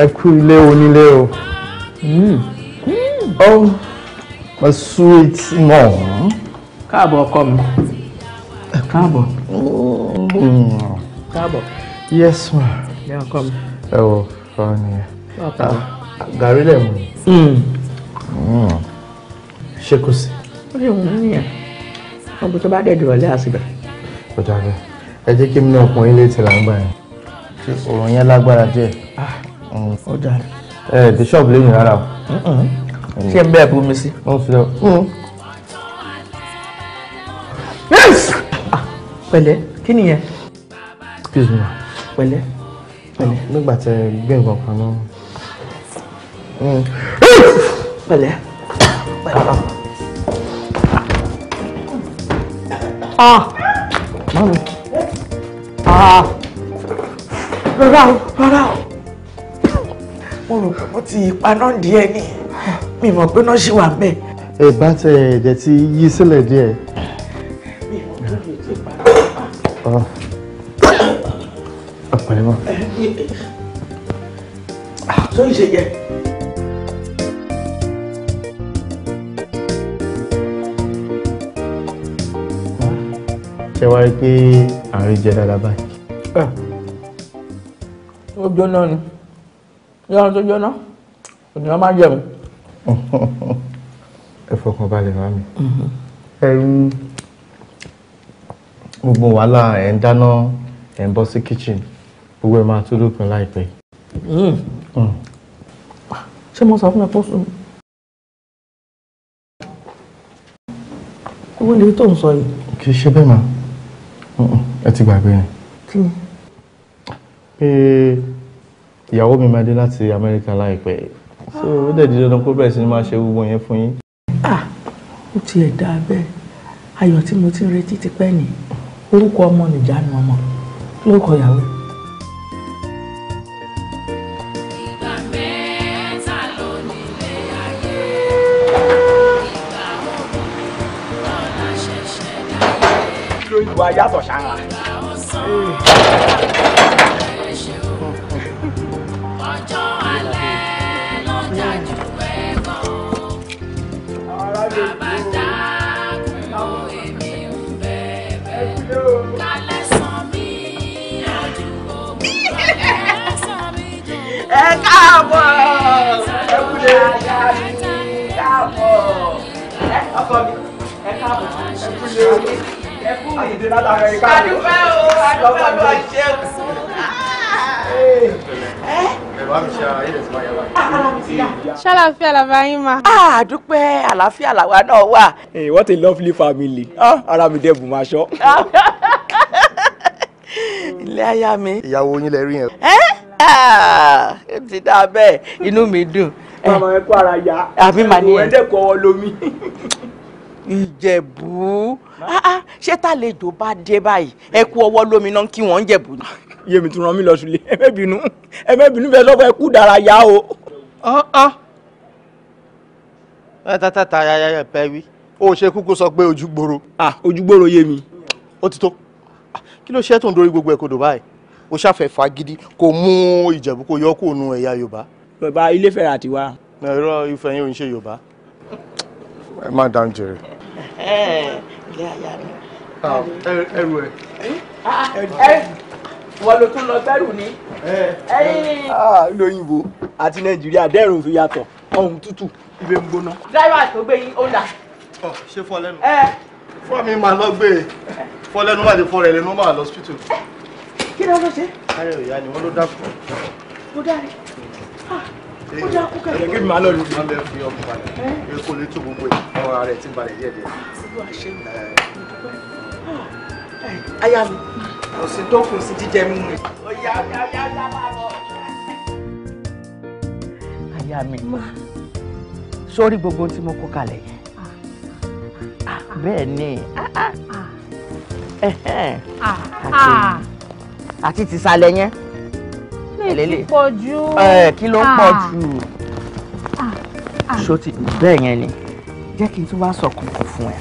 ẹ kú ilé onílé o hmm. Hmm. oh my sweet mom. káàbọ̀ ọkọ mi káàbọ̀ hmm. káàbọ̀. yes ma. ẹ ọkọ mi. ẹ wọ fún mi. ọkọ mi. Ah, gàrí lẹ̀ mú. ṣé kò sí. ó lè wọ́n nìyẹn wọ́n bó tó bá dẹ̀ dùrọ̀lẹ́ àsìgbà. ọjà rẹ ẹ jẹ́ kí mi náà pọ́n ilé tìlà yẹn òòrùn yẹn lágbára díẹ̀ dáa. ẹ ẹ the shop lẹ́yìn rárá o. ṣé n bẹ́ẹ̀ bomi sí. wọ́n fi lọ. yes ah, pẹ̀lẹ́ kí nìyẹn. excuse me. pẹ̀lẹ́ pẹ̀lẹ́. nígbà tẹ gbé nǹkan kan náà. Mm. pẹ̀lẹ́ Ah! Mami. Ah! Rárá o, rárá mo rò pé mo ti paná díẹ̀ ni mi mọ̀ pé náà ṣì wà ń bẹ̀. ẹ bá tẹ ẹ̀jẹ̀ ti yí sílẹ̀ díẹ̀. mi ò tó lè ti pa. ọ̀pẹ̀lẹ̀ mọ́. tó ń ṣe yẹ. ṣe wá pé àárín jẹ dáadáa báyìí. ó gbóná ni yọ̀nà tó yọ̀nà ènìyàn máa jẹun. ẹ fọkàn balẹ̀ màmí mhm. ẹ̀rù gbogbo wàhálà ẹ̀ ń dáná ẹ̀ ń bọ́ sí kitchen gbogbo ẹ̀ máa tó lópin láìpẹ́. Mm. Mm. ṣé mo sọ fún ẹ pé ó sùn mí. owó lè tó ń sọ yìí. kì í ṣe bẹ́ẹ̀ mà ẹ ti gbàgbé ni. kí ni ìyàwó mi máa dé láti Amẹ́ríkà láìpẹ́ so ó dẹ̀ di dandan kó bẹ̀rẹ̀ sí ni máa ṣe gbogbo yẹn fún yín. ah ó tiẹ̀ dáa bẹ́ẹ̀ ayọ̀ tí mo ti ń retí ti pẹ́ nìyí orúkọ ọmọ nìjánu ọmọ lórúkọ ìyàwó ẹ̀. ìwà yàtọ̀ ṣára. káàbọ̀ ẹ kúlẹ̀ ajá mi káàbọ̀ ẹ ọkọ mi ẹ káàbọ̀ ẹ kúlẹ̀ o ẹ kúlẹ̀ àdìdì láti amẹ́ríkà ni adúpẹ́ o adúpẹ́ lọ jẹun. Ṣàlàfíà làbá yín ma. A ah, dúpẹ́ àlàáfíà làwa náà wà. Hey, eh, what a lovely family. Ah, ara mi dẹ̀ bù máa ṣọ́. Ilé aya mi. Ìyàwó yín Eh rí yẹn. Ẹ́ eh? ó ah, ti dá bẹ́ẹ̀ inú mi dùn. Eh. màmá ẹ kó ara yá àbí màá ní ẹ ẹ dẹ́kọ̀ ọ lomi. ìjẹ̀bú ah, ah, ṣé tàlejò bá dé báyìí ẹ kú ọwọ́ lómi náà kí wọ́n ń jẹ̀bú. yèmí tún rán mi lọ sílé ẹ mẹ́bìnú ẹ mẹ́bìnú fẹ́ lọ́kọ̀ ẹ kú dára yá o. ẹ oh, tata oh. ta ayẹyẹ pẹ wí ó ṣe kúkú sọ pé ojú gbòòrò. ojú gbòòrò yé mi. ó ti tó kí ló ṣe tó ń dorí gbogbo ẹ̀ kodò báyìí o ṣàfẹ́ fagidi kò mú ìjẹ̀bú kò yọ kó nu ẹ̀yà yorùbá. bàbá ilé fẹ́ ra tiwa. ẹ̀rọ ìfẹ́ yín ò ń ṣe yorùbá. ẹ má dáhùn jèrè. ilé àyà mi. ẹrù ah, ẹ. Ah, wọ́n ló tún lọ bẹ́rù ni. Ah, lóyìnbó àti nàìjíríà dẹ́rùn fi yàtọ̀ ọ̀hún tútù ibẹ̀ ń gbóná. dáríwá tó gbé yín ó là. ṣé fọ́ lẹ́nu. fọ́ mi máa lọ gbé e fọ́ lẹ́nu wà lè fọ́ rẹ̀ lẹ́nu máa lọ hospital kí ló ló ṣe. ayé ìyá ni wọn ló dákú. Ah, ó dárí ó dákú kẹfì. ẹ̀jẹ̀ kí màá lọ lùdì. wọ́n bẹ fi ọkùn balẹ̀ ẹ kó lè tó gbogbo ẹ̀ ọ̀rọ̀ rẹ̀ ti balẹ̀ díẹ̀ díẹ̀. síbú àṣẹ mi aya mi kò sí tó kù sí jíjẹ mímu. ọ̀yà ọ̀yà ọ̀yà máa lọ. aya mi sórí gbogbo tí mo kó kalẹ̀ yẹn ah. ah, bẹ́ẹ̀ ni. ah àti tìsàlẹ̀ yẹn. lè ti pọ̀ jù. ẹ kí ló ń pọ̀ ah. jù. Ah, ah. ṣó ti bẹ́ẹ̀ yẹn ni jẹ́ kí n tún wá sọ kankan fún ẹ.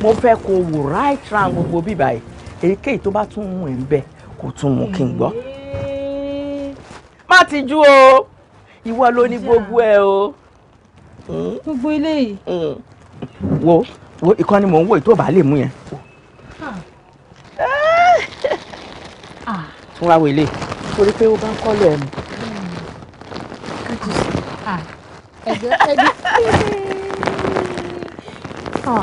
mo fẹ́ kó wò right round gbogbo bíbá yìí èyíkéyìí tó bá tún mú ẹ ń bẹ kó tún mú kí n gbọ́. má ti jú o ìwọ ló ní gbogbo ẹ o. gbogbo ilé yìí. Mm. wo wo ìkànnì mò ń wò yìí lè mú yẹn tún ra wèlé torí pé ó bá ń kọ́lọ̀ ẹ̀ mọ́.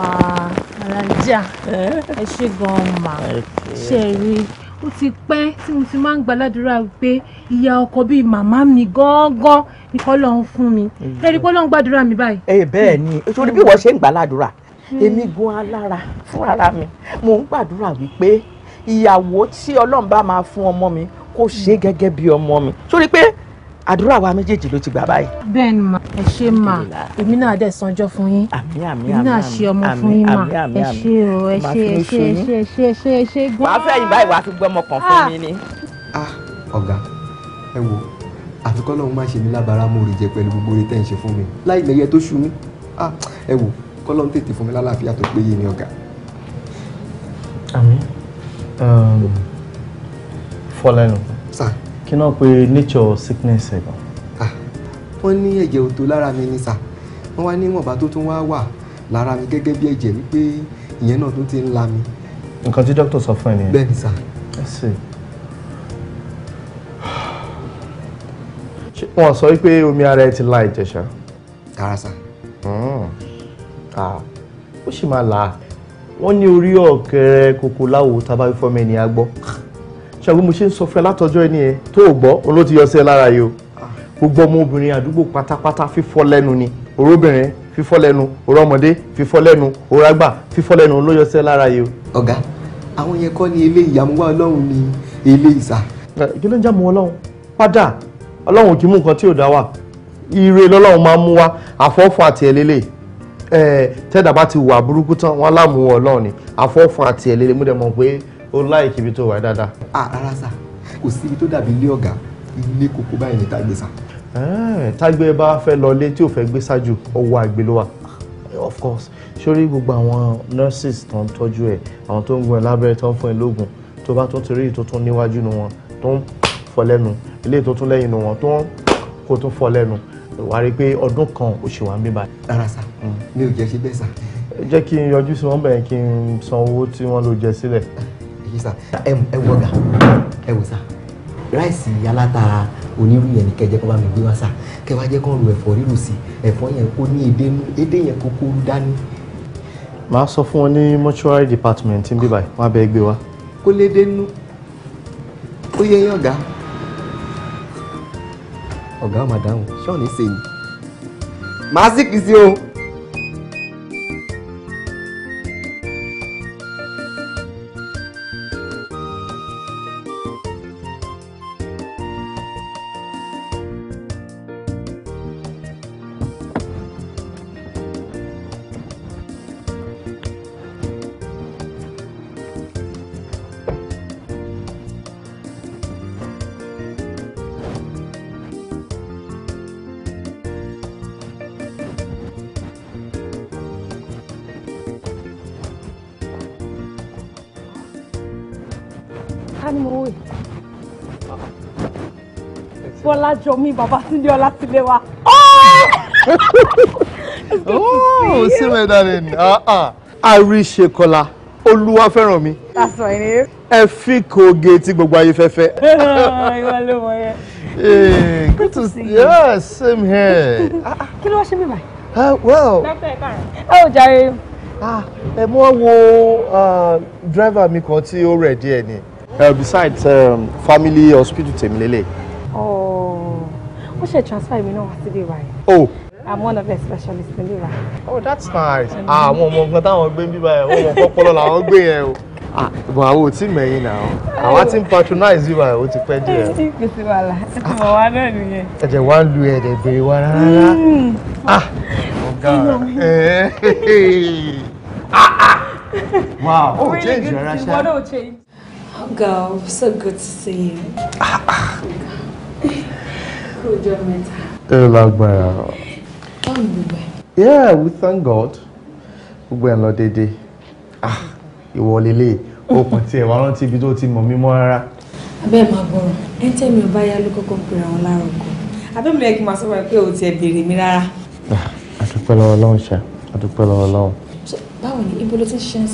alájà ẹ ṣe gan-an mà ṣe rí ó ti pẹ́ tí mo ti máa ń gbàládùra pé ìyá ọkọ bíi màmá mi gángan ni Ọlọ́run fún mi lẹ́ni pé Ọlọ́run gbàdúrà mi báyìí. ẹ bẹ́ẹ̀ ni hmm. torí bí wọ́n ṣe ń gbàládùra hmm. èmi gan alára fún ara mi mò ń gbàdúrà wípé ìyàwó tí ọlọ́run bá máa fún ọmọ mi kó ṣe gẹ́gẹ́ bí ọmọ mi sórí pé àdúrà wa méjèèjì ló ti gbà báyìí. bẹ́ẹ̀ ni mà ẹ ṣe mà èmi náà dẹ̀ sanjọ́ fún yín èmi náà ṣe ọmọ fún yín mà ẹ ṣe o ẹ ṣe ẹ ṣe ẹ ṣe ẹ ṣe ẹ ṣe ẹ ṣe gbọ́n. wàá fẹ́ yín báyìí wàá fi gbọ́ ọmọ kan fún ah. mi ni. ah ọ̀gá ẹ wo àfikọ́ lọ́hún má ṣe mí lábàárà mo rí jẹ pẹ̀lú gbogbo orí tẹ́ ń ṣe fún mi láì lẹ́yẹ tó ṣú mi ah ẹ wo kọ́lọ́hún tètè fún mi lálàáfíà tó péye ni ọ̀gá. àmín. Um, fọlẹ́nu. Sà. Kí náà pé nature sickness ẹ̀ gan. Ah, wọ́n ní ẹ̀jẹ̀ òtó lára mi ni sà. Wọ́n wá níwọ̀nba tó tún wá wà lára mi gẹ́gẹ́ bí ẹ̀jẹ̀ wípé ìyẹn náà tún ti ń la mi. Nǹkan tí dókítà sọ fún ẹ nìyẹn. Bẹ́ẹ̀ni sà. Ẹ sì. Wọ́n sọ wípé omi ara ẹ ti la ẹ̀jẹ̀ ṣá. Kàrà sà. Hmm. Ah, ó sì máa là á wọ́n ní orí ọ̀kẹ́rẹ́ kòkó láwo tábà fífọ́ mẹ́ni agbọ́ ṣàgbọ́n mo ṣe ń sọ fún ẹ látọjọ́ ẹni ẹ tó o gbọ́ òun ló ti yọ sí ẹ lára yìí o gbogbo ọmọbìnrin àdúgbò pátápátá fífọ́ lẹ́nu ni òróbìnrin fífọ́ lẹ́nu òrọ́mọdé fífọ́ lẹ́nu òrágbà fífọ́ lẹ́nu ló yọ sí ẹ lára yìí o. ọ̀gá àwọn yẹn kọ́ ni ilé ìyàmúwá ọlọ́run ni ilé ìsà. kí ló ń jámu ọlọ́run padà ọlọ́run kì í mú nǹkan tí ò dá wà ire lọ́lọ́run máa ń mú wa àfọ́fọ́ àti ẹ̀lẹ́lẹ́ Eh, tẹ́dà bá ti wà burúkú tán wọn láàmú ọlọ́run ni àfọ́fún àti ẹ̀lẹ́lẹ́ mú dẹ̀ mọ̀ pé ó láìkí ibi tó wà dáadáa. ara ah, sà kò sí ibi tó dàbí ilé ọ̀gá ilé kókó báyìí ní tágbé sà. Eh, tágbé bá fẹ́ lọ lé tí ò fẹ́ gbé ṣáájú ọwọ́ àgbè ló wà eh, of course sórí gbogbo àwọn nurses tó ń tọ́jú ẹ̀ àwọn tó ń gun ẹ̀ lábẹ́rẹ́ tó ń fún ẹ lóògùn tó bá tún ti rí ìtótún níwájú nu wọn tó ń fọ lẹ́nu ilé ìtótún lẹ́yìn nu wọn tó ń kó tún fọ lẹ́nu wà á rí i pé ọdún kan oṣù wa ń bí báyìí. rárá sá mi ò jẹ́ ṣe bẹ́ẹ̀ sá. jẹ́ kí n yọjú sí wọn bẹ̀rẹ̀ kí n san owó tí wọ́n ló jẹ sílẹ̀. èyí sá ẹ wọ ọgá ẹ wò sá ráìsì aláta onírú yẹn ni kẹjẹ kó bá mi gbé wá sá kẹ wá jẹ kó lu ẹ̀fọ́ rírò sí ẹ̀fọ́ yẹn kó ní èdè nú èdè yẹn kó kó dání. màá sọ fún wọn ní mortuary department ń bí báyìí wọn á bẹ gbé wa. kó lé dé ó yẹ yín ọ̀gá ó máa dáhùn ṣọ́ọ̀nì ṣe ni màá sì kì sí o. ni mo wò yìí. Bọ́lájọmí Babátúndé Ọlátìlẹ́wà. Oh! oh, see my darling. Ah ah. Àríṣekọlá Olúwafẹ́rànmi. That's my name. Ẹ fi kòge tí gbogbo ayé fẹ́ fẹ́. Ìwà ló mọ yẹn. Hey, eh, good to see you. Yes, same here. Ah, ah. Kí ló wá ṣe mí báyìí? Ah, well. Dọ́kítà ẹ̀ka rẹ̀. Ẹ ò jàre. Ẹ mọ́ wo dírẹ́fà mi kan tí ó rẹ̀ díẹ̀ ni. Uh, besides um, family hospital tèmi lélẹ̀. Oh, wọ́n ṣe transfer mi náà wá síbí wa yìí. Oh. I'm one of the specialists in Liva. Oh, that's nice. Ah, Àwọn ọmọ ọgbọ́n táwọn gbé ń bí báyìí, ó wọ̀ pọ́pọ́lọ́ làwọn gbé yẹn o. Ah, ìbọn àwọn ò tí mẹ̀yìn náà. Àwa ti ń patronize Liva ó ti pẹ́ díẹ̀. Ẹ ti pèsè wàhálà, ẹ ti mọ̀ wá náà nìyẹn. Ẹ̀jẹ̀ wá ń lu ẹ̀jẹ̀ bèrè wa rárá. Hmm. Ah, ọ̀gá ẹ̀ ah, ah. wow, oh, change your rasha. Really good, you want to change girl, so good to see you. Good job, Meta. Yeah, we thank God. Gbogbo ẹ̀ lọ dédé. Ah, ìwọ lélẹ̀, okùn tí ẹ̀ wá rántí ibi tó ti mọ̀ mímọ́ rárá. Abẹ́ máa gbọ́ràn, ẹni tẹ́ mi ò bá yá ló kọ́kọ́ ń pèrè àwọn láàárọ̀ kan. Abẹ́ mi yẹ kí n máa sọ pé o tiẹ̀ béèrè mi rárá. Ah, a dúpẹ́ lọ́wọ́ Ọlọ́run ṣá, a dúpẹ́ lọ́wọ́ Ọlọ́run. Báwo ni ibo ló ti ṣiṣẹ́ ń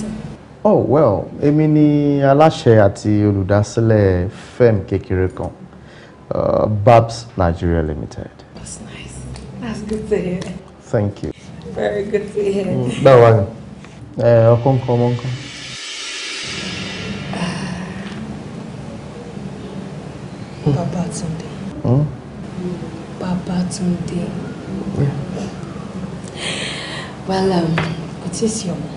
oh well èmi ni aláṣẹ àti olùdásílẹ̀ firm kékeré kan uh, Babs Nigeria Limited. that's nice that's good to hear. thank you. very good to hear. Mm, báwo wá ni ọkọ nǹkan ọmọ nǹkan. Babatunde. Hmm? Babatunde. Yeah. Well, um, it is your mom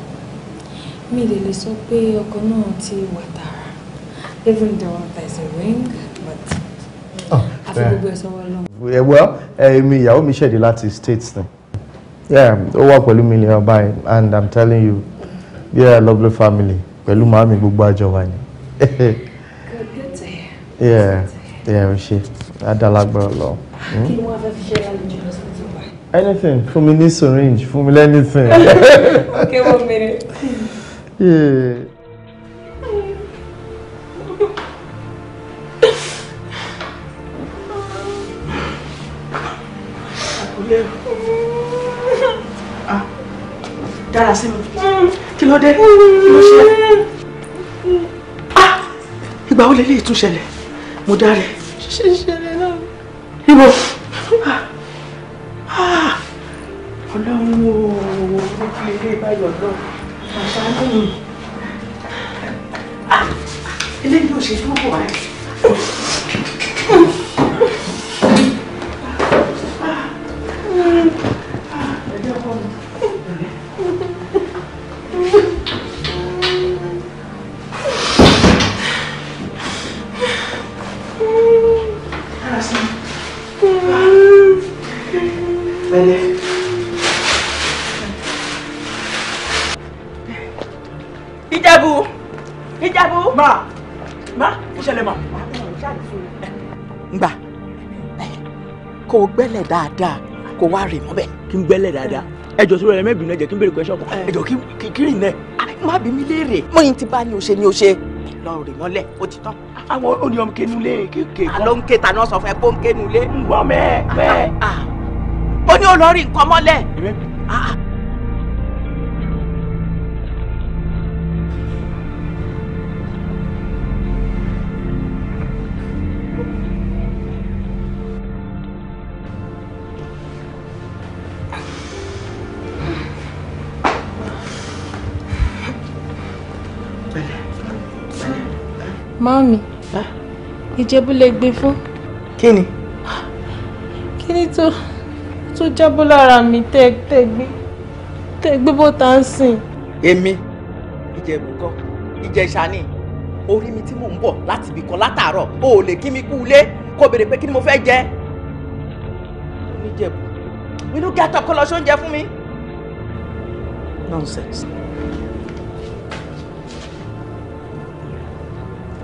mi lè lè sọ pé ọkọ náà ti wà tààrà even though there is a ring but àfi ah, gbogbo ẹ̀ sọ́wọ́ lọ́wọ́. Eh, ẹ eh, èmi ìyàwó mi ṣẹ̀dí láti states ni yeah ó wà pẹ̀lú mi lẹ́yìn ọba yìí and i'm telling you we are a lovely family pẹ̀lú màámi gbogbo àjọ wa ni. yeah yeah o ṣe adalagbara lọ. Hmm? kí anything fún mi ní syringe fún mi lẹ́nìtìn. okay one minute. Yeah. dára sí mi kí ló dé kí ló ṣe ah ìgbà wo lélẹ́yìí tún ṣẹlẹ̀ mo dáre. ṣe ṣẹlẹ̀ náà. ibo ah! Ah! ọlọ́run ooo ojú ilé báyọ̀ àṣàánú mi eléyìí ò ṣe dúró wáyé. Ma, má ó ṣẹlẹ̀ mà. ngbà kò gbẹ́lẹ̀ dáadáa kò wá rè mọ́bẹ̀. kí n gbẹ́lẹ̀ dáadáa ẹjọ sọ̀rọ̀ ẹ mẹbìnrin ẹjẹ kí n bèrè question kan eh. ẹjọ kí kiri nẹ. Ah, má bí mi léèrè mo yin ti bá ní o ṣe ní o ṣe lọ rè mọ́lẹ̀ ó ti tán. àwọn oníyọm kenule kéèké kan. àlọ́ ń ké ta náà sọ fún ẹ pé ó ń kenule. ń gbọ́ mẹ́ẹ̀ mẹ́ẹ̀. Ah, ah. ó ní olórí nǹkan mọ́lẹ̀. Mami, Ìjẹ̀bú lè gbé fún. Kini, Kini to to tó tó jábọ́ lára mi tẹ́ tẹ́ gbé tẹ́ gbé bó ta ń sìn? Èmi, Ìjẹ̀bú kọ́, Ìjẹ̀ṣà ni, orí mi tí mò ń bọ̀ láti ibì kan o ò lè kí mi kú ilé kó kini pé kí ni mo fẹ́ jẹ. Ìjẹ̀bú, inú kí atọ́kọ́ lọ ṣóúnjẹ fún mi. Nonsense.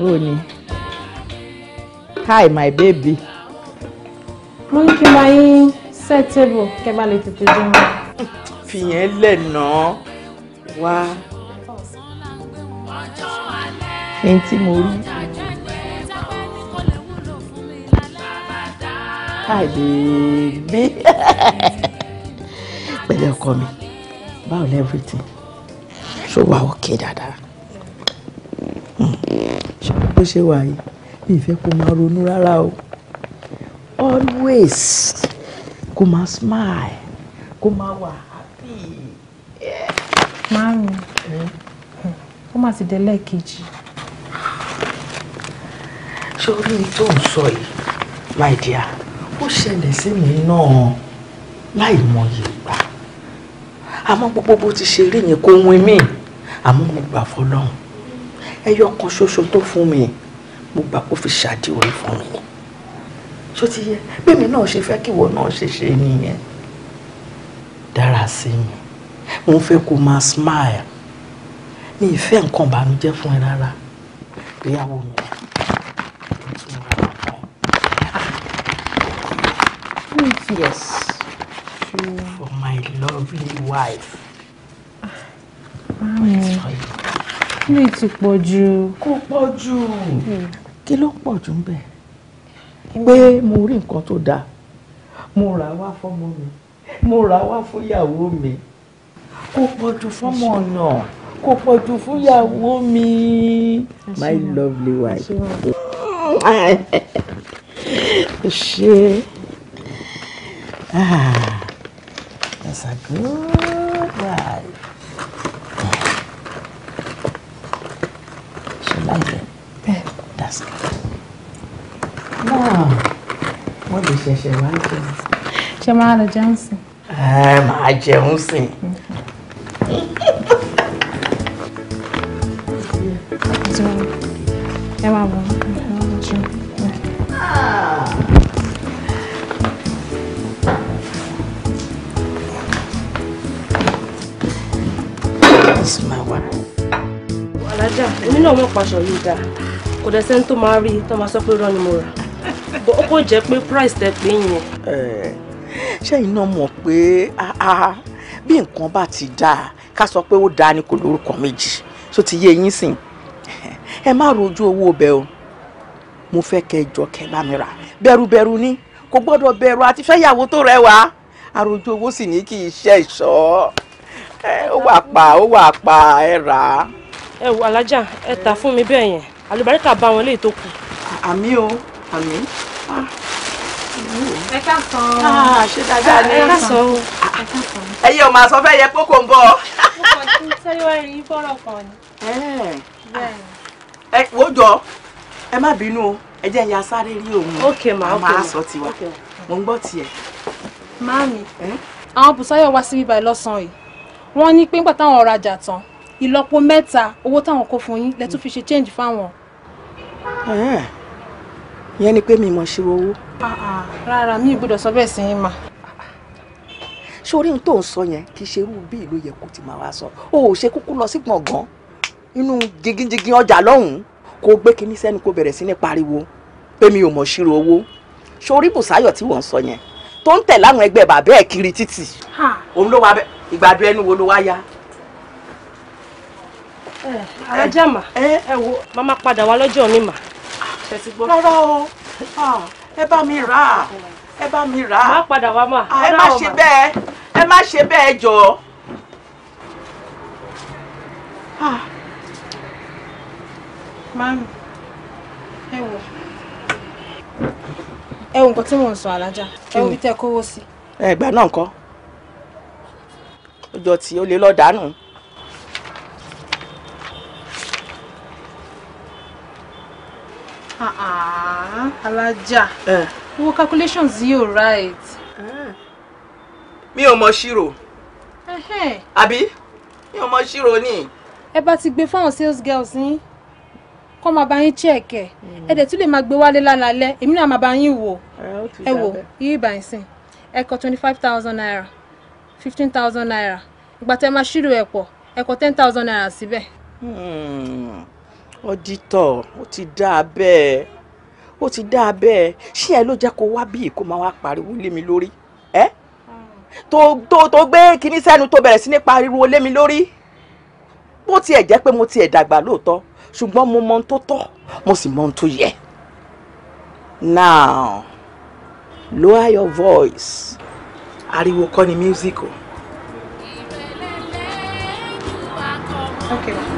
bó hi my baby. mo ní kí n bá yín set table kẹ́ bá lè tètè jẹun. fìyẹn lẹ̀ náà wá. ẹni tí mo rí. hi baby. pẹ̀lẹ́ ọkọ mi báwo everything. ṣó wà ó ké dáadáa ṣe bó ṣe wà yìí mi ìfẹ́ kó máa ronú rárá o always kó máa smile kó máa wà happy. Mami, ó máa ti délẹ̀ kejì. Ṣé orí tó ń sọ yìí, my dear, ó ṣẹlẹ̀ sí mi náà láì mọye ìgbà. Àmọ́ gbogbo bó ti ṣe rí yẹn kó win mí, àmọ́ mo gbà fọlọ́run ẹyọ kan ṣoṣo tó fún mi mo gbà kó fi ṣàdíwọ̀n fún mi ṣó ti yẹ bẹ́ẹ̀mi náà ṣe fẹ́ kíwọ náà ṣe ṣe nìyẹn dára sí mi mo fẹ́ kó máa smile mi ì fẹ́ nǹkan ìbànújẹ́ fún ẹ rárá ìgbéyàwó mi. Yes. For my lovely wife. Ah, Mami lè ti pọ̀ jù. kò pọ̀ jù. Hmm. kí ló pọ̀ jù ń bẹ̀? pé mo rí nǹkan tó dáa mo rà wá fọ́mọ mi mo rà wá fúyàwó mi kò pọ̀ jù fọ́mọ náà kò pọ̀ jù fúyàwó mi my lovely wife. ṣe ah that's a good wife. ask. Náà, wọ́n lè ṣẹ̀ṣẹ̀ wá jẹun. Ṣé máa lọ jẹun sìn? Ẹ eh, máa jẹun sìn. Ẹ máa bọ̀. Alájà, èmi náà kò dẹ̀ sẹ́ni tó máa rí tó máa sọ pé rán ni mo rà bó ó kò jẹ́ pé price tẹ pé yẹn. ṣẹ́yìn náà mọ̀ pé bí nǹkan bá ti dáa ká sọ pé ó dáa ni kò lórúkọ méjì tó ti yé yín sìn ẹ má rojú owó ọbẹ̀ o mo fẹ́ kẹ́ jọ kẹ́ bá mi rà bẹ̀rùbẹ̀rù ni kò gbọ́dọ̀ bẹ̀rù àti fẹ́yàwó tó rẹwà àròjù owó sì ní kì í ṣe ìṣọ́ ó wà pa ó wà pa ẹ rà á. ẹ wò alájà ẹ tà fún mi bẹ́ẹ̀ yẹn àlùbáríkà bá wọn léè tó kù. àmì o àmì. Ah. ẹ ká sọ ọ. Ah, ṣé dáadáa ni ẹ ká sọ ọ. ẹ yẹ ọmọ àsọ fẹ́ yẹ kókó ń bọ̀. mo kàn ti sáré wá rí fọ́rọ̀ kan ni. Ah. ẹ wo jọ ẹ má bínú o ẹ jẹ́ ìyá sáré rí òun. ok ma ok ma máa sọ tiwa mo ń gbọ́ tiẹ̀. máàmi àwọn bùsáyọ̀ wá síbí báyìí lọ́sàn-án yìí wọ́n ní pé ńgbà táwọn rajà tán ìlọ́po mẹ́ta owó táwọn kó fún yín lẹ́tún fi ṣe change fáwọn ìyẹn ni pé mi mọ̀ ṣírò owó. Ah, ah, rárá mi gbọ́dọ̀ sọ bẹ́ẹ̀ sí yín mà. ṣé orí ohun tó ń sọ yẹn kì í ṣe irú bí ìlú yẹ kó ti máa wá sọ o ò ṣe kúkú lọ sí gbọ̀ngàn inú jigijigi ọjà lọ́hùn-ún kó gbé kinní sẹ́nu kó bẹ̀rẹ̀ sí ní pariwo pé mi ò mọ̀ ṣírò owó ṣé orí bùsáyọ̀ tí wọ́n sọ yẹn tó ń tẹ̀ láwọn ẹgbẹ́ bàbá ẹ̀ kiri títì òun ló wá ìgbàdo ẹnu wo ló wá ya Eh, alájà mà eh, eh, ẹ wo màmá padà wá lọ́jọ́ mi mà. rárá o ah, ẹ bá mi rà á ẹ bá mi rà á. má padà wá mà. Ah, ẹ má ṣe bẹ́ẹ̀ ẹ má ṣe bẹ́ẹ̀ jọ̀ọ́. Ah. Mami, ẹ wò. Ẹ wo nǹkan tí mò ń sọ alájà. Ẹ wo bí tẹ́ kówó sí. Ẹ̀gbà náà ńkọ́. Ó jọ tí ó lè lọ dànù. Ah alájà owó calculations you ò right. mi ò mọ ṣírò àbí mi ò mọ ṣírò ni. ẹ bá ti gbé fáwọn sales girls ni, kọ́ máa bá yín check ẹ̀ mm. ẹ dẹ̀ tún lè máa gbé wálé lálálẹ́ èmi náà máa bá yín wò ẹ wò yí ìbà ìsìn ẹ kọ twenty five thousand naira fifteen thousand naira ìgbà tẹ́ máa ṣírò ẹ̀ pọ̀ ẹ kọ ten thousand naira síbẹ̀. Hmm ọ́dítọ̀ ó ti dáa bẹ́ẹ̀ ó ti dáa bẹ́ẹ̀ ṣé ẹ ló jẹ́ kó wá bíi kó máa wá pariwo lé mi lórí ẹ́ tó tó tó gbé kinní sẹ́nu tó bẹ̀rẹ̀ sí ní pariwo lé mi lórí bó tiẹ̀ jẹ́ pé mo tiẹ̀ dàgbà lóòótọ́ ṣùgbọ́n mo mọ ohun tó tọ́ mo sì mọ ohun tó yẹ. now lower your voice ariwo kọ́ ni music o. okay.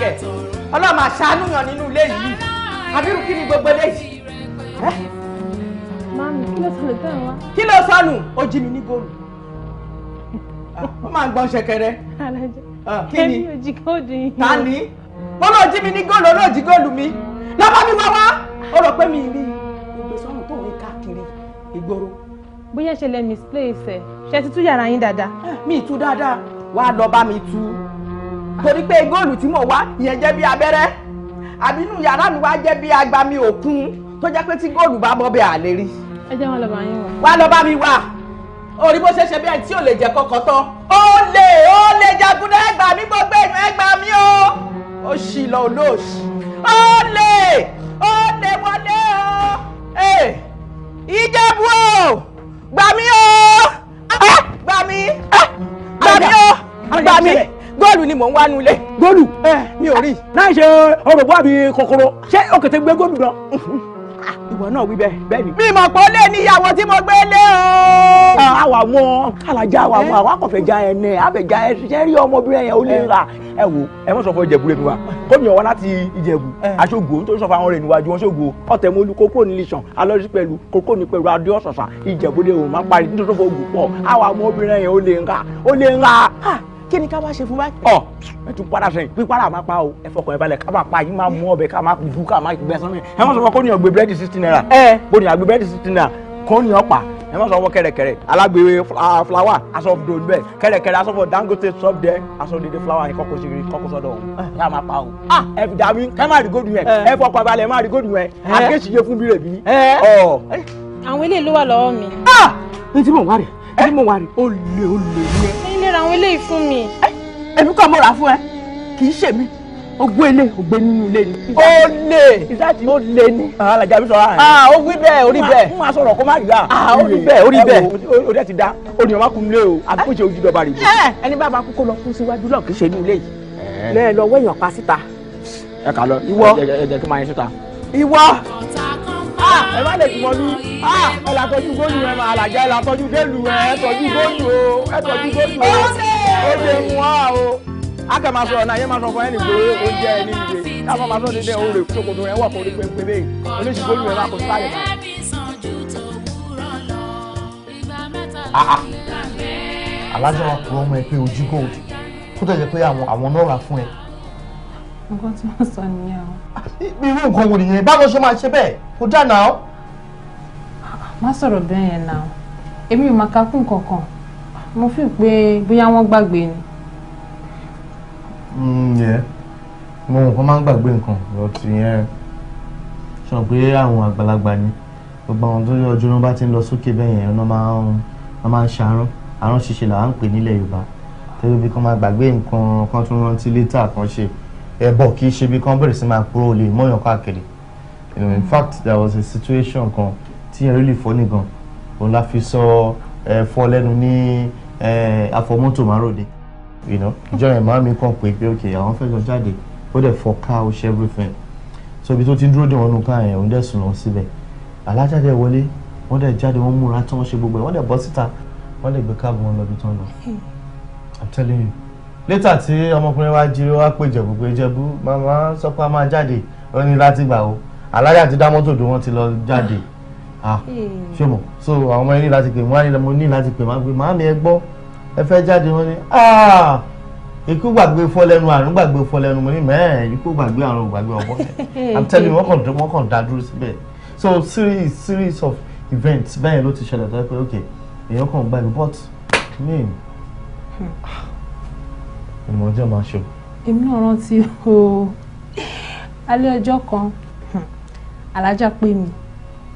kẹ̀ ọlọ́run máa ṣàánú yàn nínú ilé yìí àbírù kí ni gbogbo eléyìí. Mami, kí ló sọnù tẹ́ ẹ̀ wá? Kí ló sọnù? Ó jí mi ní góòlù. Ó máa ń gbọ́n ṣẹ̀kẹ̀rẹ̀. Ah, kí ni? Èmi ò jí góòlù yìí. Ta ni? Wọ́n lọ jí mi ní góòlù, olóò jí góòlù mi. Lọ́ba mi wá wá. Ó rò pé mi rí ìgbésọ́nù tó ń káàkiri ìgboro. Bóyá ṣe lẹ misplace ẹ̀, ṣe ti tú yàrá yín dáadáa. Eh, mi ì tú dáadáa, wàá lọ bá mi tú torí pé góòlù tí mo wá ìyẹn jẹ́ bí abẹ́rẹ́ àbí inú yàrá mi wá jẹ́ bí agbami òkun tó jẹ́ pé tí góòlù bá bọ́ bẹ́ẹ̀ àlè rí. ẹ jẹ́ wọn lọ bá yín wá. wá lọ bá mi wá orí bó ṣe ṣe bẹ́ẹ̀ tí ò lè jẹ́ kọ́kọ́ tán. ó lè ó lè jagun náà ẹ gbogbo èèyàn ẹ gbà o. ó ṣì lọ olóòṣì. ó lè ó lè wọlé o. Eh, ìjẹ̀bú o gbà mí o eh, gbà mí eh, gbà mí o gbà mí góòlù ni mò ń wá nulẹ̀. góòlù ẹ mi ò rí. láì ṣe òròbó àbí kòkòrò ṣé òkètè gbé góòlù lọ. Ah, ìwọ náà wí bẹ́ẹ̀ bẹ́ẹ̀ ni. mi mọ̀ pé ó lé níyàwó tí mo gbé lé o. Ah, àwa wọn alájà wa wọn àwa kọfẹ ja ẹ nẹ àfẹjà ẹ ṣiṣẹ rí ọmọbìnrin yẹn ó lè ra ẹ wo ẹ mọ sọ fún Ìjẹ̀bú lẹnu wa gómìnà wa láti Ìjẹ̀bú aṣogo nítorí sọ fún àwọn rẹ̀ níwájú wọn ṣogo ọ̀tẹ̀mọ́lú kókó ní lìṣàn alọ́sí pẹ̀lú kókó ní pẹ̀lú adéọ̀sọ̀sà Ìjẹ̀bú lè wò má parí nítorí sọ fún ogun pọ̀ àwa ọmọbìnrin yẹn ó lè ra ó lè ra kí ni ká wá ṣe fún báyìí. ọ ẹ tún padà sẹ́yìn pípàrà máa pa o ẹ fọkàn ẹ balẹ̀ ká máa pa yín máa mú ọbẹ̀ ká máa bú ká máa gbẹ sọmi ẹ má sọ fún kóníyàn gbé búrẹ́dì sixteen naira ẹ kóníyàn gbé búrẹ́dì sixteen naira kóníyàn pa ẹ má sọ fún kẹrẹkẹrẹ alágbèrè fúláwà aṣọ òdo níbẹ̀ kẹrẹkẹrẹ aṣọ fún Dangote sub dẹ aṣọ òdìdí fúláwà ni kọkọ síbi kọkọ sọdọ ọhún ká máa pa o. ẹ fi dàmí ká má rí gódùn yẹn ẹ fọkàn balẹ̀ má rí gódùn yẹn àkéṣì yé fún bírè bí. àwọn eléyìí ló wà lọ́wọ́ mi. ní tí mò ń wá rè é ní mò ń wá rè é ó lè ó lè ní ẹ lè ra àwọn eléyìí fún mi. èmi kọ́ mo rà fún ẹ kì í ṣèmi ogbó ilé ògbé nínú ilé ni. ó lè ìsáàtì ó lè ní. Ah, alájà mi sọ̀rọ̀ àná. ó wí bẹ́ẹ̀ orí bẹ́ẹ̀. n máa sọ̀rọ̀ kó má gbà. ó rí ah, bẹ́ẹ̀ ó bẹ́ẹ̀. orí ẹ ti da orí kun lé o àgbéṣe ojú dọba rè. Eh! ẹni bá máa kú kó lọ kú síwájú náà kì í ṣe ní ilé yìí. Eh. lẹ́ẹ̀ lọ wẹ́yìn ọ̀pá síta. ẹ kà lọ ẹ jẹ́ kí n máa yín síta. ìwọ. Ah, ẹ má lè jùmọ̀ ní ah, ẹ là tọ́jú góòlù ẹ máa làjá ẹ là tọ́jú délù ẹ ẹ tọ́jú góòlù o ẹ tọ́jú góòlù o ó ṣe mú wá o a kà máa sọ̀rọ̀ náà yẹn máa sọ fún ẹnì pé oúnjẹ ẹ ní ìwé káfọ́n máa sọ dédé òun rè ṣòkòtò rẹ wọ̀ fún orí pépé oníṣì góòlù ẹ máa kò sáyẹ ah, alájọ wa kúrò ọmọ ẹ pé ojú gold kó tó jẹ pé àwọn náà rà fún ẹ nǹkan tí wọ́n sọ nìyẹn o. Ah, irú nǹkan wo nìyẹn báwo ṣe máa ṣe bẹ́ẹ̀ kò dá náà. má sọ̀rọ̀ bẹ́ẹ̀ yẹn náà èmi ò máa kakún kankan mo fi pé bóyá wọ́n gbàgbé ni. ǹyẹ́ mm, mo nǹkan máa ń gbàgbé nǹkan lọ ti yẹn sọ pé àwọn àgbàlagbà ni gbogbo àwọn tó ọjọ́ náà bá ti ń lọ sókè bẹ́ẹ̀ yẹn wọ́n máa ń ṣàárọ̀ àrùn ṣíṣe làwọn ń pè nílẹ̀ Yorùbá tẹ́lẹ̀ bí kan máa gbàgbé nǹkan kan tún rántí létà kan ṣe ẹbọ kì í ṣe bí kan bẹ̀rẹ̀ sí máa kúrò lè mọ̀yàn káàkiri in fact there was a situation kan tí yẹn really funny gan òun la fi sọ ẹ fọ lẹ́nu ní afọmọ́tò máròde ìjọ yẹn máa mi kàn pé pé ok àwọn fẹ́ jọ jáde ó dẹ̀ fọ ká ó ṣe everything so ibi tó ti dúró dé wọn nu ká yẹn òun dẹ̀ sùn lọ síbẹ̀ alájáde wọlé wọ́n dẹ̀ jáde wọ́n múra tí wọ́n ṣe gbogbo ẹ̀ wọ́n dẹ̀ bọ́ síta wọ́n dẹ̀ gbé káàbù wọn lọ ibi tó ń lọ hmm. i'm telling you létà tí ọmọkùnrin wa jíire wá pé ìjẹ̀bú pé ìjẹ̀bú màmá sọ pé a máa jáde ó ní láti gbà o aláyà ti dá mọ́tò dùn wọ́n ti lọ jáde ah, ṣé mo so àwọn ọmọ yẹn ní láti pè mo ní láti pè máa pè màámi ẹ gbọ́ ẹ fẹ́ jáde wọ́n ní ah, ikú gbàgbé fọlẹ́nu àrùn gbàgbé fọlẹ́nu mo ní mẹ́ẹ̀ ikú gbàgbé àrùn gbàgbé ọ̀bọ i'm telling you wọ́n kàn dá dúró síbẹ̀ so series series of events bẹ́ẹ̀ ló ti ṣẹlẹ̀ tó yẹ pé ok èèyàn kàn gbàgbé but me ìmọ̀ ọjọ́ máa ṣọ. èmi náà rántí o alẹ́ ọjọ́ kan hmm, alájà pè mí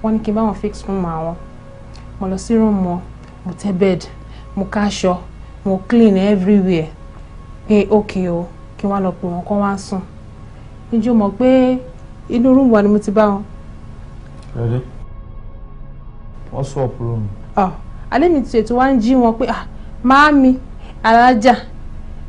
wọ́n ní kí n bá wọn fix room àwọn mo lọ sí room wọn mo tẹ́ bed mo káṣọ mo clean everywhere pé okay o kí wọ́n lọ pè wọ́n kọ́ wá sùn níjó mọ̀ pé inú room wa ni mo ti bá wọn. rẹ́dẹ́ wọ́n sọ room. Ah, alẹ́ mi ti ètò wá ń jí wọn pé ah, màámi alájà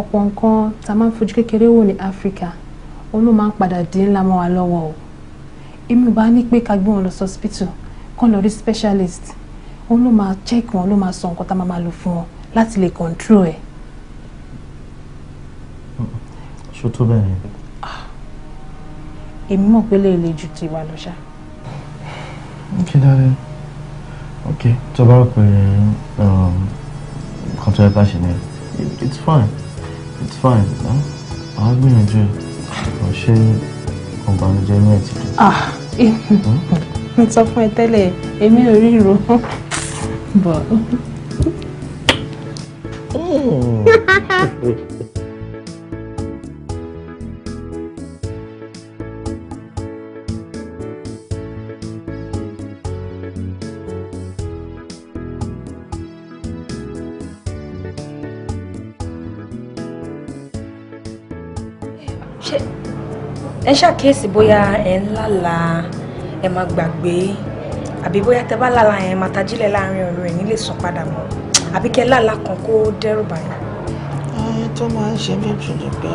ọ̀pọ̀ nǹkan tá a máa ń fojú kékeré wò ní áfíríkà òun ló máa ń padà di ńlá mọ́ wa lọ́wọ́ o èmi bá ní pé ká gbé wọn lọ sí hospital kán lọ rí specialist òun ló máa check wọn ló máa sọ nǹkan tá a máa lò fún wọn láti lè control ẹ̀. ṣó tó bẹ́ẹ̀ ni. èmi mọ̀ pé lè le jù ti wa lọ ṣá. kí ló dé ok tó bá rò pé um, nǹkan tó yẹ ṣe ni it's fine it's fine màá gbìyànjú ẹ̀ kò ṣe ọ̀bànújẹ́ ní ẹ̀tì tó. mo sọ fún ẹ tẹ́lẹ̀ èmi ò rí ìró bọ̀. Oh. ẹ ṣàkíyèsí bóyá ẹ ń lálà ẹ máa gbàgbé àbí bóyá tẹ bá lálà yẹn máa tajílẹ̀ láàrin ọ̀rọ̀ ẹ̀ nílé sùn padà mọ́ àbí kẹ lálà kan kó dẹ́rù báyìí. ọyẹ tó máa ń ṣe bí ìtùnú pé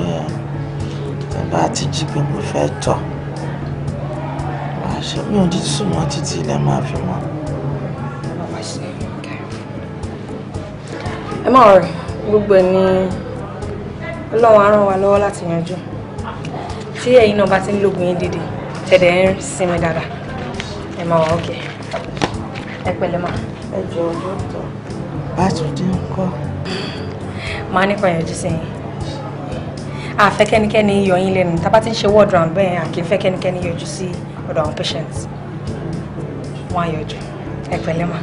tẹ bá jí pé fẹ́ tọ̀ àṣẹ mi ò ní sùn mọ́ títí ilẹ̀ máa fi mọ́. ẹ má rọrùn gbogbo ẹ ní ọlọ́run á ràn wá lọ́wọ́ láti yanjú tí ẹ̀yin náà bá ti ń lògùn yín dídì tẹ̀dẹ̀ ń sinmi dáadáa ẹ máa wà ókè ẹ pẹ̀lẹ́ mà. ẹ jọ ọjọ́ tó bá tún dín kọ́. màá nípa ìyànjú sẹ́yìn àfẹ́ kẹ́nikẹ́ni yọ yín lẹ́nu tá a bá ti ń ṣe ward round bẹ́ẹ̀ àkè fẹ́ kẹ́nikẹ́ni yọjú sí ọ̀dọ̀ àwọn patients wọ́n á yọjú ẹ pẹ̀lẹ́ mà.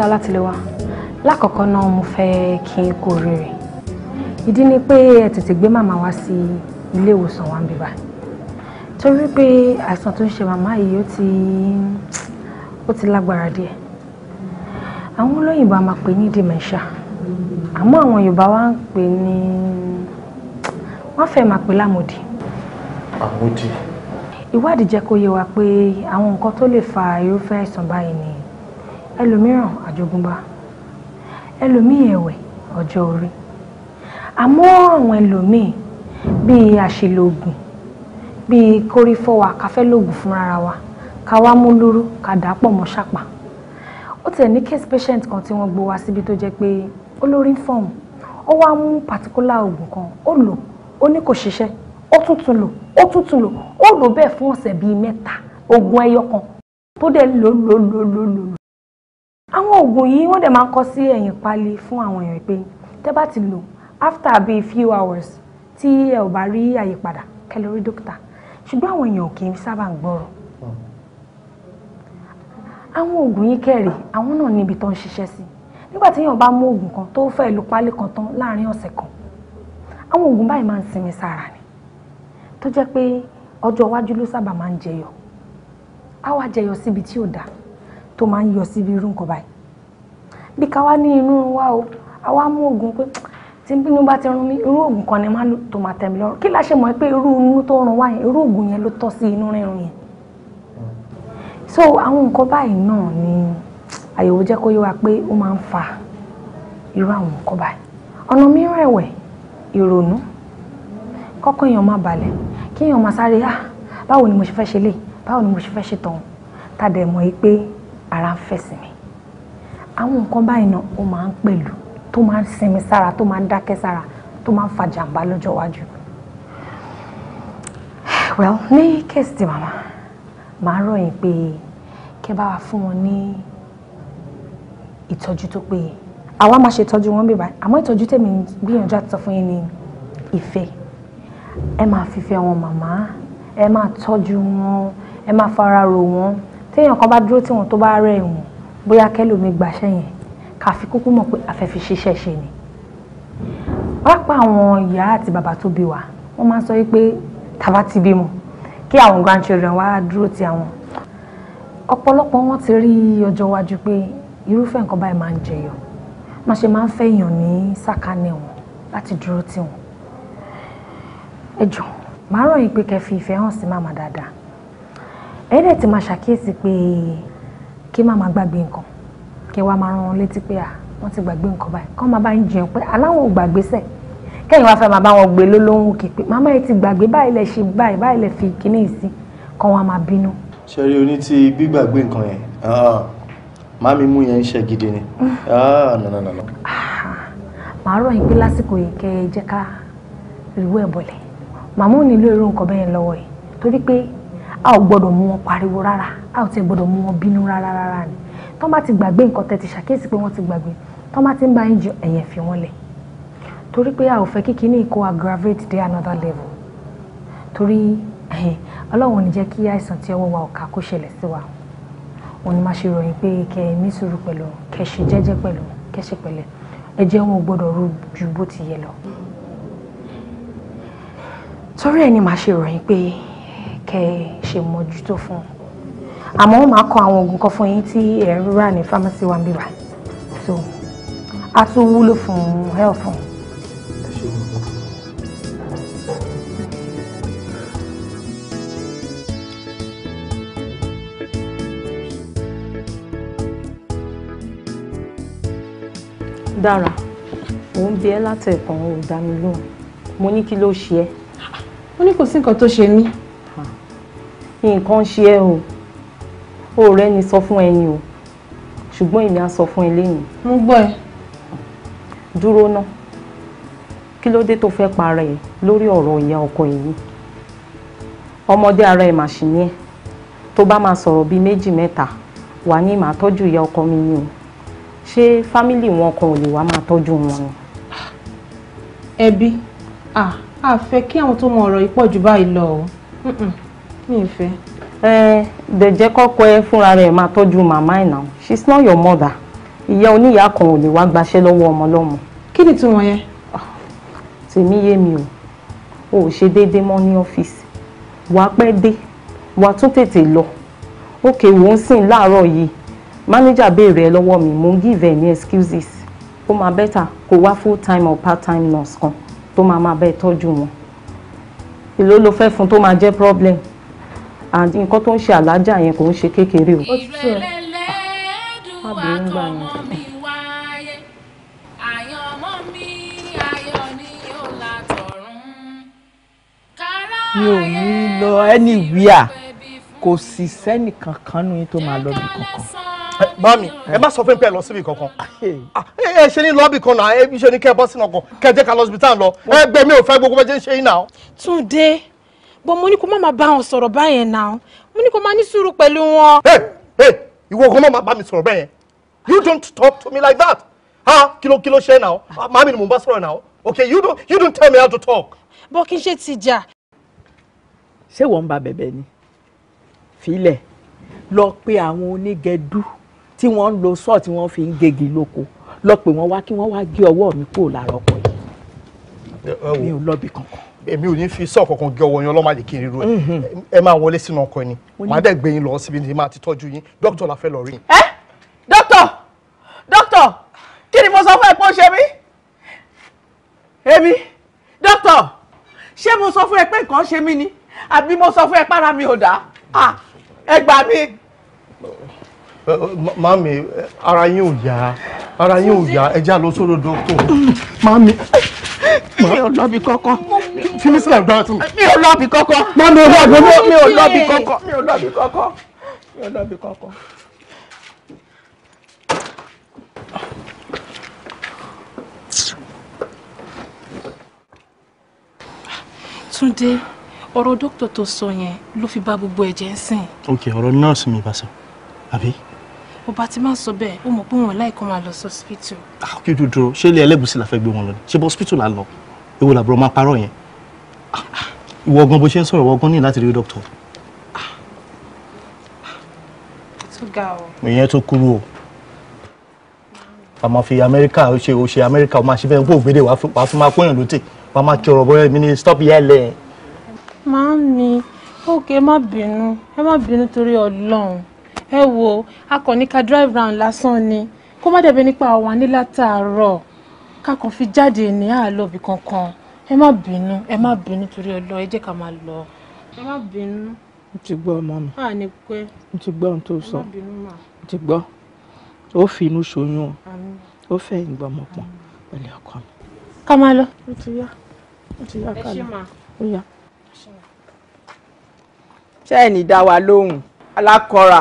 Mr. Látìléwá lákọ̀ọ́kọ́ náà mo fẹ́ kí n kú oríire ìdí ni pé ẹ tètè gbé màmá wá sí ilé ìwòsàn wa ń bíbá torí pé àìsàn tó ń ṣe màmá yìí ó ti ó ti lágbára díẹ̀ àwọn olóyìnbó a máa pè ní dementia àmọ́ àwọn Yorùbá wa ń pè ní wọ́n fẹ́ máa pè lámòdì. àmòdì. ìwádìí jẹ́ kó yé wa pé àwọn nǹkan tó lè fa irúfẹ́ àìsàn báyìí ni ẹlòmíràn àjogúnbá ẹlòmíì ẹ̀wẹ̀ ọjọ́ orí àmọ́ àwọn ẹlòmíì bíi àṣìlò bíi kórí fọ́wa fúnra wa ká wá mú lúrú ká dà á pọ̀ mọ́ ṣàpà ó tẹ̀ ní case patient kan tí wọ́n gbé wá síbi tó jẹ́ pé olórí ń fọ̀hún ó wá mú particular oògùn kan ó lò ó ní kò ṣiṣẹ́ ó tún tún lò ó tún tún lò ó lò bẹ́ẹ̀ fún ọ̀sẹ̀ bíi mẹ́ta oògùn ẹyọ kan tó dẹ̀ lò lò lò lò lò àwọn oògùn yìí wọ́n dẹ̀ máa ń kọ sí ẹ̀yìn pálí fún àwọn èèyàn pé tẹ́ bá ti lò after bíi few hours tí ẹ ò bá rí àyípadà kẹ́ lọ rí dókítà ṣùgbọ́n àwọn èèyàn kì í sábà ń gbọ́rọ̀ àwọn oògùn yìí kẹ̀rì àwọn náà níbi tó ń ṣiṣẹ́ sí nígbà tí èèyàn bá mú oògùn kan tó fẹ́ lu pálí kan tán láàárín ọ̀sẹ̀ kan àwọn oògùn báyìí máa ń sinmi sára ni tó jẹ́ pé ọjọ́ iwájú ló sábà máa ń jẹyọ á wá jẹyọ síbi tí ò dáa tó máa ń yọ síbi irú nǹkan báyìí bí ká wá ní inú wa o àwa mú oògùn pé tí bínú bá ti rún mi irú oògùn kan ni máa lò tó máa tẹ̀mí lọ́rùn kí la ṣe mọ̀ pé irú inú tó rún wá yẹn irú oògùn yẹn ló tọ́ sí inú rírun yẹn so àwọn nǹkan báyìí náà ni àyẹ̀wò jẹ́ kó yé wa pé ó máa ń fa irú àwọn nǹkan báyìí ọ̀nà mìíràn ẹ̀wẹ̀ ìrònú kọ́kọ́ èèyàn máa balẹ̀ kí èèyàn máa sáré ah báwo ni mo ṣe fẹ́ ṣe lè báwo ni mo ṣe fẹ́ ṣe tọ̀hún tá yìí pé ara ń fẹ̀sìn mi àwọn nǹkan báyìí náà ó máa ń pẹ̀lú tó máa ń sinmi sára tó máa ń dákẹ́ sára tó máa ń fa jàǹbá lọ́jọ́ iwájú. well ní kéèsì tí màmá màá rọ̀ yín pé kẹ́ bá wa fún wọn ní ìtọ́jú tó péye àwa máa ṣe ìtọ́jú wọn bíbá àmọ́ ìtọ́jú tèmi gbìyànjú àti sọ fún yín ní ìfẹ́ ẹ máa fífẹ́ wọn màmá ẹ máa tọ́jú wọn ẹ máa fara rò wọn téèyàn kan bá dúró tí wọn tó bá rẹ̀ ìwọ̀n bóyá kẹ́lòmíì gbaṣẹ́ yẹn ká fi kúkú mọ̀ pé àfẹ́fi ṣiṣẹ́ ṣe ni pápá àwọn ìyá àti bàbá tó bí wa wọ́n máa ń sọ wípé tàbá ti bímọ kí àwọn grandchildren wa dúró ti àwọn ọ̀pọ̀lọpọ̀ wọn ti rí ọjọ́ iwájú pé irúfẹ́ nǹkan báyìí máa ń jẹyọ má ṣe máa ń fẹ́ èèyàn ní sàkánì wọn láti dúró tì wọn ẹ jọ̀ọ́ màá rọ̀ yín pé kẹ́ fi ìfẹ́ hàn sí màmá dáadáa ẹ̀ẹ́dẹ̀ ti máa ṣàkíyèsí pé kí má máa gbàgbé nǹkan kí wàá máa rán wọn létí pé wọ́n ti gbàgbé nǹkan báyìí kọ́ máa bá ń jẹun pé aláwọn ò gbàgbé sẹ̀ kẹ́yìn wá fẹ́ máa bá wọn gbé lólóhùn kì pé màmá yìí ti gbàgbé báyìí lẹ ṣe báyìí báyìí lẹ fi kíní sí kọ́ wọn máa bínú. ṣe rí oní ti gbígbàgbé nǹkan yẹn ah, má mi mú yẹn ń ṣe gidi ni ah, nananana. Ah, màá rọ̀ yín pé lásìkò yìí kẹ́ ẹ jẹ́ ká rìwọ́ ẹ̀ bọ̀lẹ̀ nílò irú nǹkan bẹ́ẹ̀ lọ́wọ́ yìí torí pé a ò gbọ́dọ̀ mú wọn pariwo rárá a ò tiẹ̀ gbọ́dọ̀ mú wọn bínú rárá rárá ni tó bá ti gbàgbé nǹkan tẹ́ ti ṣàkíyèsí pé wọ́n ti gbàgbé tó bá ti ń bá yín jiyàn ẹ̀yẹ̀ fi wọ́n lẹ̀ torí pé a ò fẹ́ kí kinní kó aggravate dé another level torí ọlọ́run ní jẹ́ kí àìsàn tí ọwọ́ wa ò ká kó ṣẹlẹ̀ sí wa òun ni má ṣe ròyìn pé kẹ́ ẹ ní sùúrù pẹ̀lú kẹ́ ṣe jẹ́jẹ́ pẹ̀lú kẹ́ ṣe pẹ̀lẹ́ ẹ̀jẹ̀ wọn ò gbọ́dọ̀ ru ju bó ti yẹ lọ torí ẹ ni màá ṣe ròyìn pé kẹ́ ẹ ṣe mọ́jútó fún un àmọ́ wọ́n máa kọ àwọn oògùn kan fún yín tí ẹ̀ ń rà ní pharmacy wa ń bíbá so a tún wúlò fún health fún un. dára mò ń bi ẹ́ látẹ̀kàn ò dá mi mo ní kí ló ṣe ẹ́. ó ní kò sí nǹkan tó ṣe mí nǹkan ṣe ẹ́ o o rẹ ni sọ fún ẹyin o ṣùgbọ́n èmi á sọ fún ẹ lẹ́yìn. mo gbọ́ ẹ. dúró ná kí ló dé tó fẹ́ para ẹ lórí ọ̀rọ̀ ìyá ọkọ yìí ọmọdé ara ẹ màṣì ni ẹ tó bá máa sọ̀rọ̀ bíi méjì mẹ́ta wà ní màá tọ́jú ìyá ọkọ mi ni o ṣé fámìlì wọn kan ò lè wá máa tọ́jú wọn ni. ẹbí a fẹ́ kí àwọn tó mọ ọ̀rọ̀ yìí pọ̀ jù báyìí lọ o mi ì fẹ́ ẹ dẹ̀jẹ́ kọ́kọ́ ẹ fúnra rẹ̀ máa tọ́jú màmá ẹ̀ she's not your mother ìyá oníyàá kan ò lè wá gbaṣẹ́ lọ́wọ́ ọmọ lọ́mọ. kí ni tiwọn yẹn. Ah, tèmi yé mi o ò ṣe déédéé mọ́ ní ọ́fíìsì wàá pẹ́ dé wàá tún tètè lọ òkè wò ó sìn láàárọ̀ yìí mánéjà béèrè mi mò give ẹ excuses ó máa bẹ́tà kó wá full time or part time nurse kan tó máa máa bẹ́ẹ̀ tọ́jú wọn èló ló fẹ́ fún tó máa jẹ́ problem and nǹkan tó ń ṣe alájà yẹn kò ń ṣe kékeré o. mi ò ní lọ anywhere kò sì sẹ́nì kankan nínú yín tó máa lọ bí kankan. Mami, eh, ẹ má sọ fún mi pé ẹ lọ síbi kankan. Ah, ah, ẹ ṣe ní lọ́ọ̀bì kan náà, ẹ ṣe ní kẹ́ ẹ bọ́ sínú ọkàn, kẹ́ ẹ jẹ́ ká lọ ń lọ. Ẹ mi ò fẹ́ gbogbo bẹ́ẹ̀ ṣe ń ṣe yín náà. Túndé bọ́ mo ní kó má máa bá wọn sọ̀rọ̀ báyẹn náà mo ní kó máa ní sùúrù pẹ̀lú wọn. ìwọ kò má máa bá mi sọ̀rọ̀ bẹ́yẹn you don't talk to me like that ha kilo kilo kí ló ṣe náà ah, màámi ni mo bá sọ̀rọ̀ náà okay you don't you don't tell me how to talk. bọ́ kí n ṣe ti jà. ṣé wọ́n ń ba bẹ̀bẹ̀ ni filẹ̀ lọ pe àwọn onígẹdú tí wọ́n ń lo sọ́ọ̀ tí wọ́n fi ń gègé lóko lọ pé wọ́n wá kí wọ́n wá gé ọwọ́ mi kúrò lára ọkọ̀ yìí mi ò lọ́bi kankan èmi ò ní fi sọ kankan gé ọwọ́ yẹn ọlọ́mọ àlè kiri ru ẹ mm-hmm. ẹ máa wọlé sínú ọkọ ni màá dẹ̀ gbé yín lọ síbi ní máa ti tọ́jú yín dókítà la fẹ́ lọ rí. ẹ dókítà dókítà kí ni mo sọ fún ẹ pé ó ṣe mí èmi dókítà ṣé mo sọ fún ẹ pé nǹkan ṣe mí ni àbí mo sọ fún ẹ para mi ò dá ẹ gbà mí mami ara yín ò yá ara yín ò yá ẹja lọ sọ́dọ̀ dọ́kítọ̀. mami mi ò lọ́bi kọ́kọ́. fimi sílẹ̀ gbára tún. mi ò lọ́bi kọ́kọ́. mami ò lọ́bi kọ́kọ́. mi ò lọ́bi kọ́kọ́. mi ò lọ́bi kọ́kọ́. mi ò lọ́bi kọ́kọ́. Túndé ọ̀rọ̀ dókítà tó sọ yẹn ló fi bá gbogbo ẹ̀jẹ̀ ń sìn. ok ọ̀rọ̀ nọ́ọ̀sì mi bá sọ àbí ọba ti máa sọ bẹ́ẹ̀ ó mọ̀ pé wọn láì máa lọ sí hospital. Ah, kí ló dúró ṣé ilé ẹlẹ́bùsí la fẹ́ gbé wọn lọ ṣé bọ́ hospital la lọ èwo làbúrò máa parọ́ yẹn ah, ìwọ ọgbọ́n bó ṣe ń sọ̀rọ̀ ìwọ ọgbọ́n ní láti rí dókítà. Ah, ìyẹn tó kúrú o wàá máa fi amẹ́ríkà ó ṣe ó ṣe amẹ́ríkà ó máa ṣe fẹ́ẹ́ gbòògbédè wàá fi máa kóyàn lótè wàá máa kí ọ̀rọ̀ bọ́yọ̀ mi ní stop yẹ́lẹ̀. máa mi ókè ẹ má bínú ẹ má bínú torí ọlọ́run ẹ wo a kàn ní ká drive round lásán ni kó má dẹ̀bi nípa àwọn ní látàárọ̀ ká kàn fi jáde ní àlọ́bì kankan ẹ má bínú ẹ má bínú torí ọlọ ẹ jẹ́ ká máa lọ ẹ má bínú. n ti gbọ́ ọmọ mi a ní pé n ti gbọ́ ohun tó sọ n ti gbọ́ ó fi inú ṣoyún ó fẹ̀yìn gbọmọ pọ̀ pẹ̀lú ọkọ mi. ká máa lọ ó ti yá ó ti yá ká lọ ó yá. ṣé ẹ̀ ní dá wa lóhùn alákọ̀ọ́ra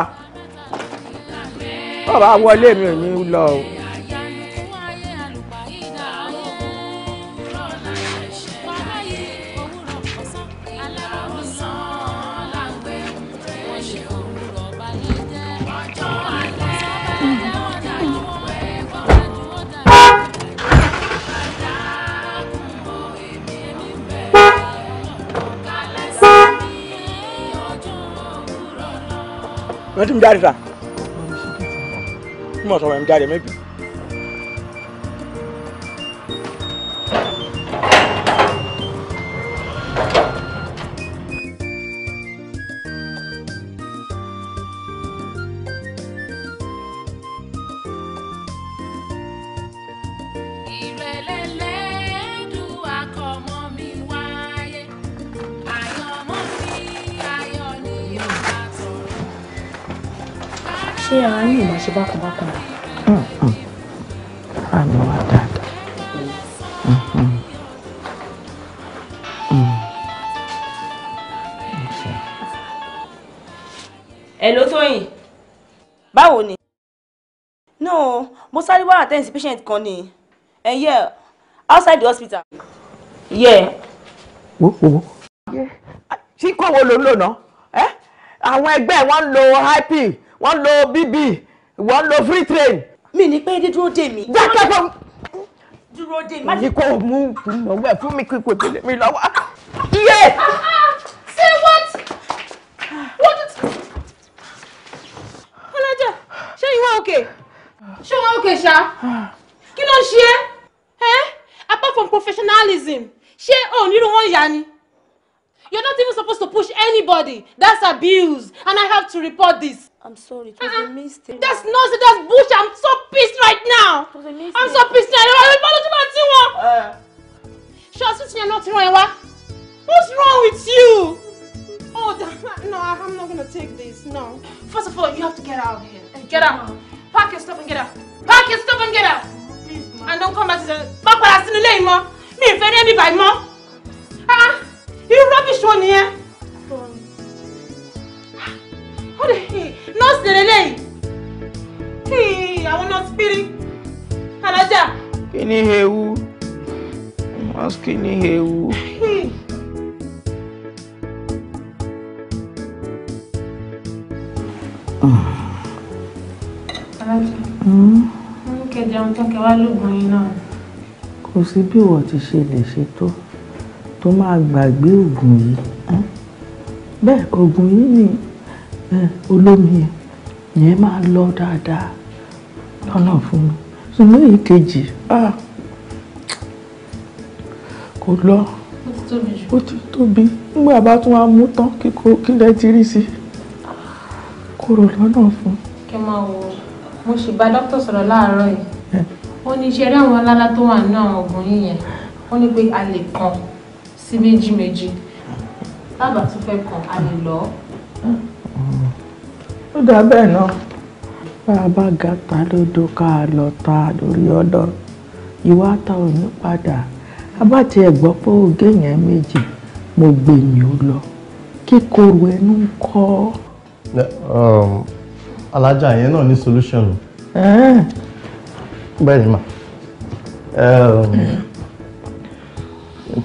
bàbá wọlé mi ò ní lọ o. Wọ́n ti ń jáde ta. I'm not sure I'm daddy, maybe. attend sí patient kan ni ẹ eh, yẹ outside the hospital. yẹ. wo wo. ṣé kó wo ló ń lò náà ẹ eh? àwọn ẹgbẹ́ wọn ń lo hype wọ́n ń lo bb wọ́n ń lo free train. mi ní pé dídúró dè mí. dákẹ́ fún dúró dè mí. èyí kò mú ìnáwó ẹ̀ fún mi kí kò tẹ̀lé mi lọ́wọ́. iye. say what. what. ọlọ́jà ṣé ìwọ òkè. Okay? ṣé wọn ó kèṣà kí ló ń ṣe é apart from professionalism ṣé òun nínú wọn yá ni. You're not even supposed to push anybody. That's abuse. And I have to report this. I'm sorry. It was uh-uh. a mistake. That's nonsense. That's bullshit. I'm so pissed right now. It was a mistake. I'm so pissed now. I don't know what you want. Shots, you're not uh. wrong. What's wrong with you? Oh, no, I'm not gonna take this. No. First of all, you have to get out of here. Get out. Pack your stuff and get out. Pack your stuff and get out. Please, ma. And don't come back to the. Má padà sínú ilé yìí ma. Me ì fẹ́ rí by, ma. Ah, you rubbish one here. he? wo nìyẹn? Ó Hey, I will not speak. nọ́ọ̀sì pírí. Alájà. Kí ni ewu? Nọ́ọ̀sì kí ni ewu? Mm alájà ń hmm? kẹjẹ ohun tó kẹwàá lóògùn yín náà. kò sí bí ìwọ ti ṣe lè ṣe tó tó máa gbàgbé oògùn yìí hmm? bẹ́ẹ̀ oògùn yìí ni eh, olómi yẹn máa lọ dáadáa lọ́nà fún mi ṣùgbọ́n èyí kejì ah, kò lọ ó ti tóbi nígbà bá tún wá mú tán kílẹ̀ ti rí sí kòrò lọ́nà fún. kí máa wọ mo sì bá dókítà sọ̀rọ̀ láàárọ̀ yìí ó ní iṣẹ́ rí àwọn alára tó wà nínú àwọn oògùn yìí yẹn ó ní pé a lè kàn sí méjì méjì tábà tún fẹ́ kàn a lè lọ. ó dà bẹ́ẹ̀ náà bá a bá ga ta lódò ká a lọ ta lórí ọ̀dọ̀ ìwà ta ò ní padà a bá tiẹ̀ gbọ́ pé oge yẹn méjì mo gbèmí ó lọ kíkorò ẹnu ń kọ́ alájà yẹn náà ní solution bẹ́ẹ̀ ni mà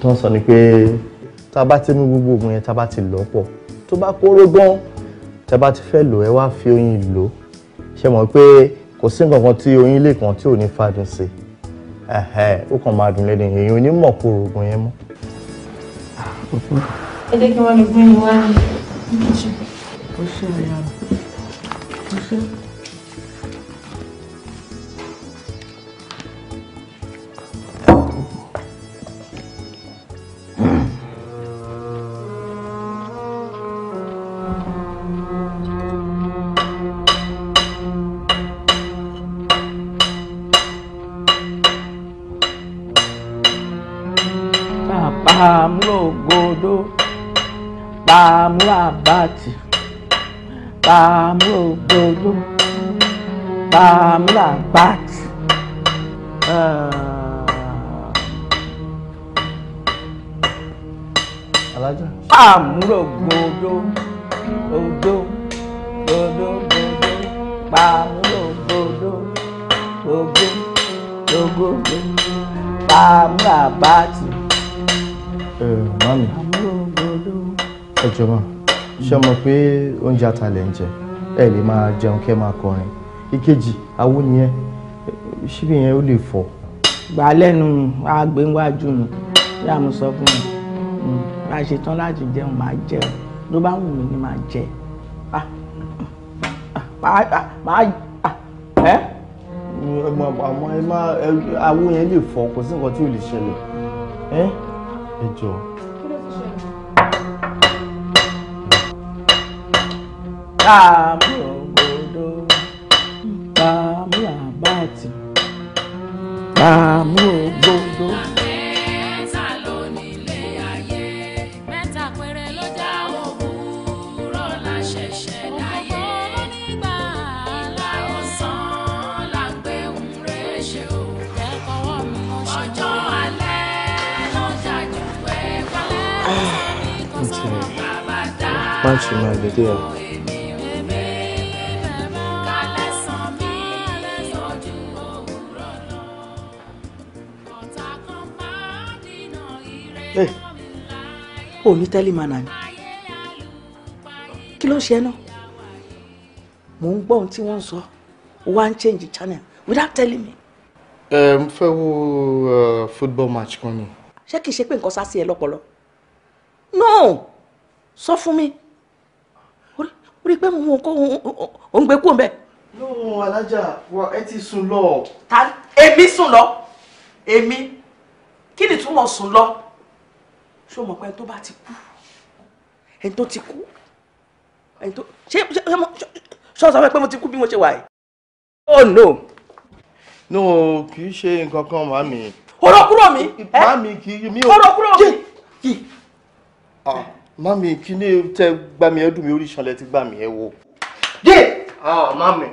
tó ń sọ ni pé tá a bá ti mú gbogbo oògùn yẹn tá a bá ti lò pọ̀ tó bá kóró gan tá a bá ti fẹ́ lò ẹ wá fi oyin lò ṣe mọ̀ pé kò sí nǹkan kan tí oyin lè kàn tí ò ní fadùn sí ó kàn máa dùn lẹ́nu èèyàn onímọ̀ kóró oògùn yẹn mọ́. ẹ jẹ́ kí wọ́n lè gbé yín wá 嗯。but alájà. àmúrò gbòdó gbòdó gbòdó gbòdó pàmúrò gbòdó gbòdó gbòdó pàmúrò àbátì. ẹ mami ẹ jọ ma ṣé mo pé oúnjẹ atalẹ̀ ń jẹ ẹ lè máa jẹun kẹ́ máa kọrin ìkejì awo nìyẹn ṣíbí yẹn ó lè fọ́. gbà lẹ́nu mi wàá gbé wájú mi yá mo sọ fún mi hmm, bá a ṣe tán láti jẹun máa jẹun ló bá wù mí ni máa jẹ ah, ah, ah, máa ẹ. àmọ́ ẹ má awo yẹn lè fọ́ kò sí nǹkan tí ò lè ṣẹlẹ̀ ẹ ẹ jọ. Ah, meu. punch in my video. Hey, o ní tẹ́límánà ni kí ló ń ṣe náà mò ń gbọ́ ohun tí wọ́n ń sọ wá ń change channel without telling me. ẹ mo fẹ́ wo football match kan ni. ṣé kìí ṣe pé nǹkan sá sí ẹ lọ́pọlọ? no sọ fún mi ó rí i pé mo o òun gbé kú òun bẹ́ẹ̀. lóhùn alájà wa ẹ ti sùn lọ. ta èmi sùn lọ èmi kí ni túmọ̀ sùn lọ ṣó mọ̀ pé ẹni tó bá ti kú ẹni tó ti kú ẹni tó ṣé ṣé ọ̀sán pé mo ti kú bí mo ṣe wà yìí. oh no. no kì í ṣe nǹkan kan màmí. ọ̀rọ̀ kúrò mi. màmí kì í mi ò. ọ̀rọ̀ kúrò mi mami kíni tẹ gbà mí ẹdùn mi orí ìṣànlẹ ti gbà mí ẹ wo. yé ah mami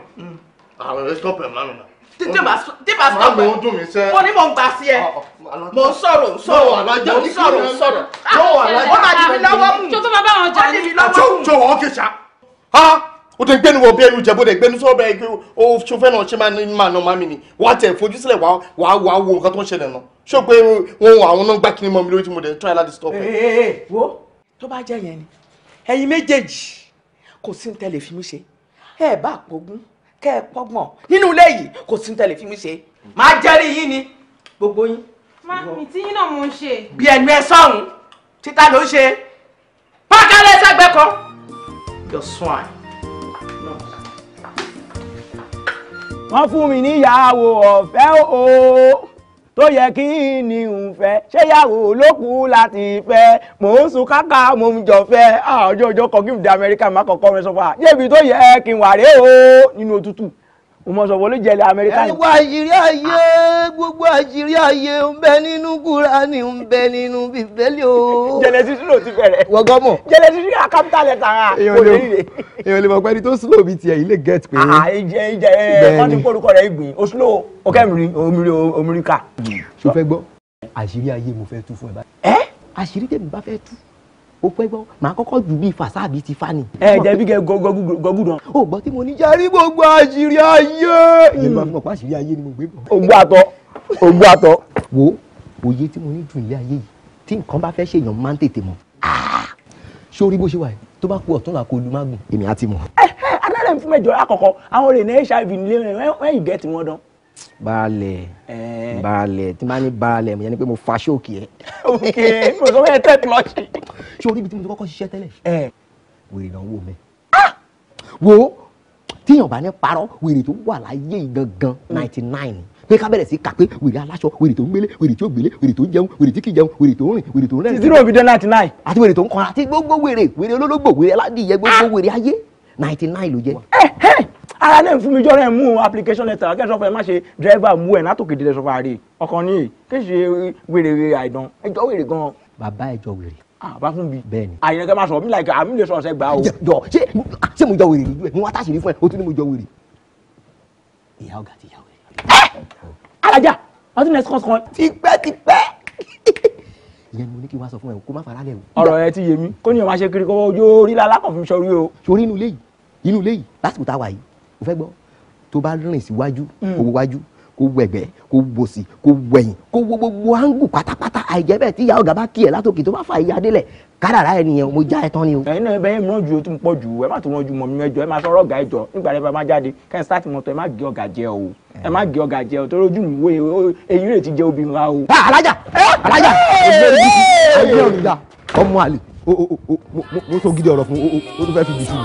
àwọn mm. ẹ ah, stop ẹ mami na. tẹ́bà stop ẹ mami o dùn mí sẹ́. mo ní mo ń gbà sí ẹ ah, ah, mo ń sọ̀rọ̀ ń sọ̀rọ̀ mo ń sọ̀rọ̀ ń sọ̀rọ̀ ó máa dì mí lọ́wọ́ mú tó tó máa bá wọn jà ní mi lọ́wọ́ mú. tó wọ́n kì í ṣá o tẹ gbẹnu wọ bí ẹnu jẹ bó tẹ gbẹnu sọ bẹ́ẹ̀ pé o ṣọfẹ náà ṣe máa ní máa nà mami ni wà á tẹ fojú sílẹ̀ wà á wà á wo nǹkan tó ń ṣẹlẹ̀ náà ṣó pé wọn àwọn náà gbà kí ni mọ mi lórí tí mo dẹ try láti stop ẹ. wo tó bá jẹ́ yẹn ni ẹ̀yin méjèèjì kò sí ní tẹ́lẹ̀ fi mí ṣe ẹ bá pogún kẹ́ ẹ pọ́gbọ̀n nínú ilé yìí kò sí ní tẹ́lẹ̀ fi mí ṣe máa jẹ́rìí yín ni gbogbo yín. má mi tí yín náà mo ń ṣe. bí ẹnu ẹ sọ̀hún títa ló ń ṣe pákálẹ̀ sẹ́gbẹ́ kan your swine. wọ́n fún mi níyàwó ọ̀fẹ́ o tó yẹ kí ni ń fẹ́ ṣéyàwó ló kù láti fẹ́ mò ń sun káká mò ń jọ fẹ́ ah, ọjọ́ ọjọ́ kọ́kí ń má kọ́kọ́ rẹ sọ́fà débi tó yẹ kí n wà rèé o nínú òtútù mo mọ sọ wọlé jẹlẹ amẹríkà. ẹwà àṣírí ayé gbogbo àṣírí ayé ń bẹ nínú kúránì ń bẹ nínú bíbélì o. jẹlẹ sísun ló ti bẹ̀rẹ̀. wọgọ mọ. jẹlẹ sísun yà capital letter a. èèyàn lè mọ pé ẹni tó slow bíi tiẹ̀ yìí lè get pé. Ah, ìjẹ ìjẹ ẹ wọn ti kó rẹ ìgbìn o slow o kẹmìrì omiri omiri ká. ṣo fẹ́ gbọ́ àṣírí ayé mo fẹ́ tú fún ẹ báyìí. ẹ àṣírí tèmi bá fẹ́ tú o fẹ́ gbọ́ màá kọ́kọ́ jù bíi fàṣàbí ti fa ni. ẹ jẹbi kẹ gọgùdàn. o gbọ́ tí mo ní jẹ́rí gbogbo àṣírí ayé. ìjọba fún ọ̀pá àṣírí ayé ni mo gbé bọ̀. ogbó àtọ ogbó àtọ. wo òye tí mo ní jù ilé ayé yìí tí nǹkan bá fẹ́ ṣèyàn máa ń tètè mọ̀. sórí ah! bó ṣe wà yìí tó bá kú ọ̀tún là kó lu mágùn èmi á ti mọ̀. ẹ eh, ẹ eh, alárẹ̀ fún mẹ́jọ àkọ́kọ́ àwọn rẹ̀ ní hiv nílé wọn ì baálẹ̀ eh. baálẹ̀ tí máa ní baálẹ̀ mo yẹn ni pé mo fa ṣóòkì ẹ. ok mo sọ wẹ́n tẹ́ klọ́ọ̀ṣì. ṣé orí ibi tí mo ti kọ́kọ́ ṣiṣẹ́ tẹ́lẹ̀ eh. wèrè náà wò mí. Ah! wo tíyàn bá ní parọ́ wèrè tó wà láyé gangan hmm. ninety nine pé ká bẹ̀rẹ̀ sí kà pé wèrè aláṣọ wèrè tó ń gbélé wèrè tí ó gbélé wèrè tó ń jẹun wèrè tí kì í jẹun wèrè tó ń rìn wèrè tó ń rẹ̀. zero fi dé ninety nine. àti wèrè tó ń kọra àti gbogbo wèrè wèrè olólógbò wèrè aládìyẹ gbogbo ah! wèrè ayé ninety nine ló jẹ. ẹ ẹ ara náà fún mi jọ rẹ mú application letter akẹ́ sọ fún ẹ má ṣe driver mú ẹ látòkè délẹ̀ sọ fún àárẹ̀ ọkàn ní kéṣe wèrè àìdán ẹjọ́ wèrè gan. bàbá ẹjọ́ wèrè. àbá fún mi. bẹ́ẹ̀ni. àyìnlẹ kẹ máa sọ mí láì àmì lè sọ ọsẹ gbà o. jọ ṣé ṣé mo jọ wèrè lójú ẹ mo wá táṣìírí fún ẹ o tún ní mo jọ wèrè. ìyá ọ̀gá ti yà wèrè. alájà wọn tún lẹ sọkàn sọkàn. tipẹ́tipẹ́ ìyẹn ni mo ní kí wá sọ fún ẹ kó má fara lẹ o. ọ̀rọ̀ ẹ ti yé mi kó ní ọmọ aṣekiri kó ojú orí la lákàn fún sọrí o. sori inú ilé yìí inú ilé yìí lásìkò tá a wà yìí o fẹ́ gbọ́ tó bá rìn síwájú kó hmm. wájú kó wẹ̀gbẹ́ kó wòsì kó wẹ̀yìn kó wo gbogbo áńgù pátápátá àìjẹ́ bẹ́ẹ̀ tí ìyá ọ̀gá bá kí ẹ̀ látòkè tó bá fa ìyá délẹ̀ kádàrá ẹ̀ nìyẹn mo já ẹ tán ni o. ẹ̀yin náà bẹ́ẹ̀ mọ ju tó ń pọ̀ jù ẹ má tó wọn ju mọ mi mẹjọ ẹ má sọ ọ̀rọ̀ ọ̀gá ẹjọ nígbà rẹ bá má jáde kẹ́hìn sáà ti mọ tọ ẹ má gé ọ̀gá jẹ o ẹ má gé ọ̀gá jẹ o torí ojú mi wo eyín rẹ̀ ti jẹ obìnrin wa o. Ah, alájà eh, alájà ọmọ àlè mo sọ gidi ọ̀rọ̀ fún o tó fẹ́ fi bìtú mi.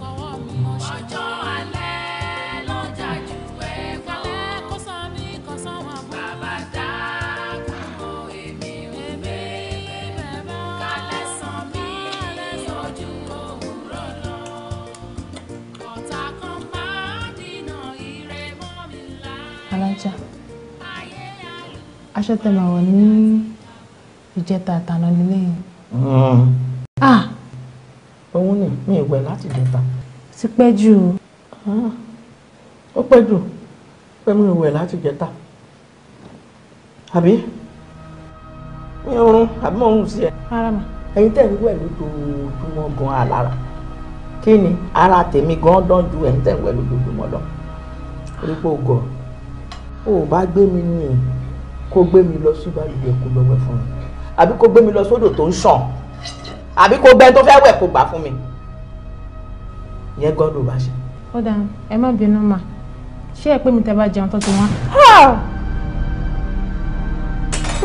aṣọ tẹ máa wọ̀ ní ìjẹta àtàná nílé yẹn. Hmm. Ah! òun ni mi ì wẹ̀ láti jẹta. ti pẹ́ jù o. Ah. ó pẹ́ jù pé mi ì wẹ̀ láti jẹta. àbí mi ò rún àbí mo ń rún sí ẹ. ara mà. ẹ̀yin tẹ̀ ń wẹ̀ lójoojúmọ́ gan-an àlára kí ni ara tèmi gan dán ju ẹ̀yin tẹ̀ ń wẹ̀ lójoojúmọ́ lọ. orí pé o gọ̀ o ò bá gbé mi nìyẹn kó gbé mi lọ sí balùwẹ̀ kó lọ wẹ̀ fún mi àbí kó gbé mi lọ sódò tó ń ṣàn àbí kó bẹ́ẹ̀ tó fẹ́ wẹ̀ kó gbà fún mi ìyẹn gbọ́dọ̀ bá ṣe. ó dà ẹ má bínú mà ṣé ẹ pé mi tẹ bá jẹun tó ti wọ́n.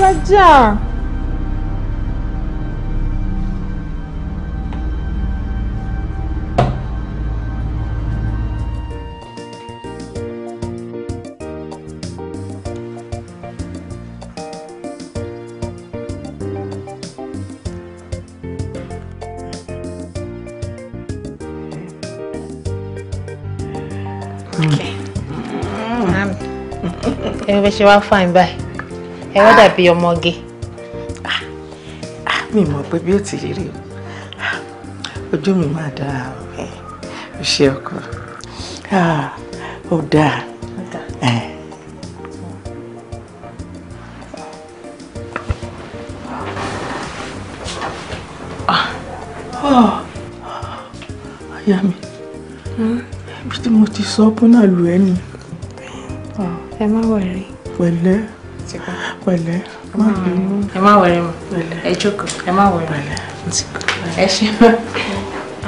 rájà. bẹ́ ṣe wá fine by. ẹ wá ah. dàbí ọmọge. Ah, ah, mi mọ̀ pé bí ó ti rí rí ojú mi máa dáa ó ṣe ọkọ ó dáa. Oh, Ìyá mi, hmm? ibi tí mo ti sọ ọ́ bọ́nà lù ẹ́ ni. Ẹ má wọ̀ rí pẹ̀lẹ́ pẹ̀lẹ́ má bínú. ẹ má wẹrẹ mọ ẹ jókòó ẹ má wẹrẹ ẹ ṣe mọ.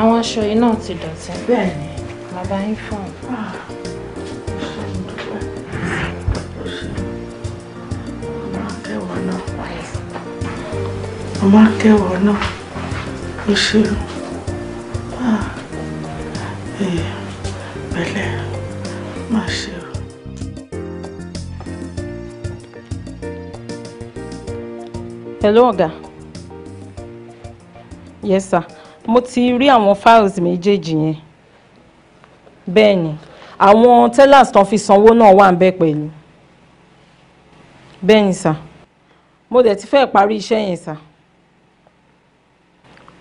àwọn aṣọ yìí náà ti dọ̀tí. bẹ́ẹ̀ni. bàbá yín fún un. ọmọ ah. akẹ́wọ̀ náà ó ah. eh, ṣe pẹ̀lẹ́ máa ṣe. hello ọ̀gá yes sir mo ti rí àwọn files méjèèjì yẹn bẹ́ẹ̀ ni àwọn tellers tán fi sanwó náà wà ń bẹ̀ pẹ̀lú bẹ́ẹ̀ ni sir mo dẹ̀ ti fẹ́ parí iṣẹ́ yẹn sir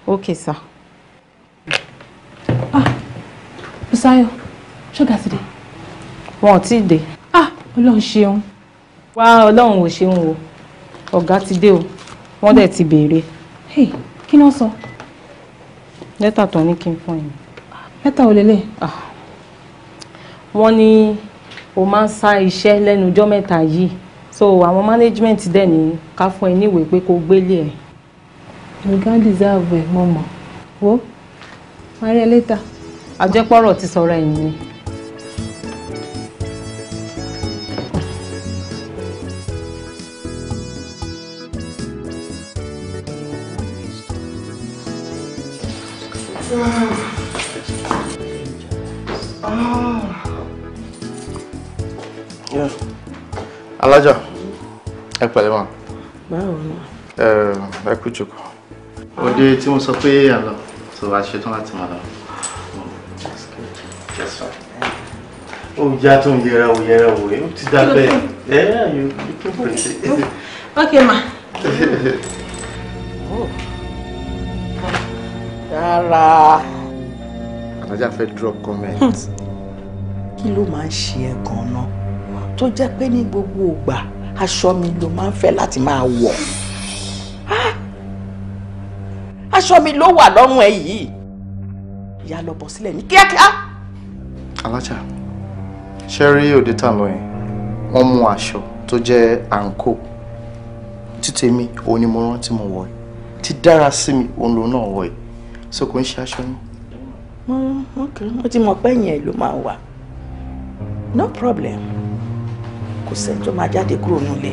okay sir. ah Bùsáyọ̀ ṣọ́gà ti dé. wọn ò tí ì dé. ah ọlọ́run ṣeun. wá ọlọ́run ò ṣeun o ọ̀gá ti dé o wọ́n dẹ̀ ti béèrè kí ló sọ lẹ́tà tó ní kí n fún yín lẹ́tà ò lélẹ̀ ah. wọ́n ní o máa ń sá iṣẹ́ lẹ́nu ọjọ́ mẹ́ta yìí so àwọn management dẹ̀ ní ká fún ẹ níwèé pé kó gbélé ẹ̀. ọ̀gá deserve ẹ̀ mọ̀mọ́ wo Maria, rí ẹ lẹ́tà. àjẹpọ̀rọ̀ ti sọ̀rọ̀ ẹ̀yìn ni. pẹ̀lẹ́ ma. báwo ni. ẹ kú jókòó. òde tí mo sọ pé à ń lọ tó wàá ṣetán láti máa lọ. ó já tó ń yẹra wò yẹra wò ó ti dá bẹ́ẹ̀ ẹ ayò ikú pèsè. ok ma. rárá. alájà fẹ́ drop comment. Hmm. kí ló máa ń ṣe ẹ gan-an tó jẹ́ pé ní gbogbo ìgbà aṣọ mi ló máa ń fẹ́ láti máa wọ̀ ah! aṣọ mi ló wà lọ́rùn ẹ yìí ìyá lọ bọ̀ sílẹ̀ ní kíákíá. alájà ṣe rí òde tá à ń lọ yẹn wọ́n mú aṣọ tó jẹ́ àǹkó títèmi òun ni mo rántí mo wọ̀ ẹ́ ti dára sí mi òun lòun náà wọ̀ ẹ́ so kò ń ṣe aṣọ mm-hmm, yẹn. mo ti mọ̀ pé yẹn ló máa wà no problem kò sẹ́ni tó máa jáde kúrò nílé.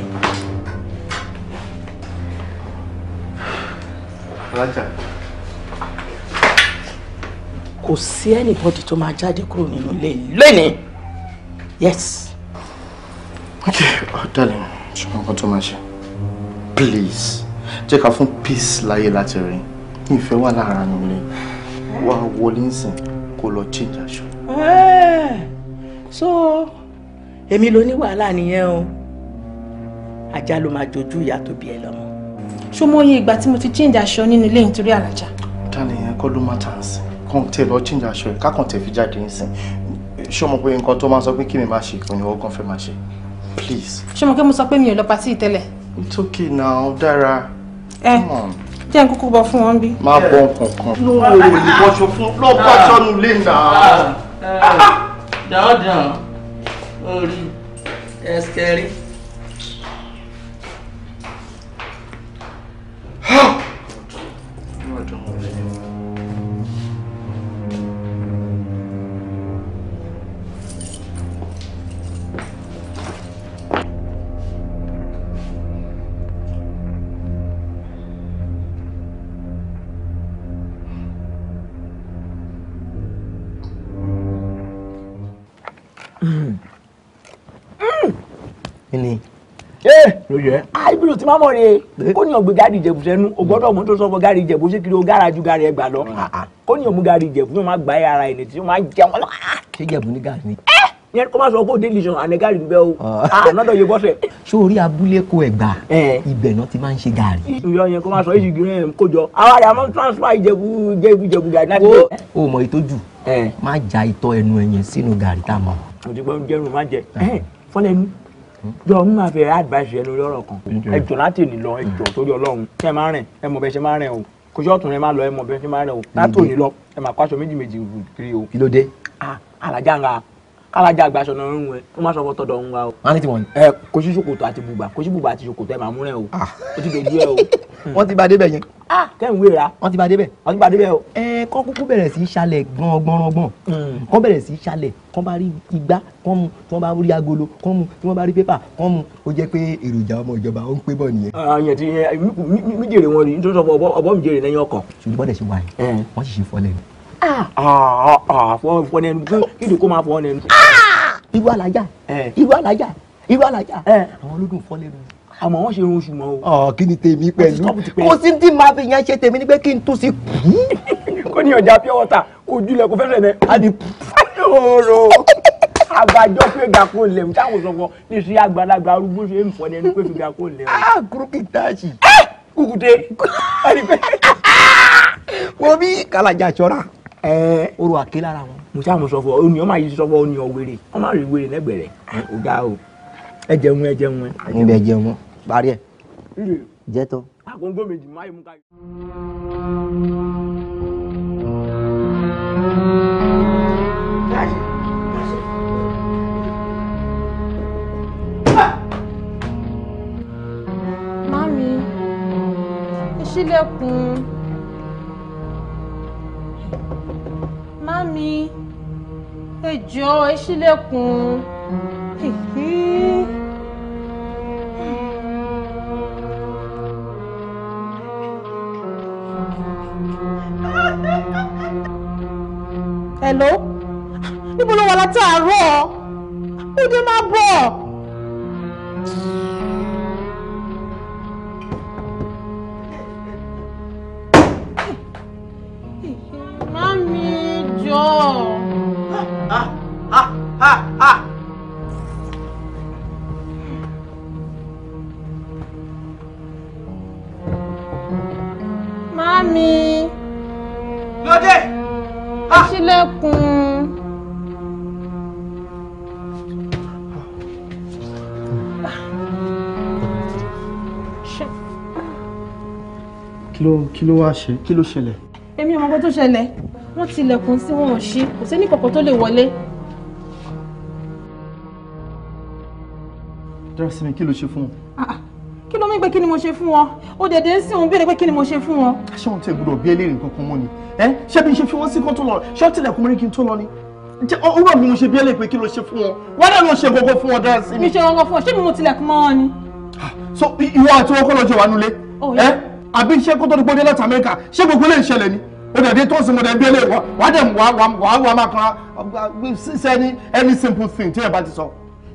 alájà. kò sí anybody tó máa jáde kúrò nínú ilé lónìí yes. ok ọ̀dàlẹ̀ ṣùgbọ́n nǹkan tó máa ṣe please jẹ́ ká fún peace láyé láti rìn ìfẹ́ wà láàárín ilé wàá wọlé ń sìn kó lọ change aṣọ. so èmi ló ní wàhálà nìyẹn o ajá ló máa jojú ìyá tó bí ẹ lọ́mọ. ṣó mo yẹ ìgbà tí mo ti change aṣọ nínú ilé nítorí àlàjá. dani yẹn kọ́ ló má tà ń kàn tẹ lọ change aṣọ yìí kákan tẹ fi jáde ń sìn ṣó mo pé nǹkan tó máa sọ pé kí mi má ṣe ìkànnì ọgán fẹ́ máa ṣe please. ṣé mo kí mo sọ pé mi ò lọ patí tẹ́lẹ̀. it's okay now dára. ẹ jẹ́ n kúkú bọ fún wọn bí. má bọ nǹkan kan. lóòrò lọ́ọ́ Oh, that's scary. ló yẹ. a ah, ibi ló ti máa mọ̀ re eh? kó ní ọ̀gbẹ́ gàrí ìjẹ̀bù sẹ́nu o gbọ́dọ̀ mú tó sọ fún gàrí ìjẹ̀bù ṣé kiri o gàrà ju gàrí ẹgbàá lọ ah, ah. kó ní òmùgà rí ìjẹ̀bù yóò máa gbà ẹ́ ara ẹni tí yóò máa jẹun lọ. ṣé ìjẹ̀bù ní gàrí ni. ẹ eh! yẹn kó má sọ pé délìsàn àná gàrí ń bẹ o ànádọ yẹ bọ́sẹ̀. ṣé orí abúlé kó ẹgbà eh. ibẹ̀ náà ti máa ń ṣe gàrí. ìyọ yẹn kó má sọ èyí gírin ẹ̀ um, kó jọ àwa rẹ̀ àmọ́ transfer ìjẹ̀bù ìjẹ̀bù ìjẹ̀bù gàrí o mọ ìtọ́jú a mọ̀ jọ n máa fẹ́ advice ẹ lórí ọ̀rọ̀ kan ẹ jọ láti ènì lọ ẹ jọ torí Ọlọ́run kí ẹ má rìn ẹ mọ̀ bẹ ṣe má rìn o kò sí ọ̀tún rẹ má lọ ẹ mọ̀ bẹ ṣe má rìn o látòní lọ ẹ má kó aṣọ méjì méjì kiri o. kí ló dé. ah alájà kálájà àgbà aṣọ náà ń wẹ kó má sọ fọtọ dọ̀ ń o. wọ́n ní tí wọ́n ní. ẹ kò sí ṣòkòtò àti bùbà kò sí bùbà àti ṣòkòtò ẹ o ah. ti dojú ẹ o. wọ́n ti bá débẹ̀ yẹn. ah kẹ́hìn wéra. wọ́n ti bá débẹ̀. wọ́n ti bá débẹ̀ o. ẹ kọ́ kúkú bẹ̀rẹ̀ sí í ṣalẹ̀ gbọ̀ngbọ̀ngbọ̀n hmm. kọ́ bẹ̀rẹ̀ sí í ṣalẹ̀ kọ́ bá rí igbá kọ́ mu tí wọ́n bá rí agolo kọ́ mu tí wọ́n bá rí pépà kọ́ mu ó jẹ́ pé èròjà ọmọ ìjọba ó ń pé bọ̀ nìyẹn. àyàn ah, ti yẹn eh, méjèrè wọn rí nítorí ọbọ mi jèrè lẹ́yìn ọkọ̀. ṣùgbọ́n bọ́dẹ̀ ṣe wáyé eh. wọ́n sì ṣe fọ́lẹ́ ni fọ ah, ah, ah, ẹnu gbé kíndùn kó máa fọ ẹnu. irú alájà irú alájà irú alájà àwọn olódùn fọ lẹ́nu àmọ́ wọ́n ṣe irun oṣù mọ́ o. kí ni tèmi pẹ̀lú kò sí tí màá fi yẹn ṣe tèmi ni pé kí n tún sí. kò ní ọjà pure water kò jùlẹ̀ kò fẹ́fẹ́ rẹ̀ á di ooro abajọ pé gàkó lẹ̀mú táwọn sọ̀kọ ní sí àgbàlagbà arúgbó ṣe ń fọ́ ni ẹni pé fi gàkó lẹ̀mú. a kúrú kí n táàṣì. Eh! kúkúté ẹni pé. wo bí kàlàjà ṣọ́ra. ọrụ oru àké lára wọn mo ṣáà mo sọ fún ọ òní ọ máa ọgá o ẹ jẹun ẹ jẹun ẹ. níbẹ̀ jẹun parí ẹ jẹ́tọ́. àkóńgó méjì Mami, ẹ jọ̀ọ́ ẹ Hello? Níbo ló wà látàárọ̀? Ó dé máa bọ̀. kí ló kí ló wá ṣe kí ló ṣẹlẹ̀. èmi ò mọ nǹkan tó ṣẹlẹ̀ wọ́n tilẹ̀kùn tí wọ́n ò ṣí kò sẹ́ni kọ̀ọ̀kan tó lè wọlé. Dárasími kí ló ṣe fún wọn. Ah, ah. kí ló mí pé kí ni mo ṣe fún wọn ó dẹ̀dẹ̀ ń sìn òun béèrè pé kí ni mo ṣe fún wọn. ṣé wọn tẹ gbọ́dọ̀ bí eléyìí nǹkan kan mọ ni ẹ ṣé bí n ṣe fi wọn sí kó tó lọ ṣé ó tilẹ̀kùn mẹ́rin kí n tó lọ ni owó mi mo ṣe bí eléyìí pé kí ló ṣe fún wọn wọn náà ló ṣe gbogbo fún wọn Dárasími. mi ṣe gbogbo fún ọ ṣé mi mo tilẹ̀kùn mọ́ wọn ni. Ah, so ìwọ àti wọn kọ́ lọ jẹ nulẹ̀ àbí ṣé kó tó dúpọ́ dé láti amẹ́ríkà ṣé gbogbo lè ṣẹlẹ̀ ni ó dẹ̀ dé tó sì mo dẹ̀ bí eléyìí wà á dẹ̀ wà á wà á máa kan ṣiṣẹ́ ní any simple thing tí ẹ bá ti sọ.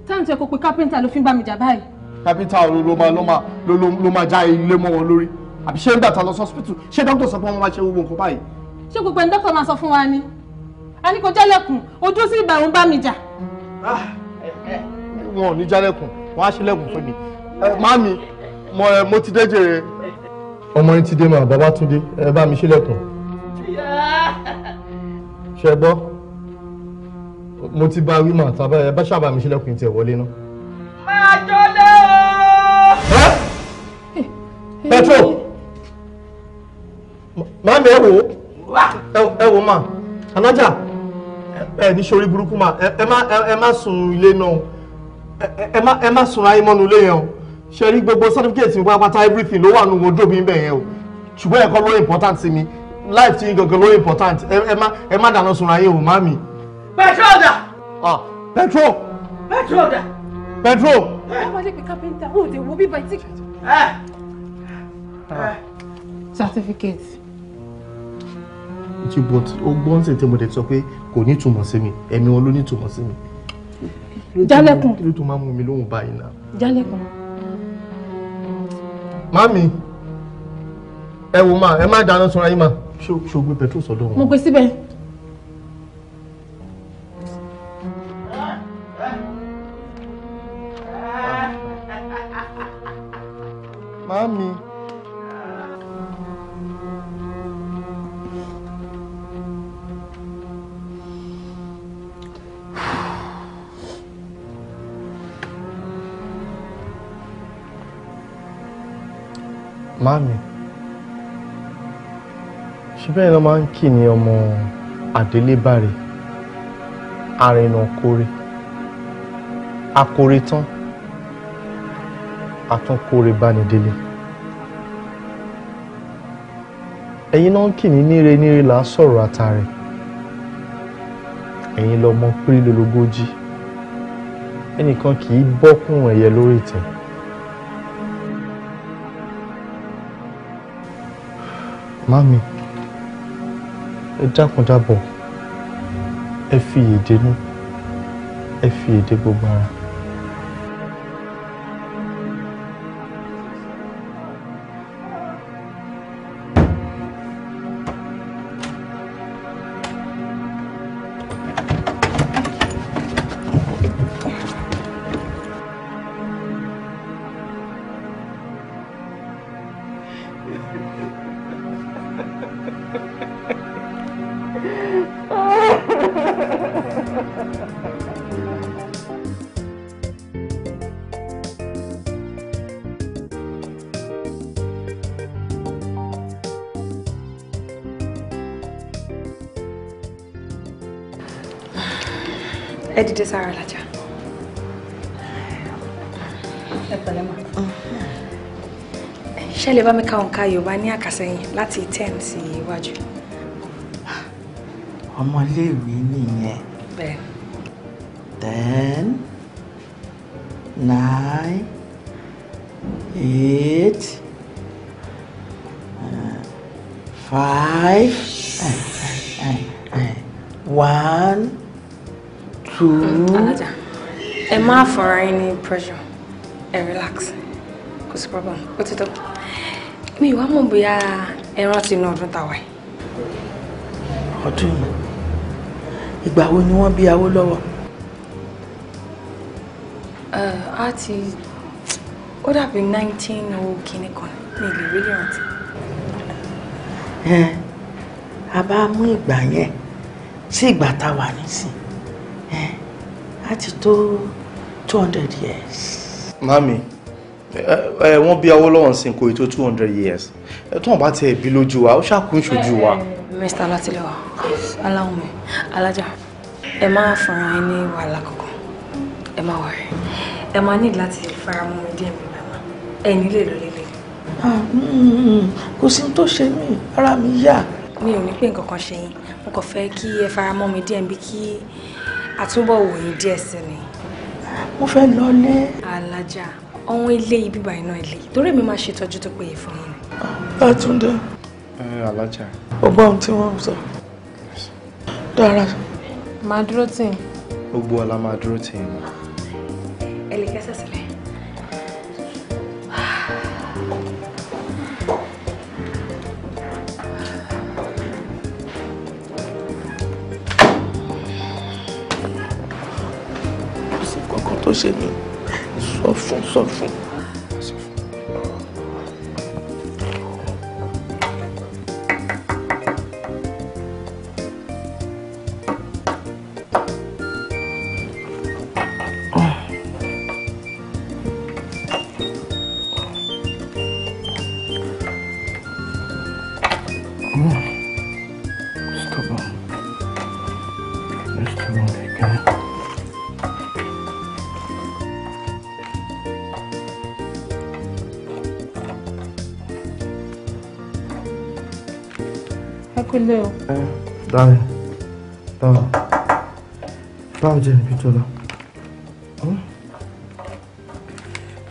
táwọn tí ẹ kò pe kápẹ́ńtà ló fi ń bá mi jà báyìí. kápẹ́ńtà ló máa ló máa ló máa já ilé mọ́ wọn lórí àbí ṣé nígbà tá a lọ sọ́sìpìtì ṣé dókítà sọ pé wọ́n máa ṣe gbogbo nǹkan báyìí. ṣé gbogbo ẹni dókítà máa sọ fún wa ni a ní kò jálẹ̀kùn ojú sí ìgbà òun bá mi jà. Ah, eh, eh, wọn ò ní jálẹ̀kùn wọn á ṣílẹ̀kùn fún mi. Eh, máàmi mo ti dẹ́jẹ̀rẹ̀ ọmọ yín ti dé mà Babátúndé ẹ bá mi ṣílẹ̀kùn. ṣe gbọ́ mo ti bá wí mà tàbá ẹ bá ṣàbà mi ṣílẹ̀kùn tiẹ̀ wọlé náà. máa jọlé o. petro màmí ẹ wò ẹ wò mà anájà ẹ ní sori burúkú mà ẹ má sùn ilé náà ẹ má sùn ayé mọ́nu ilé yẹn o ṣe rí gbogbo certificate mi pátápátá everything ló wà nínú wardrobe mi bẹ́ẹ̀ yẹn o ṣùgbọ́n ẹ̀kọ́ ló important sí mi life ti gangan ló important ẹ má ẹ má dáná sunra yín o mami. petrol da. ah petrol. petrol da. petrol. ọmọdé eh. pé kápẹ́ńtà ò lè wo bíbá etí. Eh. Ah. Eh. certificate. ṣùgbọ́n ó gbọ́n sí tèmọ̀dé sọ pé kò ní ìtumọ̀ sí mi ẹ̀mí wọn ló ní ìtumọ̀ sí mi. jálẹ̀kùn. kí ló tó máa mú mi lóhùn báyìí náà. jálẹ̀kùn mami ẹ wò máa ẹ má dáná sunra yín máa. ṣé petrol sọ́dọ̀ wọn. mo gbé síbẹ̀. mami. Màámi ṣe bẹ́ẹ̀ ló máa ń kì ní ọmọ àdélébàrè arìnà kore akore tán àtúnkore bánidélé ẹ̀yin náà ń kì ní níre níre là á sọ̀rọ̀ àtàrẹ ẹ̀yin lọ́mọ pírí lológójì ẹnìkan kì í bọ́kùn ẹ̀yẹ lórí ìtẹ́. Mami, ẹ dákun dábọ̀, ẹ fi èdè nú, ẹ fi èdè gbogbo ara. dìde sára làjà. ẹ pẹ̀lẹ́ mọ́. ṣé lè bá mi ka òǹkà yorùbá ní àkàsẹ́yìn láti ten sí iwájú. ọmọléèwé nìyẹn. bẹ́ẹ̀. Then. nine. Not for any pressure And relax kò sí problem What's it up? Me ìwà mọ̀ bóyá ẹ rántí inú ọdún tàwa yìí. ọdún ìgbà wo ni wọ́n bí Awólọ́wọ̀. Eh, a ti ó dàbí nineteen oh kìíní kan mi lè rí rántí. a bá mú ìgbà yẹn sí ìgbà tá a wà nísìn a ti tó. To... 200 years. mami ẹ wọ́n bí Awólọ́wọ̀ sin kò ètò two years ẹ tó wọn bá tiẹ̀ bí lójú wa ó ṣàkóso ṣojú wa. mr alatilewa aláwọ̀mí alájà ẹ máa fúnra ẹ ní wàhálà kankan ẹ máa wà rẹ ẹ máa ní láti faramọ́ mi díẹ̀ mi bàbá ẹ nílé lọ lélẹ̀. Ah, mm-hmm. kò sí tó ṣe mí ara mi yá. mi ò ní pé nǹkan kan ṣe yín mo kàn fẹ́ kí ẹ faramọ́ mi díẹ̀ bí kí àtúbọ̀ wòye díẹ̀ sí ni mo fẹ́ lọlé. alájà ọ̀hún ilé ibi báyìí náà ilé torí mi máa ṣètọ́jú tó péye fún yín. Ah, Bátúndé. alájà. ó gbọ́ ohun tí wọ́n sọ. dára. màá dúró tì gbogbo ọ̀la máa dúró tì sọ bẹ́ẹ̀ o. dáre dáre báwo jẹ́ níbi tó lọ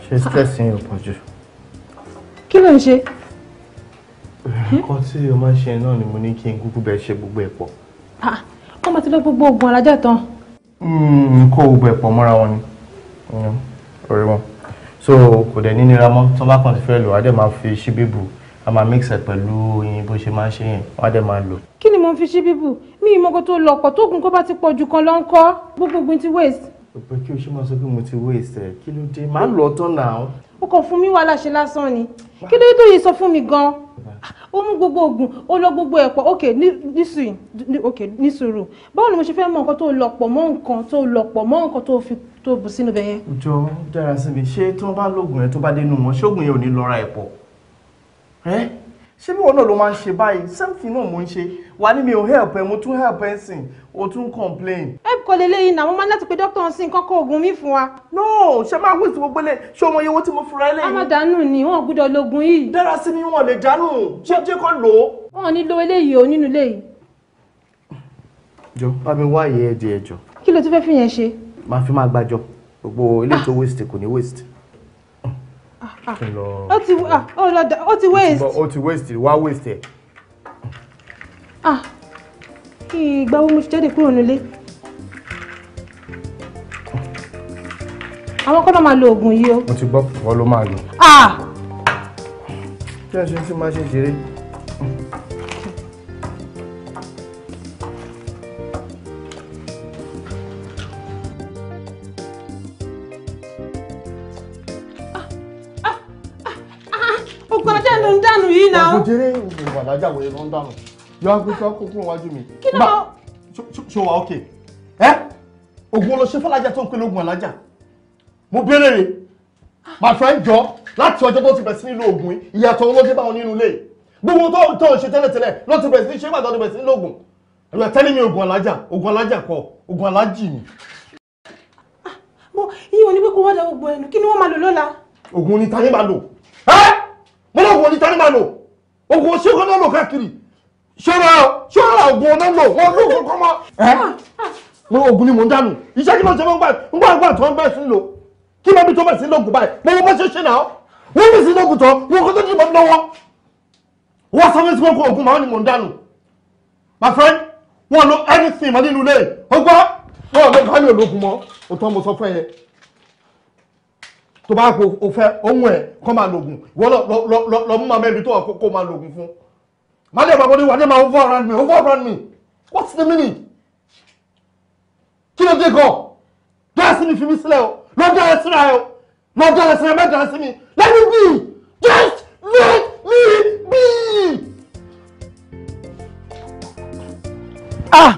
ṣe stress yẹn ò pọ̀ jù. kí ló ń ṣe. nǹkan tí o máa ń ṣe náà ni mo ní kí n kúkú bẹ́ẹ̀ ṣe gbogbo ẹ̀ pọ̀. wọ́n máa ti so kò dẹ̀ ní nira mọ́ a máa mix ẹ pẹ̀lú oyin bó ṣe máa ń ṣe yẹn wọ́n á máa lò. kí ni mo fi ṣí bíbù mi ìmọ̀kò tó lọ pọ̀ tóògùn kó bá ti pọ̀ jù kan lọ ń kọ́ gbogbo ti waste. òpè kí o ṣe máa sọ pé mo ti waste ẹ kí ló dé máa lọ tán náà. o kò fún mi wàhálà ṣe lásán ni kí ló dé tó yìí sọ fún mi gan-an ó mú gbogbo oògùn ó lọ gbogbo ẹ̀ pọ̀ ok ní sùúrù báwo ni mo ṣe fẹ́ mọ nǹkan tó lọ pọ̀ mọ́ nǹkan tó lọ pọ̀ mọ́ nǹkan tó fi tó bù sínú bẹ́ẹ̀ yẹn. jọ dára sí mi ṣé tí wọn bá lóògùn yẹn tó bá dénú wọn ṣóògùn yẹn ò ní lọ ra pọ̀ ṣé bí wọn náà ló máa ń ṣe báyìí something náà mò ń ṣe wà ní mi ò help ẹ mo tún help ẹ sìn o tún complain. help kọ́ leléyìí náà mo máa ń láti pé dókítà ń sìn kọ́kọ́ oògùn mi fún wa. no ṣe máa wí sí gbogbo ilé ṣé ọmọ iye owó tí mo fura ẹ lẹ́yìn. àmọ́ dànù ni wọn ò gbúdọ̀ lògùn yìí. dára sí mi wọn lè dànù ṣé jẹ́ kó lò ó. wọn ò ní lo eléyìí o nínú ilé yìí. jọ bá mi wá ìyẹn ẹ di ẹjọ. kí ló tún fẹ́ fi yẹn ṣe. màá fi máa gbàjọ gbogbo ilé tó waste kò ní waste kí n lọ. ó ti ó ti waste. ó ti waste wá waste ẹ̀. ìgbà ah, wo mo ti jáde kúrò nílé. àwọn kọ́nà máa lo oògùn yìí o. mo ti gbọ́ wọ́n ló máa lò. Ah! kí ẹ ṣe ń tí máa ṣe ṣeré. mi náà. ọ̀gùnjẹ́rẹ́ ìwà lájàwé ló ń dànù yọ agbèsè ọkùnkùn wájú mi. kí ló ṣo wa ok ẹ eh? oògùn olóṣè fọlájà tó ń pèlè oògùn alájà mo béèrè rè my friend jọ láti ọjọ́ tó ti bẹ̀rẹ̀ sí nílò oògùn ìyàtọ̀ olóṣè báwọn nínú ilé gbogbo tó tó ń ṣe tẹ́lẹ̀tẹ́lẹ̀ ló ti bẹ̀rẹ̀ sí ṣé ìgbà tó ti bẹ̀rẹ̀ sí nílò oògùn ẹ̀rọ tẹ́lẹ̀ mi oògùn alájà oògùn alájà kọ oògùn alájì ni. Ah, mo iye òní pé kó wá da oògùn ẹnu kí ni wọ́n máa lò lọ́la. oògùn ni ẹ́ mo lọ́ọ̀gùn ni tani ògùn ṣẹ́gun náà lò káàkiri ṣọ́ra ṣọ́ra ògùn náà lò wọ́n lò kọ́kọ́ mọ́. ẹ mo ògùn ni mò ń dànù iṣẹ́ kí ló ṣe fún gbà gbà tó ń bẹ̀ sí lò kí ló bí tó bẹ̀ sí lògùn báyìí mo wọ́n bá ṣe ṣe náà wọ́n bẹ̀ sí lògùn tán wọ́n kó tó ti mọ̀ lọ́wọ́ wọ́n sọ fún sí kókó ògùn màá ni mò ń dànù my friend wọ́n lo anything mọ́ nínú ilé ọgbọ́n wọ́n lọ káyọ̀ lógun mọ́ òtún mo sọ fún ẹ tó bá kó o fẹ́ ohun ẹ̀ kọ́ máa lògùn ìwọ lọ mú màmá ẹbí tó wà kó máa lògùn fún má dé ìpàgọ́dé wà dé máa over around me over around me what's the meaning kí ló dé gan dá sí mi fi mi sílẹ̀ o lọ dá ẹ síra ẹ o lọ dá ẹ síra ẹ mẹ́ta sí mi let me be just let me be. ah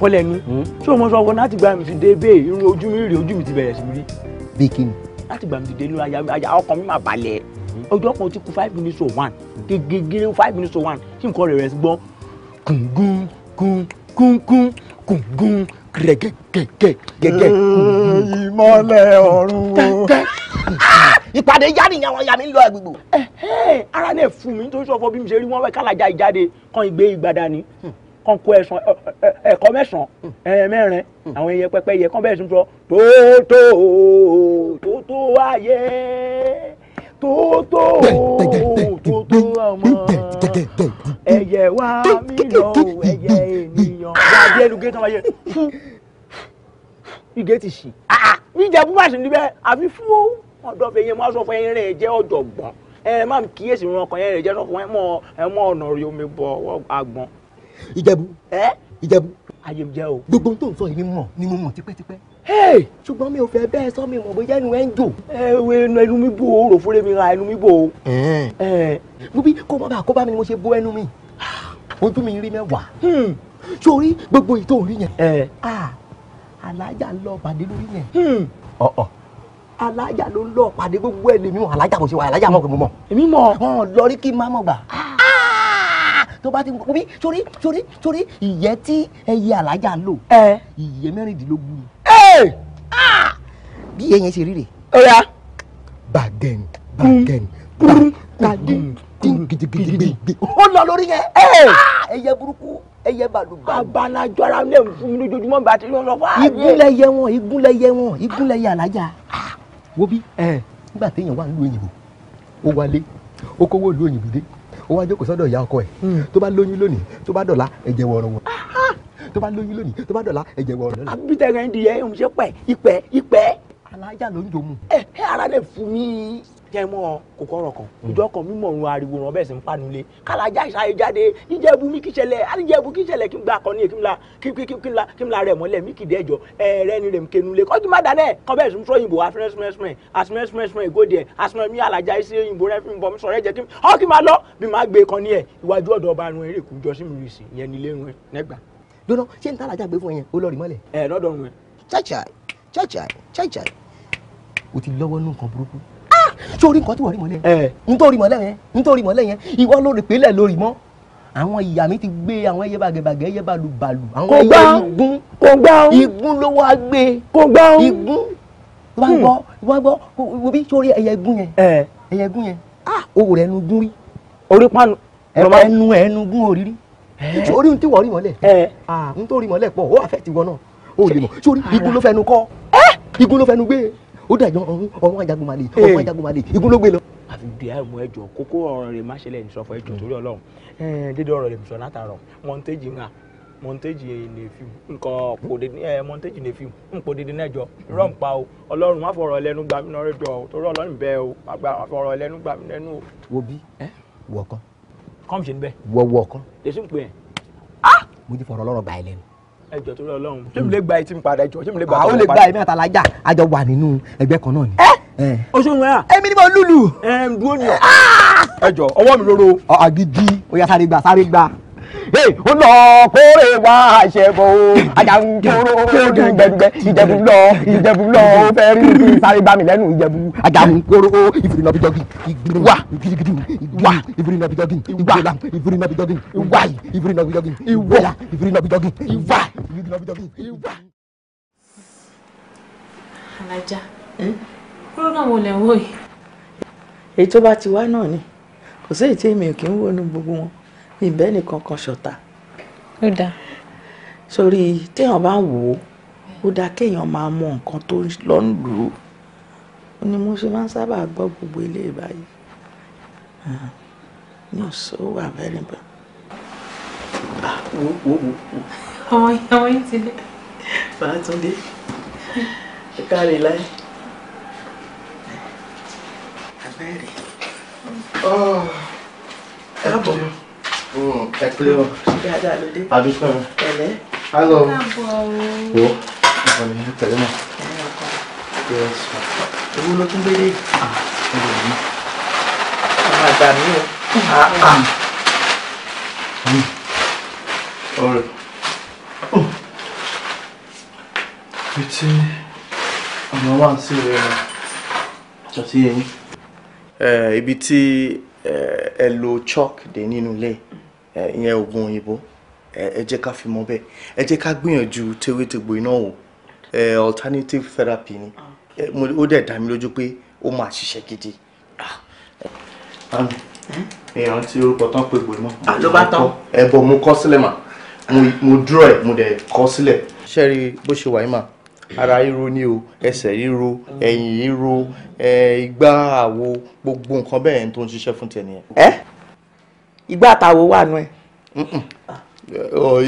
fọlẹ́nu hmm? ṣé o mọ sọ wọn láti gba mi fi dé bẹ́ẹ̀ irun ojú mi rèé ojú mi ti bẹ̀rẹ̀ sí rí bí kí ni. láti gbàmù dìde ló aya ọkàn mi máa balẹ̀ ọjọ́ kan ti ku five minutes to oh one gègé five minutes to oh one tí nǹkan rẹ̀ rẹ̀ gbọ́ kùngún kùn kùngún kùngún gẹ̀gẹ̀gẹ̀gẹ̀ gẹ̀gẹ̀. ìmọ̀lẹ̀ ọ̀run o. Ah! ìpàdé ìjà nìyẹn àwọn ìyá mi ń lọ àgbègbò. ara náà fún mi nítorí sọ fọ bí mi ṣe rí wọn wẹ kálájà ìjáde kan ìgbé ìgbàdá ni kàn kó ẹ̀sán ẹ̀kọ́ mẹ́sàn-án hmm. ẹ̀yẹn mẹ́rin hmm. àwọn ẹyẹ pẹ́pẹ́yẹ kàn bẹ̀rẹ̀ sí sọ tóótó tóótó ayé tóótó tóótó ọmọ ẹyẹ wá mí lọ ẹyẹ ènìyàn wá bí ẹnu gé tán wáyé ah, ah, fún igé ti ṣì níjà bú bàṣẹ níbẹ̀ àfi fún ọ̀dọ́ fẹ̀yẹ máa sọ fún ẹyin rẹ̀ jẹ́ ọ̀jọ̀gbọ́n ẹ máa kíyèsí ran ọkàn yẹn rẹ̀ jẹ́ ọkàn yẹn mọ́ ọ̀nà orí omi bọ̀ àgbọn ìjẹ̀bú ìjẹ̀bú. ayé mi o. gbogbo tó ń sọ yìí ni mọ̀ ni mo mọ̀ tipẹ́tipẹ́. ṣùgbọ́n mi ò fẹ́ bẹ́ẹ̀ sọ mi mọ̀ bóyá ẹnu ẹ ń jò. ẹnu ẹnu mi bò ó rò fúnra mi ra ẹnu mi bò ó. bíbí kó má bàa kó bá mi ni mo ṣe bó ẹnu mi ojú mi rí mẹ́wàá. Hmm. sórí gbogbo èyí tó ń rí yẹn. alájà ń lọ pàdé lórí yẹn. Hmm. ọ̀ọ̀ alájà ló ń lọ pàdé gbogbo ẹ̀ lèmi mọ̀ alájà kò ṣe wà alájà mọ̀ kò mọ̀. èmi mọ̀. lọrí kí n má mọ̀ gbà. Ah tó bá ti wọ bí sórí sórí sórí ìyẹ́ tí ẹyẹ alájà ń lò ìyẹ́ mẹ́rìndínlógún ni ah! bí ẹyẹ ṣe rí rè. ọ̀ya. bàgẹ́n bàgẹ́n bàgẹ́n gidigidigidigbe. ó lọ lórí yẹn ah! ẹyẹ burúkú ẹyẹ balùbà. abalajọ ara mi lẹ́nu fún mi lójoojúmọ́ bá ti lọ́lọ́ fún mi. igúnlẹ̀ yẹ wọn igúnlẹ̀ yẹ wọn igúnlẹ̀ yẹ alájà. Ah! wo bí nígbà téèyàn wà ń lu òyìnbó ó wálé ó kówó lu òyìnbó dé ó wá jókòó sọ́dọ̀ ìyá ọkọ ẹ̀ hmm. tó bá lóyún lónìí tó bá dọ̀la ẹ̀jẹ̀ wọ̀rọ̀ wọ̀ tó bá lóyún lónìí tó bá dọ̀la ẹ̀jẹ̀ wọ̀rọ̀ lọ́la. àbítẹ̀rẹ̀ ń di ẹ̀ ń ṣe pẹ̀ ìpẹ́ ìpẹ́. alájà ló ń jòmù. ẹ ẹ ara rẹ fún mi jẹ́ mọ́ kò kọ́rọ̀ kan hmm. ìjọ kan mímọ̀ ọ̀run ariwo ràn bẹ́ẹ̀ sì ń panulé kálájà ìṣayé jáde ìjẹ́bu mi kì í ṣẹlẹ̀ àníjẹ́bu kì í ṣẹlẹ̀ kí n gba akọni kí n la kí n la kí n la rẹ̀ mọ́lẹ̀ mí kì í dẹ́jọ́ ẹ̀rẹ́ ni rẹ̀ ń kẹnu lé kọ́jú má dáná ẹ̀ kọ́ bẹ́ẹ̀ sì ń sọ òyìnbó asmẹ́smẹ́smẹ́ asmẹ́smẹ́smẹ́ ìgòdì ẹ̀ asmẹ́mí alájà iṣẹ́ òyìnbó rẹ̀ fi ń bọ́ mi sọ̀rọ̀ ẹ̀jẹ̀ kí n ọ́ kí n máa lọ bí máa gbé kan ní ẹ̀ iwájú ọ̀dọ̀ ọba run eré kùjọ sí mi rì sí ìyẹn nílé run ẹ̀ nẹ́gbà. dọ́nà ṣé n ta alájà gbé fún ẹ yẹn ó lọ rí mọ́lẹ̀. o ti lọ́wọ́ sórí nǹkan tí wọ́n rí mọ́lẹ̀ yẹn eh. nítorí mọ́lẹ̀ yẹn nítorí mọ́lẹ̀ yẹn ìwọ lórí pélé lórí mọ́ àwọn ìyá mi ti gbé àwọn ẹyẹ bàgẹ̀bàgẹ̀ ẹyẹ balùbalù àwọn ẹyẹ igun kò gbá ó igun ló wá gbé kò gbá ó igun wá hmm. gbọ́ wá gbọ́ wo bí sórí ẹyẹ igun yẹn eh. ẹyẹ igun yẹn ah owó rẹ̀ ẹnu gún rí orí panu ẹnu ẹnu gún òrírí sórí eh. ohun tí wọ́n rí mọ́lẹ̀ ah ohun tó rí mọ́lẹ̀ pọ̀ ó àfẹ́ tiwọn náà ó lè mọ̀ sórí igun ló fẹnu kọ́ igun ló fẹnu gbé ó dàjọ ọ̀run ajagunmalè ọ̀run ajagunmalè eh. igun ló gbé lọ. àfi di àìmọ̀ ẹjọ́ kókó ọ̀rọ̀ rẹ̀ má ṣẹlẹ̀ ní sọfọ ẹjọ́ torí Ọlọ́run eh, dídí ọ̀rọ̀ rẹ̀ sọ látàrọ mọ̀ntẹ́jì ńlá mọ̀ntẹ́jì ní fíìmù nǹkan pòdè ẹ mọ̀ntẹ́jì ní fíìmù nǹkan dídí nẹ́jọ rọ́ǹpa o Ọlọ́run má fọ̀rọ̀ ẹlẹ́nu gbà mí lọ́rẹ́ jọ torí Ọlọ́run bẹ́ẹ̀ o má gbà fọ̀rọ̀ ẹlẹ́nu gbà mí lẹ́nu o. wo bí eh? wọ kan. kọ́mṣe ń bẹ. wọ wọ kan. lè sùn pé ẹ. mo ti fọ̀rọ̀ ọlọ́rọ̀ gbà ẹ lẹ́nu ẹjọ tó lọ lọhùn ṣé mi lè gba etí mi padà ẹjọ ṣé mi lè gba àtọwọ padà. àwọn lè gba èmi àtàlájà àjọ wà nínú ẹgbẹ́ kan náà ni. oṣù mẹ́ra. èmi ni mo lùlù. ẹ ń dúró ni ọ. ẹjọ ọwọ́ mi lóró. àgídí ó yá sáré gbà sáré gbà ó lọ kórè wá àṣẹbọ ajankoro gbẹgbẹ ìjẹ̀bú lọ ìjẹ̀bú lọ ó fẹ́ rí ibi sáré bá mi lẹ́nu ìjẹ̀bú ajankoro ìfìrìnà bí jọgìn ìgbìrìwà ìgbìrìgìdì ìwà ìfìrìnà bí jọgìn ìwà ìfìrìnà bí jọgìn ìwà ìfìrìnà bí jọgìn ìwà ìfìrìnà bí jọgìn ìwà tọ́bí lọ́bí tọ́bí. alájà program ò lè wò yìí. èyí tó bá ti wá náà ni kò sí èyí tí èmi ò kí ń wò ní gbogbo wọn mi bẹ́ẹ̀ nìkan kan ṣọ̀tá. ó dáa. sórí téèyàn bá wò ó ó dáa kéèyàn máa mọ nǹkan tó lọ ń lù ú ó ní mo ṣe máa ń sábà gbọ́ gbogbo ilé ìbáyìí ní ọ̀sán ó wà bẹ́ẹ̀ níbẹ̀. ah wo wo wo ọmọ ìyàwó yìí ti dé. bàá tún dé ẹ káre láyé. abẹ́rẹ́ káàbọ̀ mọ́. ẹ pé ọ dáadáa ló dé. àdúgbò mi. pẹ̀lẹ́. alo. káàbọ̀ o. wo ọkọ mi ń tẹ̀lé mọ́. ewu ló tún gbélé. Ah, ọmọ àgbà mi o. Ah, ah. ọ̀rẹ́. fìtí ọmọ wa ń ṣe rẹ jọtí yẹn. ibi tí eh, ẹ lo chalk dé nínú ilé eh, ìyẹn oògùn òyìnbó eh, ẹ jẹ́ ká fi mọ́ bẹ́ẹ̀ ẹ jẹ́ ká gbìyànjú tewétegbò iná wò alternative therapy ni ah. ó dẹ̀ dá mi lójú pé ó máa ṣiṣẹ́ gidi. Ah. Hmm? èèyàn tí orúkọ tán pé gbòmọ. Ah, ló bá tán. ẹ bọ mo kọ sílẹ̀ mà mo dúró ẹ̀ mo dẹ̀ kọ sílẹ̀. ṣé rí bó ṣe wà yìí mà ara ríro ni o ẹsẹ̀ ríro ẹ̀yìn ríro igbá àwo gbogbo nǹkan bẹ́ẹ̀ tó ń ṣiṣẹ́ fún tẹ̀ nìyẹn. ẹ igbá àtàwo wà nù ẹ.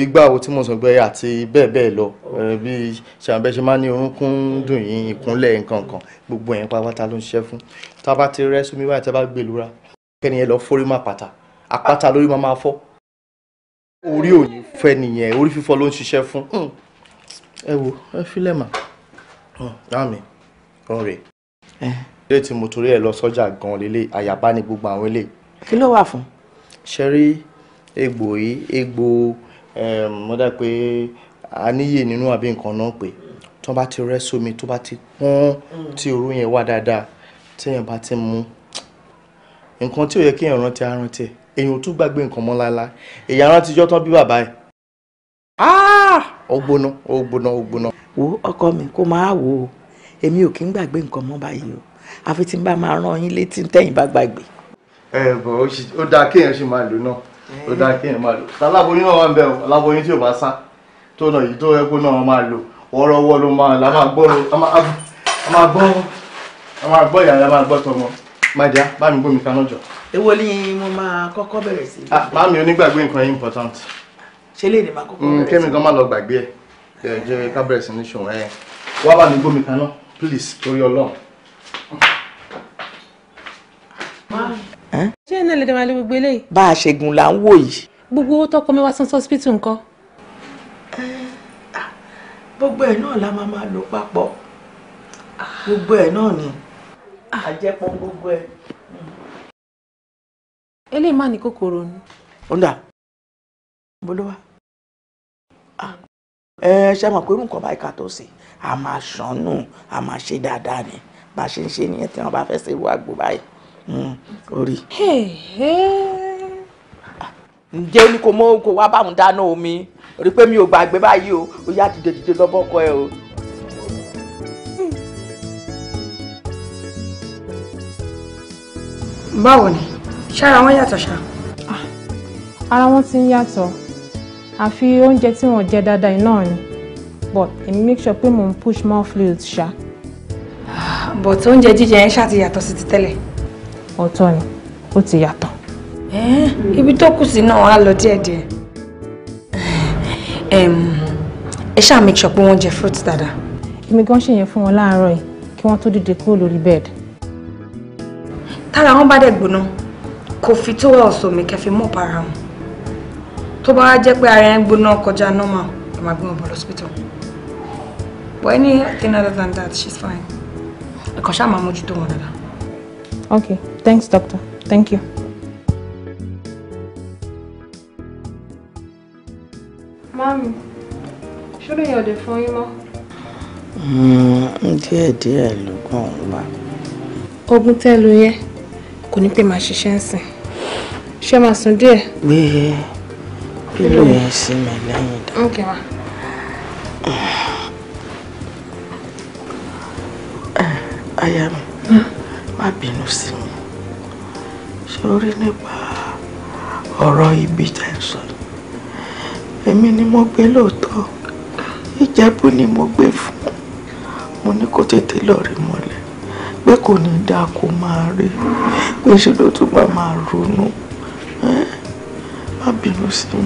igbá àwo tí mo sọ pé àti bẹ́ẹ̀ bẹ́ẹ̀ lọ bí ṣàǹbẹ́ ṣe máa ń ní orúnkún dùn yín ìkúnlẹ̀ nǹkan kan gbogbo yẹn pátápátá ló ń ṣiṣẹ́ fún tá a bá ti rẹ́ súnmí báyìí tá a bá gbé e lura kẹ́niyẹn lọ fórí má pàtà àpáta lórí máa máa fọ́ orí òní fẹ́ nìyẹn orí fífọ́ ló ń ṣiṣẹ́ fún hmm ẹ wo ẹ filẹ̀ mà náà mi kan rè ilé tí mo torí ẹ lọ sọ́jà gan lélẹ̀ àyàbá ni gbogbo àwọn ilé. kí ló wà fún. ṣe rí egbò yìí egbò mo dá pé a níyè nínú àbí nǹkan náà pé tó bá ti rẹ́ sómi tó bá ti pọ́n tí òru yẹn wá dáadáa téèyàn bá ti mú nǹkan tí ò yẹ kéèyàn rántí á rántí èèyàn ò tún gbàgbé nǹkan mọ́ láéláé èèyàn rántí jọ́ bí bàbá ẹ̀ ó gbóná ó gbóná ó gbóná. wo ọkọ mi kó máa wò èmi ò kí ń gbàgbé nǹkan mọ́ báyìí o àfi tí n bá máa rán yín létí tẹ́yìn bá gbàgbé. ẹ bọ ó dáa kéèyàn ṣì máa lò náà ó dáa kéèyàn máa lò aláboyún náà wà ń bẹ o aláboyún tí ò bá sá tó náà yìí tó yẹ kó náà máa lò wọ́ọ́rọ́wọ́ ló máa la máa gbọ́ a máa gbọ́ a máa gbọ́ ìyá a máa gbọ́ tọmọ májà bá mi gbómi kaná jọ. èwo ni mo máa kọ́kọ́ bẹ̀rẹ̀ sí. màámi ah, onígbàgbé nǹkan important ṣe lè ní máa kọ́kọ́ bẹ̀rẹ̀ sí. kémi gan má lọ gbàgbé ẹ jẹ ká bẹ̀rẹ̀ sí ní ṣòwò please torí Ọlọ́run. ṣé iná lè dé máa lé gbogbo eléyìí. bá a ṣe gùn là ń wò yìí. gbogbo owó tọkọ mi wá sí hospital nǹkan. gbogbo ẹ̀ náà la máa máa lò papọ̀ gbogbo ẹ̀ náà ni àjẹpọ̀ gbogbo ẹ̀. eléyìí má ní kòkòrò ni. ó ń dà bolo ẹ ṣe mọ̀ pé irú nǹkan báyìí ká tó ṣe a máa ṣànú a máa ṣe dáadáa ni bá a ṣe ń ṣe nìyẹn tí wọ́n bá fẹ́ ṣe irú àgbo báyìí hmm, orí. ǹjẹ́ ó ní kò mọ kó wá bá òun dáná omi rí i pé mi ò gbàgbé báyìí o ó yá dìde dìde lọ́bọ̀ ọkọ ẹ o. báwo ni ṣára wọn yàtọ̀ ṣá. Ah, ara wọn ti ń yàtọ̀ àfi oúnjẹ tí wọ́n jẹ dáadáa iná ni but èmi make sure pé mò ń push more fluids ṣá. but oúnjẹ jíjẹ yẹn ṣáà ti yàtọ̀ sí ti tẹ́lẹ̀. ọ̀tọ̀ ni ó ti yàtọ̀. ibi tó kù sí náà á lọ díẹ̀díẹ̀. ẹ ṣáà make sure pé wọ́n jẹ fruits dáadáa. èmi gan ṣèyẹn fún wọn láàárọ̀ yìí kí wọ́n tó dìde kúrò lórí bẹ́ẹ̀dì. tára wọn bá dẹ̀ gbóná kò fi tó wà mi kẹfì mọ́ para wọn tó bá jẹ́ pé ara ẹ̀ ń gbóná kọjá normal ẹ̀ máa gbé bọ̀ lọ hospital but thing other than that she's fine ẹ̀ kàn ṣáà máa mójútó wọn dáadáa. okay thanks doctor thank you. Mami, ṣúrò yẹn ọ̀dẹ̀ fún yín mọ́. Mm, díẹ̀ díẹ̀ ló kàn ń wá. Ogun tẹ́ lo yẹn, kò ní pé máa ṣiṣẹ́ ń sìn. Ṣé máa sùn díẹ̀? Gbé e. pílò yẹn sí mi lẹ́yìn dá. aya mi má bínú sí mi sórí nípa ọ̀rọ̀ ibi tẹ̀ ń sọ èmi ni mo gbé lóòótọ́ ìjẹ́bù ni mo gbé fún mo ní kó tètè lọ rí mọ́lẹ̀ pé kò ní dáa kó máa rí pé ṣe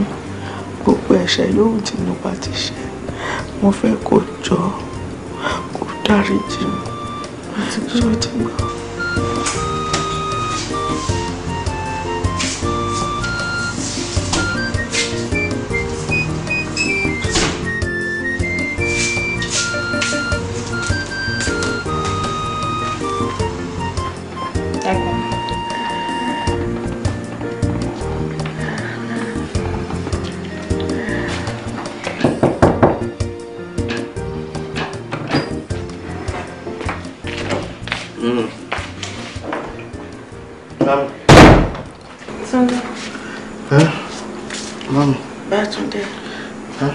gbogbo ẹ̀ṣẹ̀ yòówù tí mo bá ti ṣe mo fẹ́ kó jọ kó dáríjì mi ṣé o ti gbà. mami. Túndé. Ẹ mami. Bẹ́ẹ̀ Túndé. Ẹ.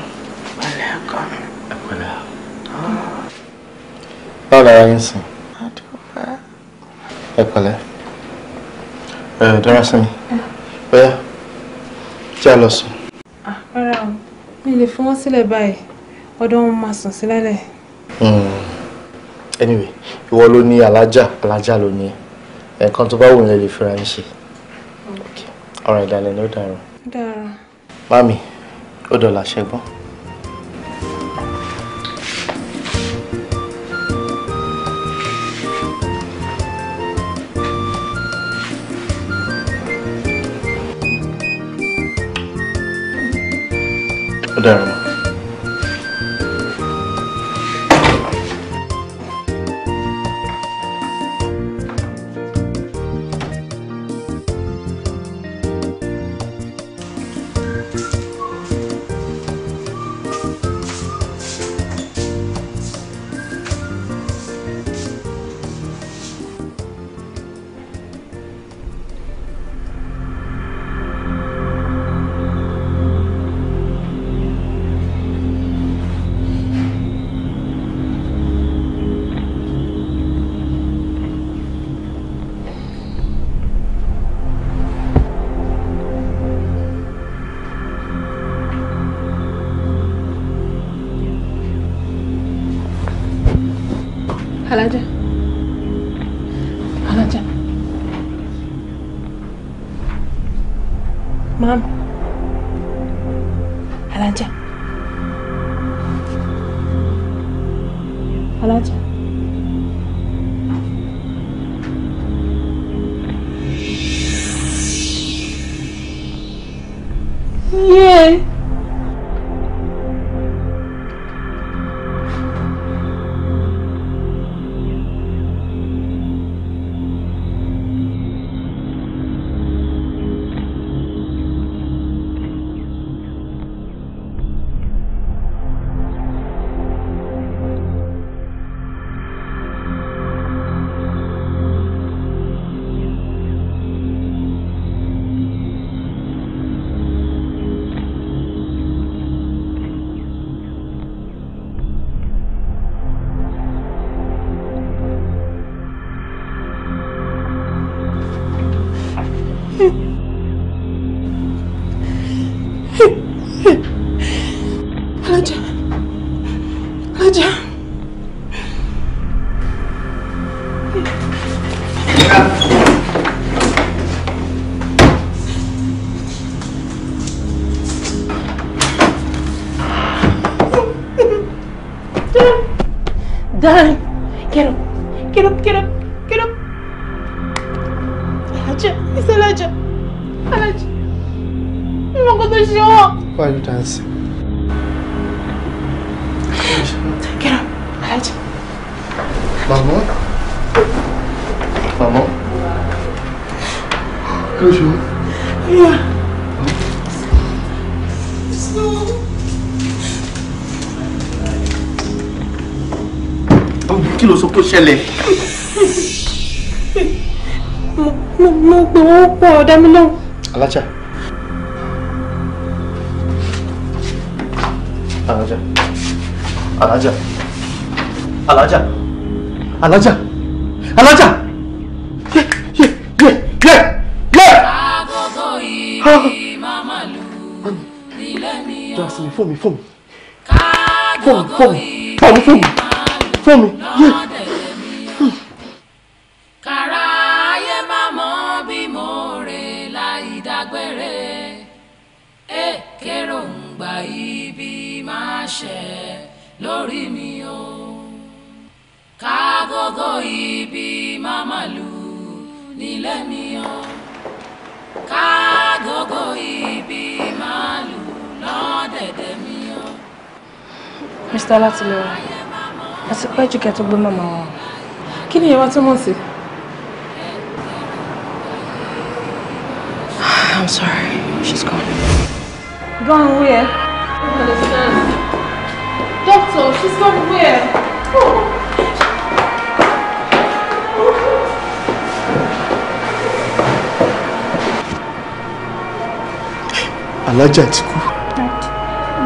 Pẹ̀lẹ́ ọkọ mi. Ẹ pẹ̀lẹ́. Báwo lára yín sìn? Adúgbò. Ẹ pẹ̀lẹ́. Ẹ dára sí mi. Bóyá tí a lọ sùn. ah, o, mi lè fi wọ́n sílẹ̀ báyìí. Ọ̀dọ̀ wọn máa sùn sílẹ̀ lẹ̀. Hmm. Anyway, ìwọ ló ní alájà, alájà ló ní ẹ nǹkan tó bá wù ní lè fira ń ṣe ọ̀rọ̀ ìdálẹ́ ló dára. mami ó dọ̀là ṣẹ́gbọ́n. ó dára mọ́. ṣẹlẹ̀. mo mo gbọ́ owó pọ̀ ọ̀dá mi alájà. alájà alájà alájà alájà alájà yẹ yẹ yẹ yẹ agogo yìí mama lu mi yọ. jọ́sìn fún mi fún mi fún mi fún mi. láṣẹ lórí mi o kágógó ibi mámàlú nílé mi o kágógó ibi màlú lọ́dẹ̀dẹ̀ mi o. Mr. Látìlẹ́wà àti pẹ́jù kẹ́ gbé màmá wa kí ni ìyẹn wá túmọ̀ sí. I'm sorry. She's gone. Gone where? I so? She's gone where? Oh. alájà ti kú.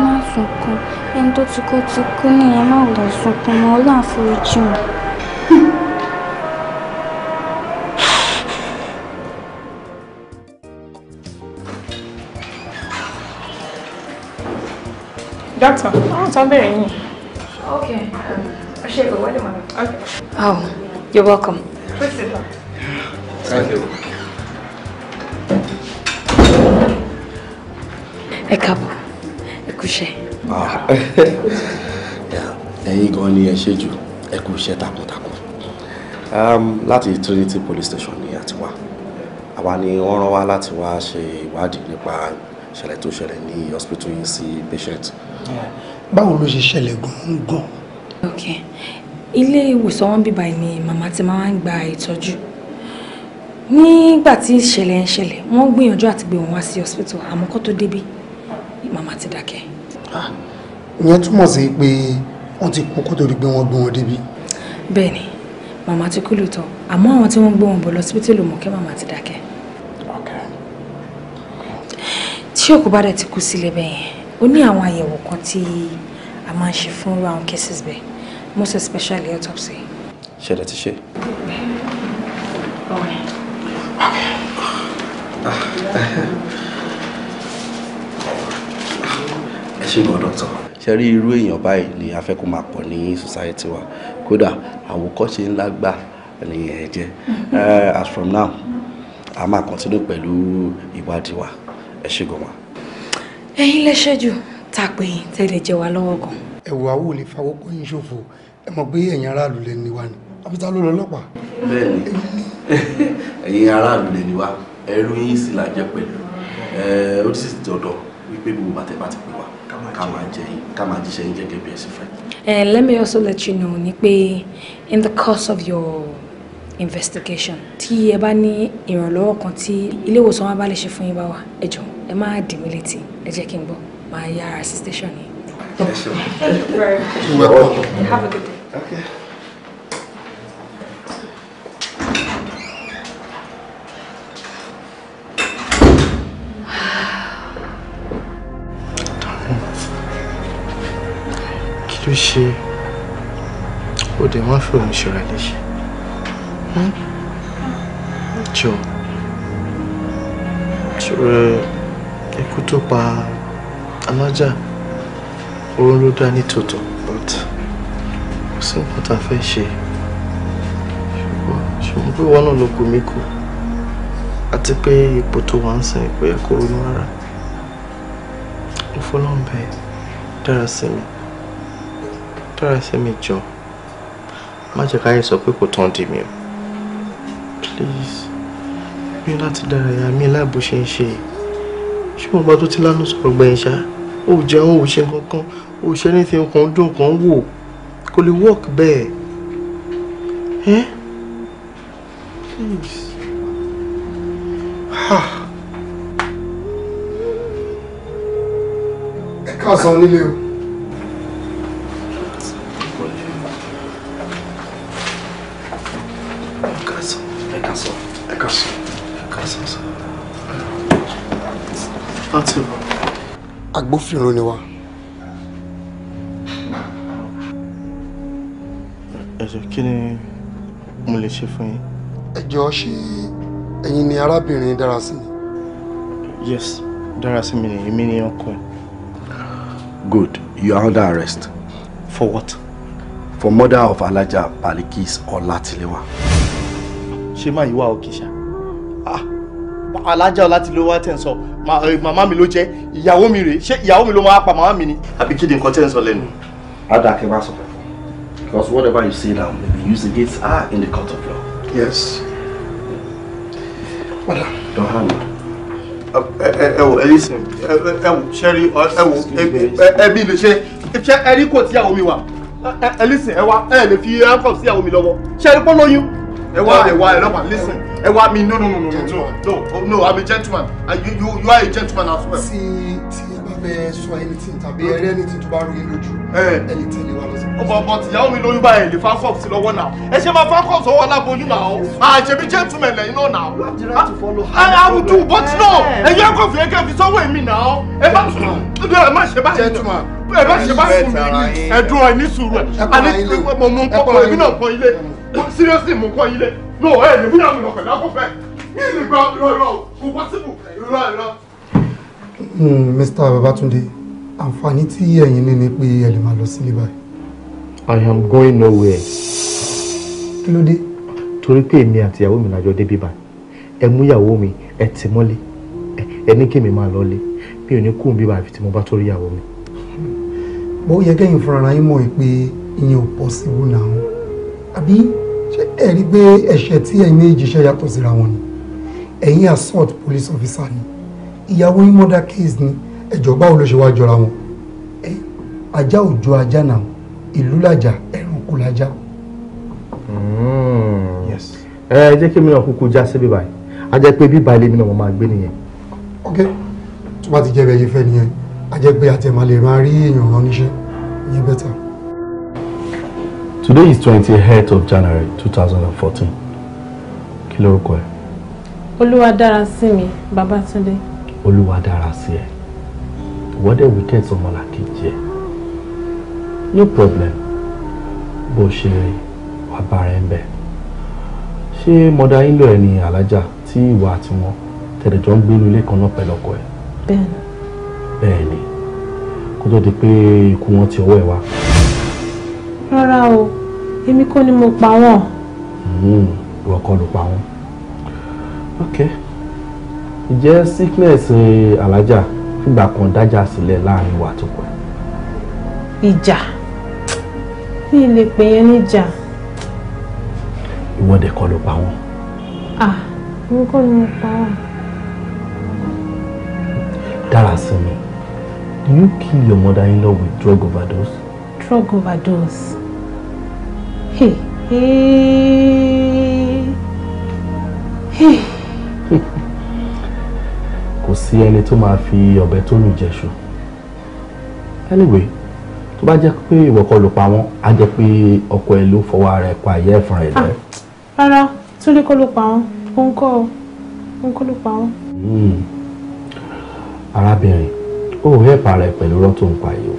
má sunkún ẹni tó ti kú ti kú nìyẹn má lọ sunkún mọ́ láàforíjì wọn. dókítà àwọn tó bẹ̀rẹ̀ yìí. Okay. Oh, you're welcome. Thank you. Ẹ káàbọ̀, ẹ kú Yeah, Ẹ̀yin gan ni ẹ e jù, ẹ taku. iṣẹ́ takuntakun. Láti Trinity Police Station ni atiwa. ti wá. Àwa ni wọ́n rán wá láti wá ṣe ìwádìí nípa ìṣẹ̀lẹ̀ tó ṣẹlẹ̀ ní hospital yìí sí patient. Báwo ló ṣe ṣẹlẹ̀ gan gan ok ilé ìwòsàn wọn bíbá ni màmá ti máa ń gba ìtọ́jú nígbà tí ìṣẹ̀lẹ̀ ń ṣẹlẹ̀ wọ́n gbìyànjú àti gbé wọn wá sí hospital àmọ́ kó tó débí màmá ti dákẹ́. Ah, ìyẹn túmọ̀ sí pé wọ́n ti kú kó tó di pé wọ́n gbé wọn débí. bẹ́ẹ̀ ni màmá ti kú lóòótọ́ àmọ́ àwọn tí wọ́n gbé wọn bọ̀ lọ hospital ló mọ̀ kẹ́ màmá ti dákẹ́. tí òkú bá dẹ̀ ti kú sílẹ̀ bẹ́ẹ̀ yẹn ó ní àwọn àyẹ̀wò kan tí a máa ń ṣe fún round cases bẹ́ẹ̀ most especially autopsy. ṣe lẹ ti ṣe. ẹ ṣe gan dọ́tọ̀. ṣe rí irú èèyàn báyìí ni a fẹ́ kó máa pọ̀ ní society wa kódà àwòkọ́ṣe ńlá gbà ni mm-hmm. ẹ jẹ́ as from now a máa continue pẹ̀lú ìwádìí wa ẹ ṣe gan wa. ẹ̀yin lẹ́ṣẹ̀ jù tá a pè yín tẹ́lẹ̀ jẹ́ wa lọ́wọ́ gan ẹ̀wọ̀ àwọ̀ ò lè fawọ́ kọ́ yín ẹ mọ̀ pé ẹ̀yin aráàlú lè ní wa ni àbíta ló lọ lọ́pàá. bẹ́ẹ̀ni ẹ̀yin aráàlú lè ní wa ẹrú yín sì là jẹ pẹ̀lú ó sì dọdọ wípé gbogbo bàtẹ bá ti pè ká máa jẹ yín ká máa jíṣẹ́ yín gẹ́gẹ́ bí ẹ sì fẹ́. Eh, let me also let you know ni pé in the course of your investigation tí ẹ bá ní ìrànlọ́wọ́ kan tí ilé ìwòsàn wa bá lè ṣe fún yín bá wa ẹ jọ̀ọ́ ẹ má dì mí létí ẹ jẹ́ kí n gbọ́ máa yára sí station yìí. Yes, sure. Thank you very much. You're welcome. Have a good day. Okay. kí ló ṣe ó dẹ̀ má fi òun ṣọ̀rọ̀ léṣe hm? jọ ṣọ̀rọ̀ ikú tó pa alájà oró ló dá ní tòótọ́ but kò sí nǹkan tá a fẹ́ ṣe ṣùgbọ́n ṣùgbọ́n pé wọn náà ló kù mí kù àti pé ipò tó wà ń sìn ìpò yẹ kó ronú rárá mo fọlọ́ǹbẹ dára sí mi dára sí mi jọ má jẹ́ káyé sọ pé kò tán di mi o please mi láti dára ya mi láàbò ṣe ń ṣe ṣé mo gbà tó ti lánàá sọ̀rọ̀ gbẹ̀yìn ṣáá ò jẹun ò ṣe kankan ò ní ti nǹkan dùn kan wò kò lè work bẹ́ẹ̀. Ẹ káàsán nílé o. agbófinró ni wá. ẹ jọ̀ọ́ kí ni mo lè ṣe fún yín. ẹ jọ̀ọ́ ṣé ẹ̀yin ni arábìnrin Dárasími. yes Dárasími ni èmi ni ọkọ ẹ. good you are under arrest. for what. for murder of Alaja Balikis Ọlátiléwà. ṣé máa yí wá òkè ṣá. ah Alaja Ọlátiléwà tẹ̀ ń sọ màmá mi ló jẹ́ ìyàwó mi rèé ṣé ìyàwó mi ló máa pa màmá mi ni. àbí kí ni nǹkan tẹ́ ń sọ lẹ́nu. adake wa sọ fẹ́fọ́ because whatever you say now may be using it. Ah, in the court of law. yes. padà. don hand me ẹ wò ẹyí sìn ẹ wò sẹ́rí ẹ wò ẹbí lè ṣe ṣe ẹrí kò tíyàwó mi wà ẹ lè sìn ẹ wá ẹ lè fi ẹ kàn síyàwó mi lọ́wọ́ sẹ́rí pọ́ lóyún ẹ wá ẹ wá listen ẹ wá mi no no no no no no no i'm a gentleman and you you you are a gentleman as well. See, tí ẹ bá anything, sọ anything tàbí ẹ rí anything you want to yín But but, lè tẹ̀lé wa lọ sí. ọbọ oh, ọbọ tìyàwó mi lóyún báyìí lè fankọf sí lọ́wọ́ náà ẹ ah, ṣe máa you now. aláboyún she be gentleman you know now. you have the right to follow her. i will do but no eh. ẹ̀yin you fi ẹ̀kẹ́ fi sọ́wọ́ èmi náà ẹ bá ẹ má ṣe báyìí náà ẹ bá gentleman. báyìí fún mi ẹ̀dùn ẹ̀ ní sùúrù ẹ̀ àní mo mú kọ́kọ́ èmi náà seriously mo kọ́ kọ no ẹ lè múyà mi lọ pẹ̀lú akọ́fẹ́ ní ìlú gba ìrọ̀rọ̀ kò possible Mr. Hmm, Babatunde àǹfààní tí ẹ̀yin ni pé lọ sílé I am going nowhere. kí torí pé èmi àti ìyàwó mi làjọ débi ẹ ìyàwó mi ẹ ẹ mi mi ò ní àfi ìyàwó mi. possible ẹ rí pé ẹ̀ṣẹ̀ tí ẹ̀yin méjì ṣe yàtọ̀ síra wọn ni ẹ̀yin assault police officer ni ìyàwó yín murder case ni ẹ̀jọ̀ báwo ló ṣe wá jọra wọn ẹ ajá òjò ajá náà ìlú làjà ẹranko làjà. Hmm. ẹ jẹ́ kí mi náà kúkú já sí bíbá a jẹ́ pé bíbá ilé mi náà mo máa gbé nìyẹn. ok tó bá ti jẹ́ bẹ́ẹ̀ yìí fẹ́ nìyẹn a jẹ́ pé àtẹ̀mọ́lẹ̀ máa rí èèyàn rán níṣẹ́ ìyẹn bẹ́tà. Today is 28th of January 2014. Kí lorúkọ ẹ? Olúwadárasinmi Babátúndé. Olúwadárasin ẹ. Ìwọ́dẹ̀ wicked ọmọlàkejì ẹ. No problem. Bó ṣe wà bára ẹ ń bẹ̀. Ṣé mọ̀dá yín lọ ẹ ní alájà tí ìwà àti wọn tẹ̀lẹ̀jọ́ ń gbé inú ilé kan náà pẹ̀lú ọkọ ẹ? Bẹ́ẹ̀ni. Bẹ́ẹ̀ni. Kó tó di pé ikú wọn ti ọwọ́ ẹ wá rárá o èmi kọ́ ni mo pa wọ́n. Hmm, ìwọ kọ́ ló pa wọ́n. ok ǹjẹ́ sickness alájà fìgbà kan dájà sílẹ̀ láàrin wa tó pẹ́. ìjà mi ì lè pè yẹn níjà. ìwọ dẹ̀ kọ́ ló pa wọ́n. ah èmi kọ́ ni mo pa wọ́n. dára sí mi do you kill your mother-in-law with drug overdose. drug overdose. Hey, hey, hey. Kò sí ẹni tó máa fi ọ̀bẹ tó lù jẹ̀ṣù. Anyway, tó bá jẹ́ pé ìwọ kọ́ ló pa wọ́n, á jẹ́ pé ọkọ ẹ̀ ló fọwọ́ ara ẹ̀ pa ìyá ẹ̀ fúnra ẹ̀ lẹ́. Ah, rárá, Túndé kọ́ ló pa wọ́n, òun kọ́ ló pa wọ́n. Hmm. Arábìnrin, ó hẹ́pà rẹ̀ pẹ̀lú rọ́tò ń pa yìí o.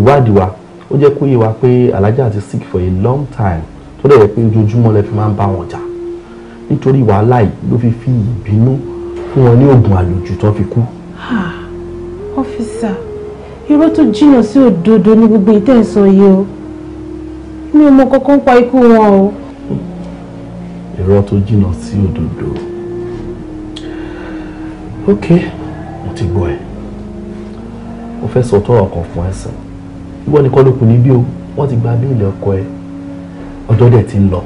Ìwádìí wa ó jẹ́ kó yé wa pé alájà ti sick for a long time tó dẹ̀ yẹ pé ojoojúmọ́ lẹ fi máa ń bá wọn jà nítorí wàhálà yìí ló fi fi ìbínú fún wọn ní oògùn àlòjù tó fi kú. ọ́fíìsà ah, irọ́ tó jìnnà sí òdodo ní gbogbo ìtẹ̀sán yìí o mi ò mọ kankan ń pa ikú wọn o. irọ́ tó jìnnà sí òdodo ok mo ti gbọ́ ẹ mo fẹ́ sọ tọrọ kan fún ẹ sẹ́yìn wọ́n nìkan ló kù níbí o wọ́n ti gba bíìlì ọkọ ẹ ọjọ́ dẹ̀ ti lọ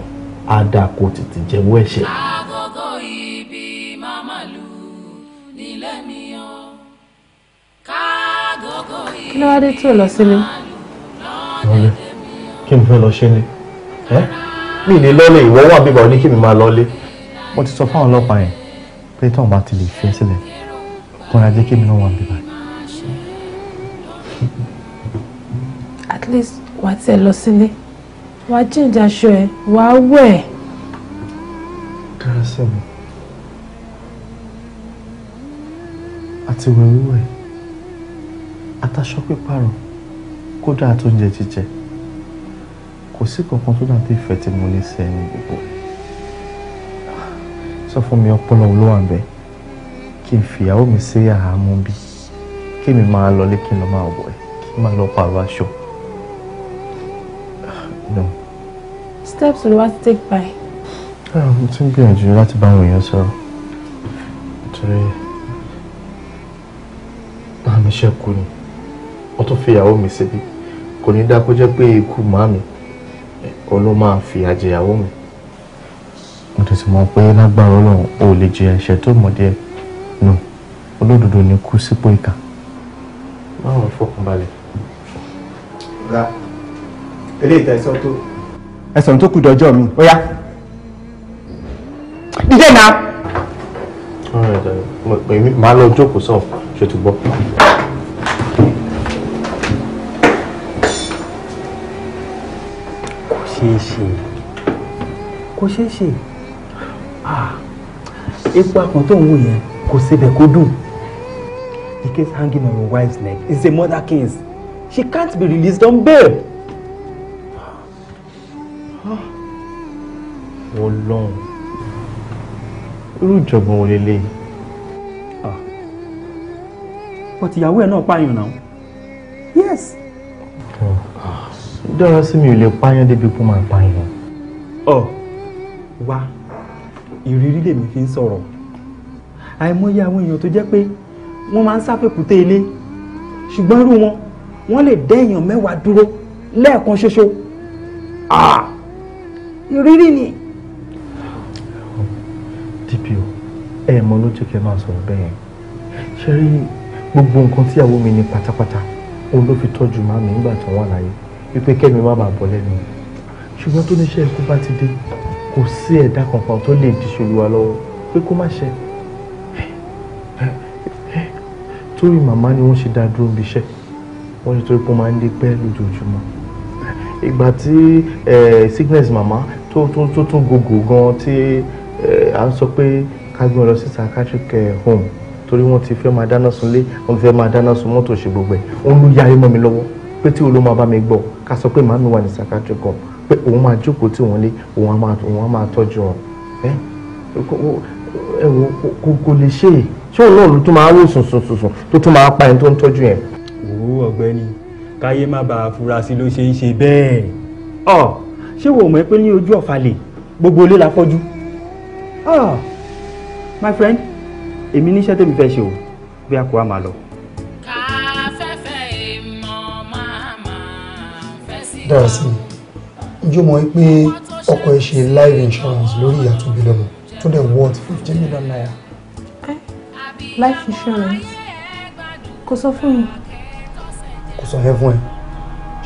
á tètè jẹ́wọ́ ẹ̀ṣẹ̀. agogo ibi mama lu nílé mi o ibi kí ló wá dé kí ni fẹ́ lọ ṣe ni mi ní lọ́lẹ̀ ìwọ wà bíbá oní kí mi máa lọ́lẹ̀. mo ti sọ fáwọn ọlọ́pàá yẹn pé tóun bá ti lè fi ẹ́ kó ra jẹ́ kí mi náà wà bíbá. at least wà á tiẹ̀ lọ sílé wà á change aṣọ ẹ̀ wà á wẹ̀. kárásẹ̀ mi àti wẹ̀ wíwẹ̀ àtàṣọ pípààrọ̀ kódà àtúnjẹ jíjẹ kò sí kankan tó dàbí ìfẹ́ tí mo ní sẹ́yìn gbogbo sọ fún mi ọpọlọ ló wà ń bẹ kí n fìyàwó mi sí àhámọ́ bí kí mi máa lọlé kí n lọ máa wọ̀ ẹ́ kí n máa lọ pààrọ̀ aṣọ. No. Steps ló wá ti take by. Ah, mo ti ń gbìyànjú láti bá àwọn èèyàn sọ̀rọ̀ nítorí máa mi ṣe kú ni wọ́n tún fi ìyàwó mi síbi kò ní dá kó jẹ́ pé ikú màá mi òun ló máa fi àjẹ ìyàwó mi. Mo tẹ̀sí mọ̀ pé lágbára Ọlọ́run ò lè jẹ ẹ̀ṣẹ̀ tó mọ̀ díẹ̀ nù olódodo ni kú sípò ìkà. Báwo fọkànbalẹ̀. Ra eléyìí tẹ ẹsọ tó. ẹsọ̀ tó kù dọjọ́ mi ó yá. dídé náà. màá lọ jókòó sọ ṣètò gbọ́. kò ṣeé ṣe kò ṣeé ṣe ah, epo akàn tó ń wò yẹn kò sebẹ̀ kó dùn. The case hanging on your wife's neck is a murder case. She can't be released on bail. ọlọ́run irú ìjọ̀gbọ̀n wo lélẹ̀ but ìyàwó ẹ̀ náà pààyàn náà yes. dára sí mi ò lè pààyàn débi kó máa pààyàn. ọ wá ìrírí lèmi fi ń sọ̀rọ̀ àìmọye àwọn èèyàn tó jẹ́ pé wọ́n máa ń sáfẹ́kùté ilé ṣùgbọ́n irú wọn wọ́n lè dẹ́ èèyàn mẹ́wàá dúró lẹ́ẹ̀kan ṣoṣo ìrírí ni. DPO ẹ mọ lójú kẹ máa sọ̀rọ̀ bẹ́ẹ̀ yẹn ṣe rí gbogbo nǹkan tí ìyàwó mi ní pátápátá òun ló fi tọ́jú màá mi nígbà tó wà láyé wípé kẹ́mi má bàa bọ́ lẹ́nu ṣùgbọ́n tó níṣẹ́ ikú bá ti dé kò sí ẹ̀dá kankan tó lè di ṣolúwa lọ́wọ́ pé kó má ṣe torí màmá ni wọ́n ṣe dá dúró níbi iṣẹ́ wọ́n ṣe torí pé wọ́n máa ń lé pẹ́ lójoojúmọ́ ìgbà tí eh, sickness màmá tó tún gògò gan tí à ń sọ pé ká gbé wọn lọ sí psychiatric home torí wọ́n ti fẹ́ máa dáná sunlé wọ́n ti fẹ́ máa dáná sun mọ́tò ṣe gbogbo ẹ̀ òun ló yarí mọ́ mi lọ́wọ́ pé tí olóò máa bá mi gbọ́ ká sọ pé màámi wà ní psychiatric home pé òun máa jókòó tí òun lé òun á máa tọ́jú wọn ẹ wo kò lè ṣe é ṣé òun náà ló tún máa wò sùn sùn sùn tó tún máa pa ẹni tó ń tọ́jú yẹn. òwú ọ̀gbẹ́ni káyé má bàa fura sí ló ṣe é ṣe bẹ́ẹ̀ ọ ṣé wò mọ̀ pé ní ojú ọ̀fàlẹ̀ gbogbo ilé la fọ́jú oh my friend èmi níṣẹ́ tèmi fẹ́ ṣe o bí a kò wá máa lọ. káfẹ́fẹ́ ìmọ̀ máa máa fẹ́ sí dára sí i ǹjẹ́ o mọ̀ pé ọkọ ẹ ṣe life insurance lórí ìyá tó bí lọ́mọ tó dẹ̀ worth fifteen million naira. Eh, life insurance kò sọ fún mi. kò sọ yẹn fún ẹ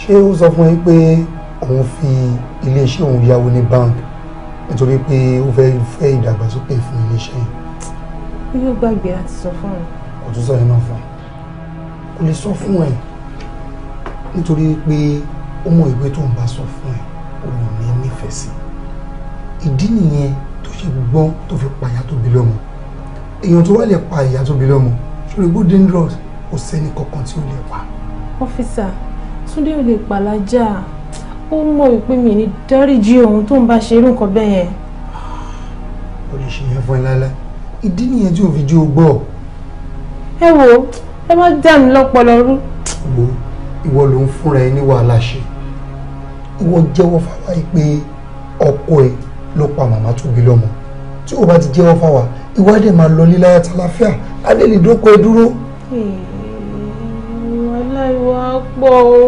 ṣé ó sọ fún ẹ pé òun fi ilé iṣẹ́ òun yáwó ní báńkì nítorí pé ó fẹ́ fẹ́ ìdàgbàsókè fún iléeṣẹ́ yìí. ó yóò gbàgbé àti sọ fún ẹ. kò tún sọ yẹn náà fún ẹ kò lè sọ fún ẹ nítorí pé ó mọ ìwé tó ń bá sọ fún ẹ òun ní nífẹ̀ẹ́ sí ìdí nìyẹn tó ṣe gbọ́n tó fi pàyà tó bí lọ́mọ èèyàn tó wá lè pa ìyá tó bí lọ́mọ ṣòro good dangerous kò sẹ́ni kankan tí ó lè pa. ọ́fíìsà Túndé ò lè pàlájà ó mọ̀ wípé mi ní dáríjì ohun tó ń bá ṣe irú nǹkan bẹ́ẹ̀ yẹn. ó lè ṣe yẹn fún ẹ lálẹ́ ìdí nìyẹn tí ò fi jó gbọ́. ẹ wo ẹ má dá mi lọ́pọlọ rú. wo ìwọ ló ń fúnra ẹ ní wàhálà ṣe ìwọ jẹ́wọ́ fáwa yìí pé ọkọ ẹ ló pa màmá tó bí lọ́mọ tí o bá ti jẹ́wọ́ fáwa ìwádìí máa lọ lílá ẹ̀ tàlàfíà á lè lè dóko ẹ dúró. wàhálà ìwà pọ̀ o.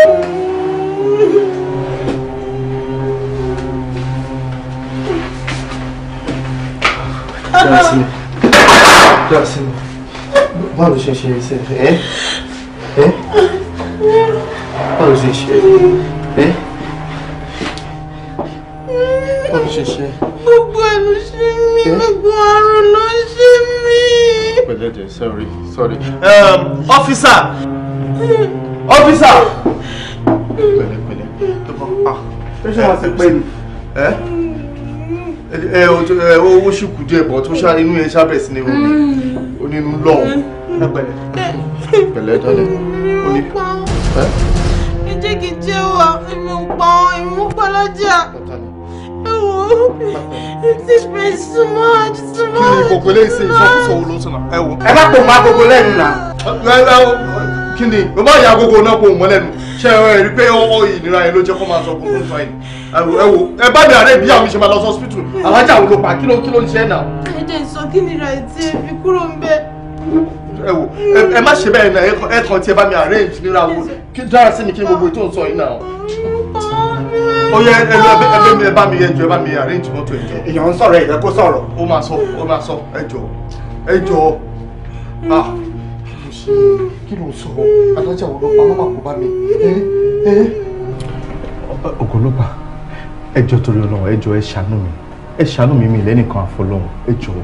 Yasin. Yasin. Báwo ṣe ṣe ṣe ẹ́? Ẹ́? Báwo ṣe ṣe ẹ́? Báwo ṣe ṣe? Gbogbo ẹ̀ ló ṣe mí, gbogbo àrùn ló ṣe mí. Pẹ̀lẹ́dẹ̀, sorry, sorry. Um, officer! Officer! ṣé wọ́n ti pé ni. ẹ ẹ owó ṣìkù díẹ̀ bọ̀ tó ṣá inú yẹn ṣàbẹ̀ sí ni omi mm. onínú lọ́hùn pẹ̀lẹ́ pẹ̀lẹ́ dálẹ̀ oní. ẹ jẹ́ kí n jẹ́ wà ìmú pa ìmú pa lọ́jà ti fẹ́ súnmọ́ àti súnmọ́ àti súnmọ́. kí ni gbogbo eléyìí ṣe ìṣọ́kùsọ̀ wo ló ń sọ̀rọ̀ ẹ wo. ẹ bá pò máa gbogbo lẹ́nu náà kí ni mo bá ya agogo náà kó o mọ́ lẹ́nu ṣé ẹ rí pé ọ ìnira yẹn ló jẹ́ kó máa sọ kó tó ń sọ yìí ẹ wo ẹ bá mi àárẹ̀ bí àwọn hospital alájà wo ló pa kí ló kí ló ń ṣe náà. ẹ jẹ́ sọ kí nira ẹ ti fi kúrò ń bẹ́ẹ̀. ẹ wo ẹ má ṣe bẹ́ẹ̀ náà ẹ kàn tí ẹ bá mi àárẹ̀ ìnira wo kí dára sí mi kí gbogbo ètò ń sọ yìí náà ó yẹ ẹbẹ mi ẹ bá mi ẹjọ ẹ bá mi arrange mọ́tò ẹjọ. èèyàn ń sọ̀rọ̀ ẹ̀rẹ́ kó sọ̀rọ̀. ó máa sọ ó máa sọ ẹjọ ẹjọ ah ṣe kí ló ń sọ̀rọ̀ adájà wo ló pa mọ́mà kó bá mi. ògùnlọ́pà ẹjọ́ torí ọlọ́run ẹjọ́ ẹ ṣàánú mi ẹ ṣàánú mi mi lẹ́nìkan àfọlọ́run ẹjọ́.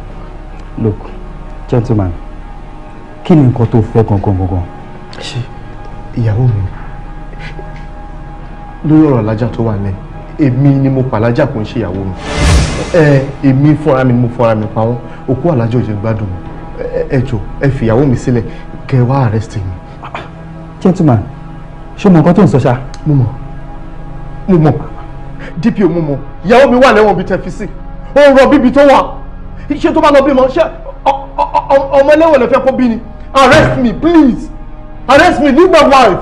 look gentleman kí ni nǹkan tó fẹ́ gangan gangan. ṣe ìyàwó mi lórí ọ̀rọ̀ alájà tó wà lẹ̀ èmi ni mo pa alájà kò ń ṣe ìyàwó mi èmi fúnra mi mo fúnra mi pa wọ́n òkú alájà ò ṣe gbádùn mi ẹ jọ̀ọ́ ẹ fìyàwó mi sílẹ̀ kẹ wá arrest me gentleman ṣé mo nǹkan tó ń sọ mumu. mo mọ̀ mo mọ̀ DPO mo mọ̀ ìyàwó mi wà lẹ́wọ̀n bíi tẹ̀físì ó ń rọ bíbí tó wà ṣé tó bá oh, bímọ ṣé ọmọ ẹlẹ́wọ̀n lè fẹ́ kó bí ni arrest me please arrest me leave my wife.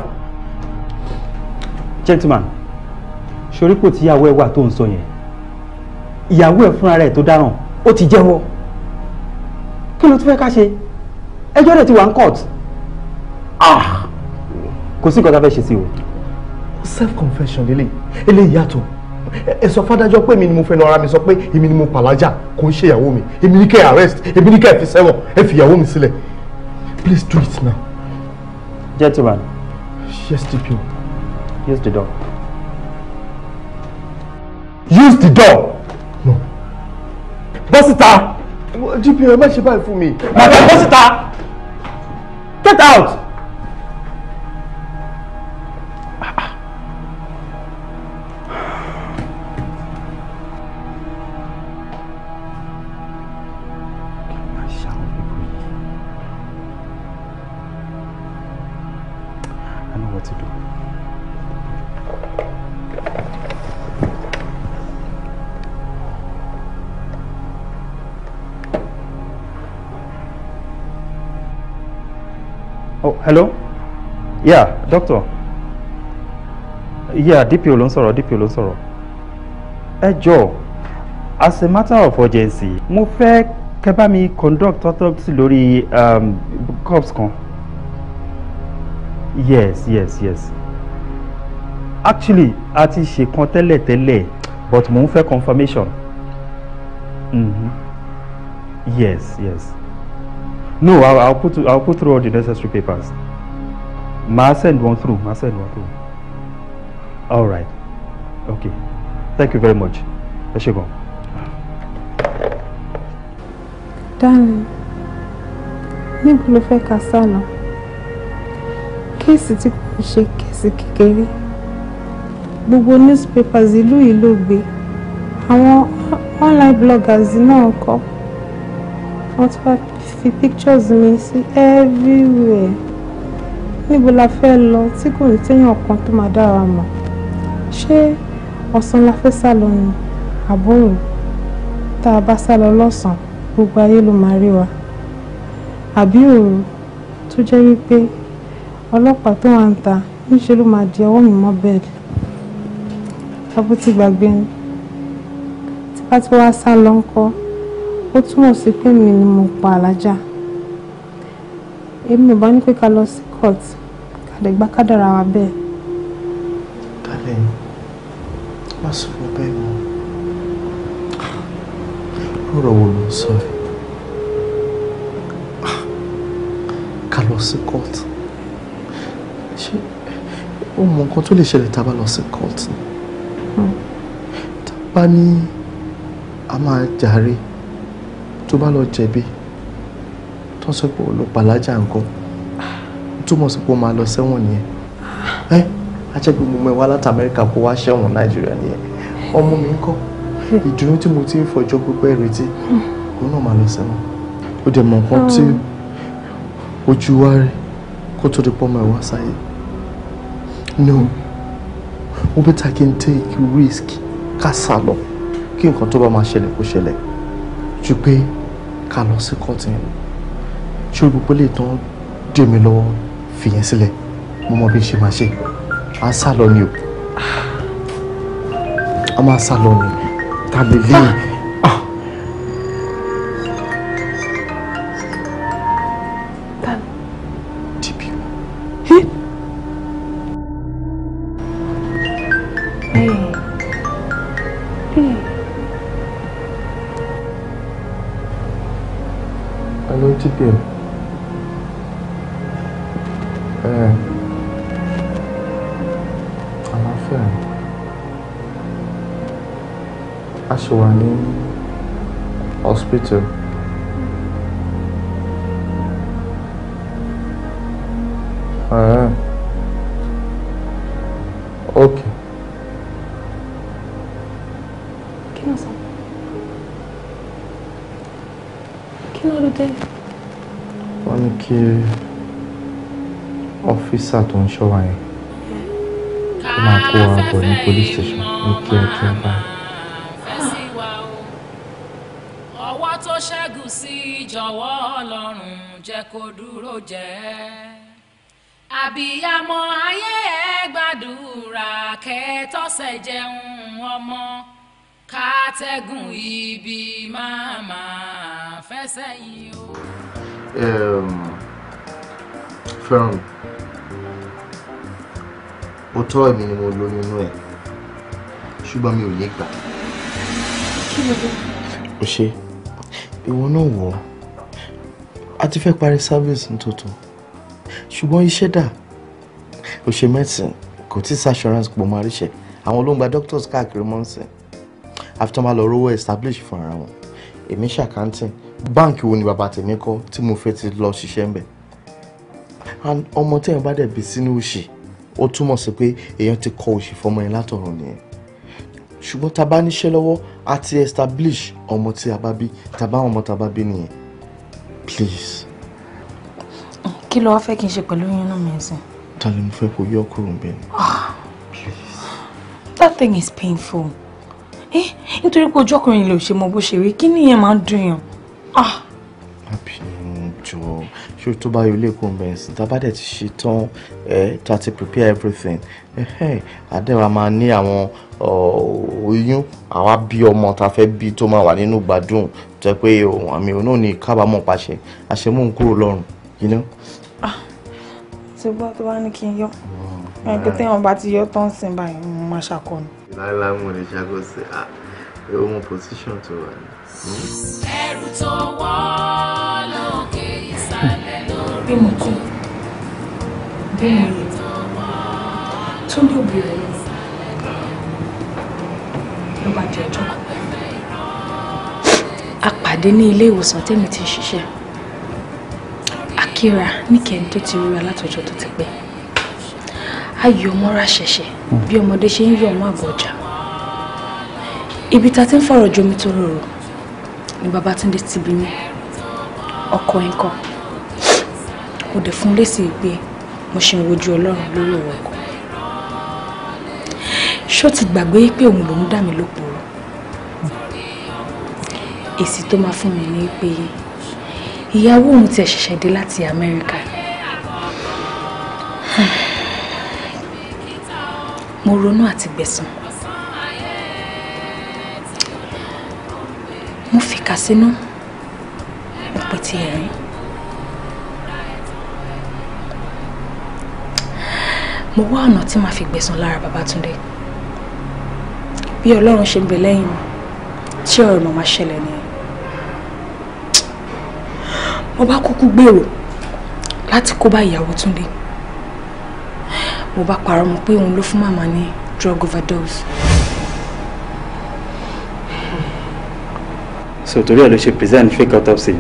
Gentlemen, show tíyàwó ẹ wà tó ń sọ yẹn ìyàwó ẹ fúnra rẹ̀ tó dáràn ó ti jẹ́wọ́ kí ló tún fẹ́ ká ṣe ẹjọ́ rẹ̀ ti wà ń court Ah. kò sí nǹkan tá a fẹ́ ṣe sí o. self confession lélẹ̀ eléyìí yàtọ̀ ẹ sọ fádájọ́ pé èmi ni mo fẹ́ nu ara mi sọ pé èmi ni mo pàlájà kò ń ṣe ìyàwó mi èmi ní kẹ́ arrest èmi ní kẹ́ fi sẹ́wọ̀n ẹ fi ìyàwó mi sílẹ̀ please do it now. gentleman. yes DPO. use the door. use the door. no. bọ́ síta. DPO ẹ má ṣe báyìí fún mi. màdà bọ́ get out. Oh, hello? Yeah, doctor. Yeah, DPO ló ń sọ̀rọ̀, DPO ló ń sọ̀rọ̀. as a matter of urgency, mo fẹ́ kẹ́ bá mi conduct autopsy lórí um, corpse kan. Yes, yes, yes. Actually, a ti ṣe kan tẹ́lẹ̀ tẹ́lẹ̀ but mo ń fẹ́ confirmation. Mm-hmm. Yes, yes. No, I'll, I'll put I'll put through all the necessary papers. Ma send one through. Ma send one through. All right. Okay. Thank you very much. Ẹ ṣé gan. Darling, níbo ló fẹ́ ka Case lọ? Kéèsì tí Case ṣe kéèsì kékeré. Gbogbo newspapers ìlú yìí ló gbé. Àwọn online bloggers náà kọ́. What's ti fi pictures mi sí everywhere níbo la fẹ́ lọ tí kò ní téèyàn kan tó máa dára mọ̀ ṣé ọ̀sán la fẹ́ sá lọ ni àbóyìn tá a bá sá lọ lọ́sàn-án gbogbo ayé ló máa rí wa àbí òru tó jẹ́ wípé ọlọ́pàá tó wà ń ta níṣẹ́ ló máa di ọwọ́ mi mọ́ bẹ́ẹ̀lì abó gbàgbé ni tí bá sá lọ ńkọ́ ó túmọ̀ sí pé mi ni mo pa alájà èmi ò bá ní pé ká lọ sí court kàdégbá kádàrá wa bẹ́ẹ̀. dalẹ̀ má sọ̀rọ̀ bẹ́ẹ̀ mọ́ lọ́rọ̀ wo ló ń sọ yìí ká lọ sí court ṣé ó mọ nǹkan tó lè ṣẹlẹ̀ tá a bá lọ sí court ni hmm. tá a bá ní a máa jàre tó bá lọ jẹ̀bi tó sọ pé ló pàlájà nǹkan túmọ̀ sí pé ó máa lọ sẹ́wọ̀n nìyẹn ẹ́ ajẹ́ pé ẹ wá láti amẹ́ríkà kó wá sẹ́wọ̀n nàìjíríà nìyẹn ọmọ mi ń kọ́ ìdùnnú tí mo ti ń fọjọ́ pípẹ́ retí òun náà máa lọ sẹ́wọ̀n ó dẹ̀ mọ̀ nǹkan tí ojú wa rí kó tó di pọ́ mọ́ ẹ wá sáyé no ó bẹ́tà kí n take risk ká sá lọ kí nǹkan tó bá máa ṣẹlẹ̀ kó ṣẹlẹ̀ ju pé ká lọ sí kọ́ọ̀tì yẹn ṣé o gbogbo lè tán dè mí lọ́wọ́ fìyẹn sílẹ̀ mo mọ bí n ṣe máa ṣe à ń sá lọ ni o a máa sá lọ ni tàbí lẹ́yìn. dé? Wọ́n ní kí ọ́físà tó ń ṣọ́ wa yẹn kó máa kó wa bọ̀ ní police station ní kíákíá báyìí. Ọwọ́ tó ayé gbàdúrà kẹtọ́sẹ̀ jẹun ọmọ kátẹ́gùn ibi máa máa àfẹsẹ̀yìn o. Ehm, fẹ́ràn òótọ́ èmi ni mo lóyún inú ẹ̀ ṣùgbọ́n mi ò lè gbà. o ṣe ìwọ náà wọ̀ ọ́ a ti fẹ́ parí service nítòótọ́ ṣùgbọ́n iṣẹ́ dà o ṣe medicine kò tí sí assurance pò máa ríṣẹ́ àwọn ló ń doctors káàkiri mọ́ǹsìn after ma lọ rówó establish fún ara wọn èmi ṣàkántìn báǹkì wo ni bàbá tèmi kọ́ tí mo fẹ́ ti lọ ṣiṣẹ́ ń bẹ̀ ọmọ téèyàn bá dẹ̀ bí sínú òṣì ó túmọ̀ sí pé èèyàn ti kọ òṣì fọmọ yẹn látọ̀run nìyẹn ṣùgbọ́n tá bá níṣẹ́ lọ́wọ́ a ti establish ọmọ tí a bá bí tá bá ọmọ tá bá bí nìyẹn please. kí ló wá fẹ́ kí n ṣe pẹ̀lú yín náà mẹ́sìn. ta ni mo fẹ́ kó yọ kúrò ń bẹ̀ ni. Ah, that thing is painful. ẹ eh, nítorí pé ojú ọkùnrin lè ṣe mọ bó ṣe rí kí nìyẹn máa ń dùn yàn. Ah. má bínú jọ ṣé tó bá yọ lẹ́kọ̀ọ́ mẹ́sì tábà dẹ̀ ti ṣe tán ẹ ta ti prepare everything àdẹ́wà máa ní àwọn oyún àwa bí ọmọ ta fẹ́ bí tó máa wà nínú gbádùn tó pé àmì òun náà ní kábàámọ̀ pàṣẹ àṣemú ń kúrò lọ́rùn yìí ná. ti gbọ́ tó bá ní kí n yọ ẹgbẹ́ téèyàn bá ti yọ tán sí báyìí mo máa ṣàkóso. láìláì mo lè ṣàkóso àwọn ah, ọmọ position tó wà ní ẹrù tó wọ́ lókè ìsàlẹ̀ lórí bí mo kọ́ bí mo rí tó ní obìnrin ló bá di ọjọ́ kan a pàdé ní ilé ìwòsàn tẹ́mi ti ń ṣiṣẹ́ akíra níkẹyìn tó ti rúra látọjọ́ tó ti pẹ́ a yọ mọ́ra bí ọmọdé ṣe ń yọ ọmọ àbọ̀jà ibi ta ti ń fọ̀rọ̀ jomi ni Babátúndé ti bí mi ọkọ ẹ̀ ńkọ́ ó dẹ̀ fún lésì pé mo ṣe ń wojú ọlọ́run lórí ọ̀rọ̀ ẹ̀kọ́ ṣó ti gbàgbé pé òun lòún dà mí lópòrò èsì tó máa fún mi ni pé ìyàwó òun ti ṣẹ̀ṣẹ̀ dé láti Amẹ́ríkà mo ronú àti gbẹ̀san. mo fìkà sínú ọ̀pẹ tí ẹ̀rín mo wá ọ̀nà tí màá fi gbẹ̀san lára Babátúndé bí Ọlọ́run ṣe ń bẹ lẹ́yìn mi tí ọ̀rọ̀ náà máa ṣẹlẹ̀ nìyẹn mo bá kúkú gbèrò láti kó bá ìyàwó Túndé mo bá parọ́ mọ́ pé òun ló fún màmá ní drug overdose. so torí ẹ̀ ló ṣe present fake autopsy.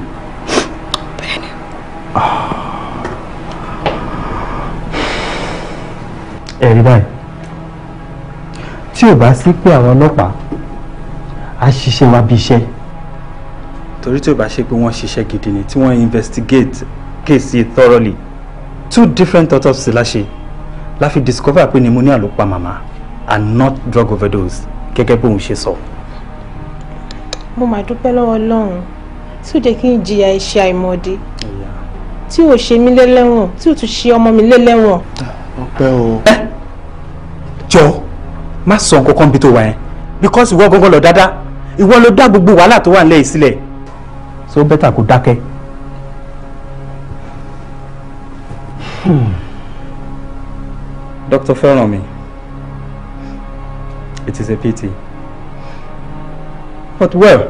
bẹ́ẹ̀ni. ẹ rí báyìí tí ò bá sí pé àwọn ọlọ́pàá á ṣiṣẹ́ wa bí iṣẹ́. torí tí ò bá ṣe pé wọ́n ṣiṣẹ́ gidi ni tí wọ́n investigate case yìí thoroughly two different autopsy la ṣe la fi discover pé pneumonia ló pa màmá and not drug overdose gẹ́gẹ́ bóun ṣe sọ. So mo máa dúpẹ́ lọ́wọ́ Ọlọ́run tí ò jẹ́ kí n jìyà iṣẹ́ àìmọ̀dé tí ò ṣe mí lẹ́lẹ́wọ̀n tí ò tún ṣe ọmọ mi lẹ́lẹ́wọ̀n. ọpẹ́ o. ẹ jọ má sọ nǹkan kan bí tó wà yẹn because ìwọ gangan lọ dáadáa ìwọ ló dá gbogbo wàhálà tó wà nílẹ̀ yìí sílẹ̀ so better kó dákẹ́. Hmm. Dr. Fẹ́rànmi, it is a pity but well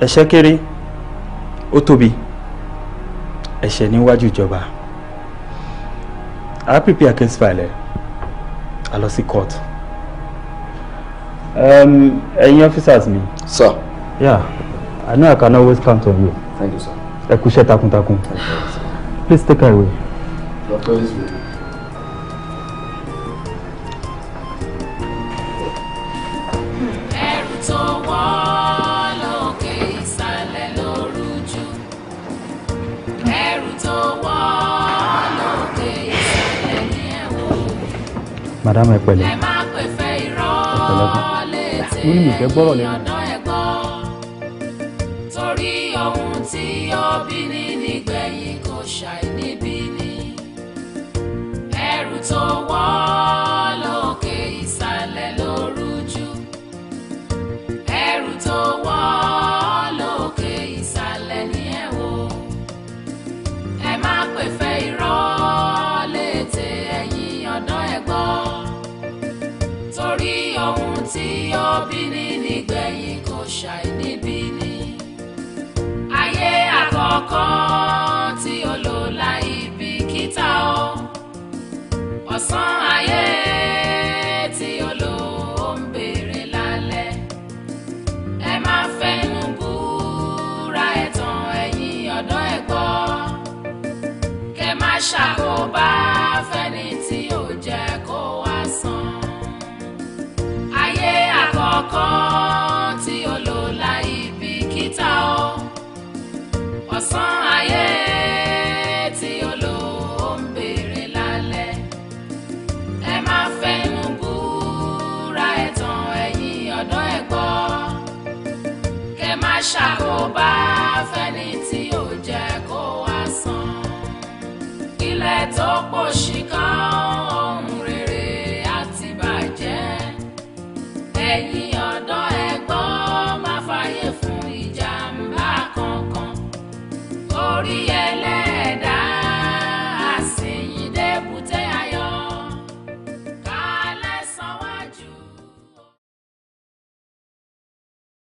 ẹ̀ṣẹ̀ kéré ó tóbi ẹ̀ṣẹ̀ níwájú ìjọba i prepare against file I a lọ sí court um, ẹ̀yin officers mi. sir. yeah i know i can always count on you. thank you sir. ẹ kú iṣẹ́ takuntakun. thank you sir. please take her away. your police will. madame ẹ pẹ̀lẹ́ ẹ pẹ̀lẹ́ kan mo ní mi fẹ́ gbọ́rọ̀ lẹ́nu. torí ohun tí òbí ní nígbẹ̀yìn ẹrù tó wọ́ọ́. tí òbí ni nígbẹ̀yìn kò ṣàì níbí ni. ayé àkọ́kọ́ tí ó lò láì bìkítà o ọ̀sán ayé tí ó lò ó ń béèrè lálẹ́ ẹ má fẹnu búra ẹ̀tàn ẹ̀yìn ọ̀dọ́ ẹ̀gbọ́ kẹ má ṣàkóbá. ọ̀sán ayé tí olówó ń béèrè lálẹ́ ẹ má fẹnu búra ẹ̀tàn ẹ̀yìn ọ̀dọ́ ẹ̀ gbọ́ kẹ má ṣàkóbá fẹ́ni tí ò jẹ́ kó wá san ilẹ̀ tó pọ̀ ṣìkan.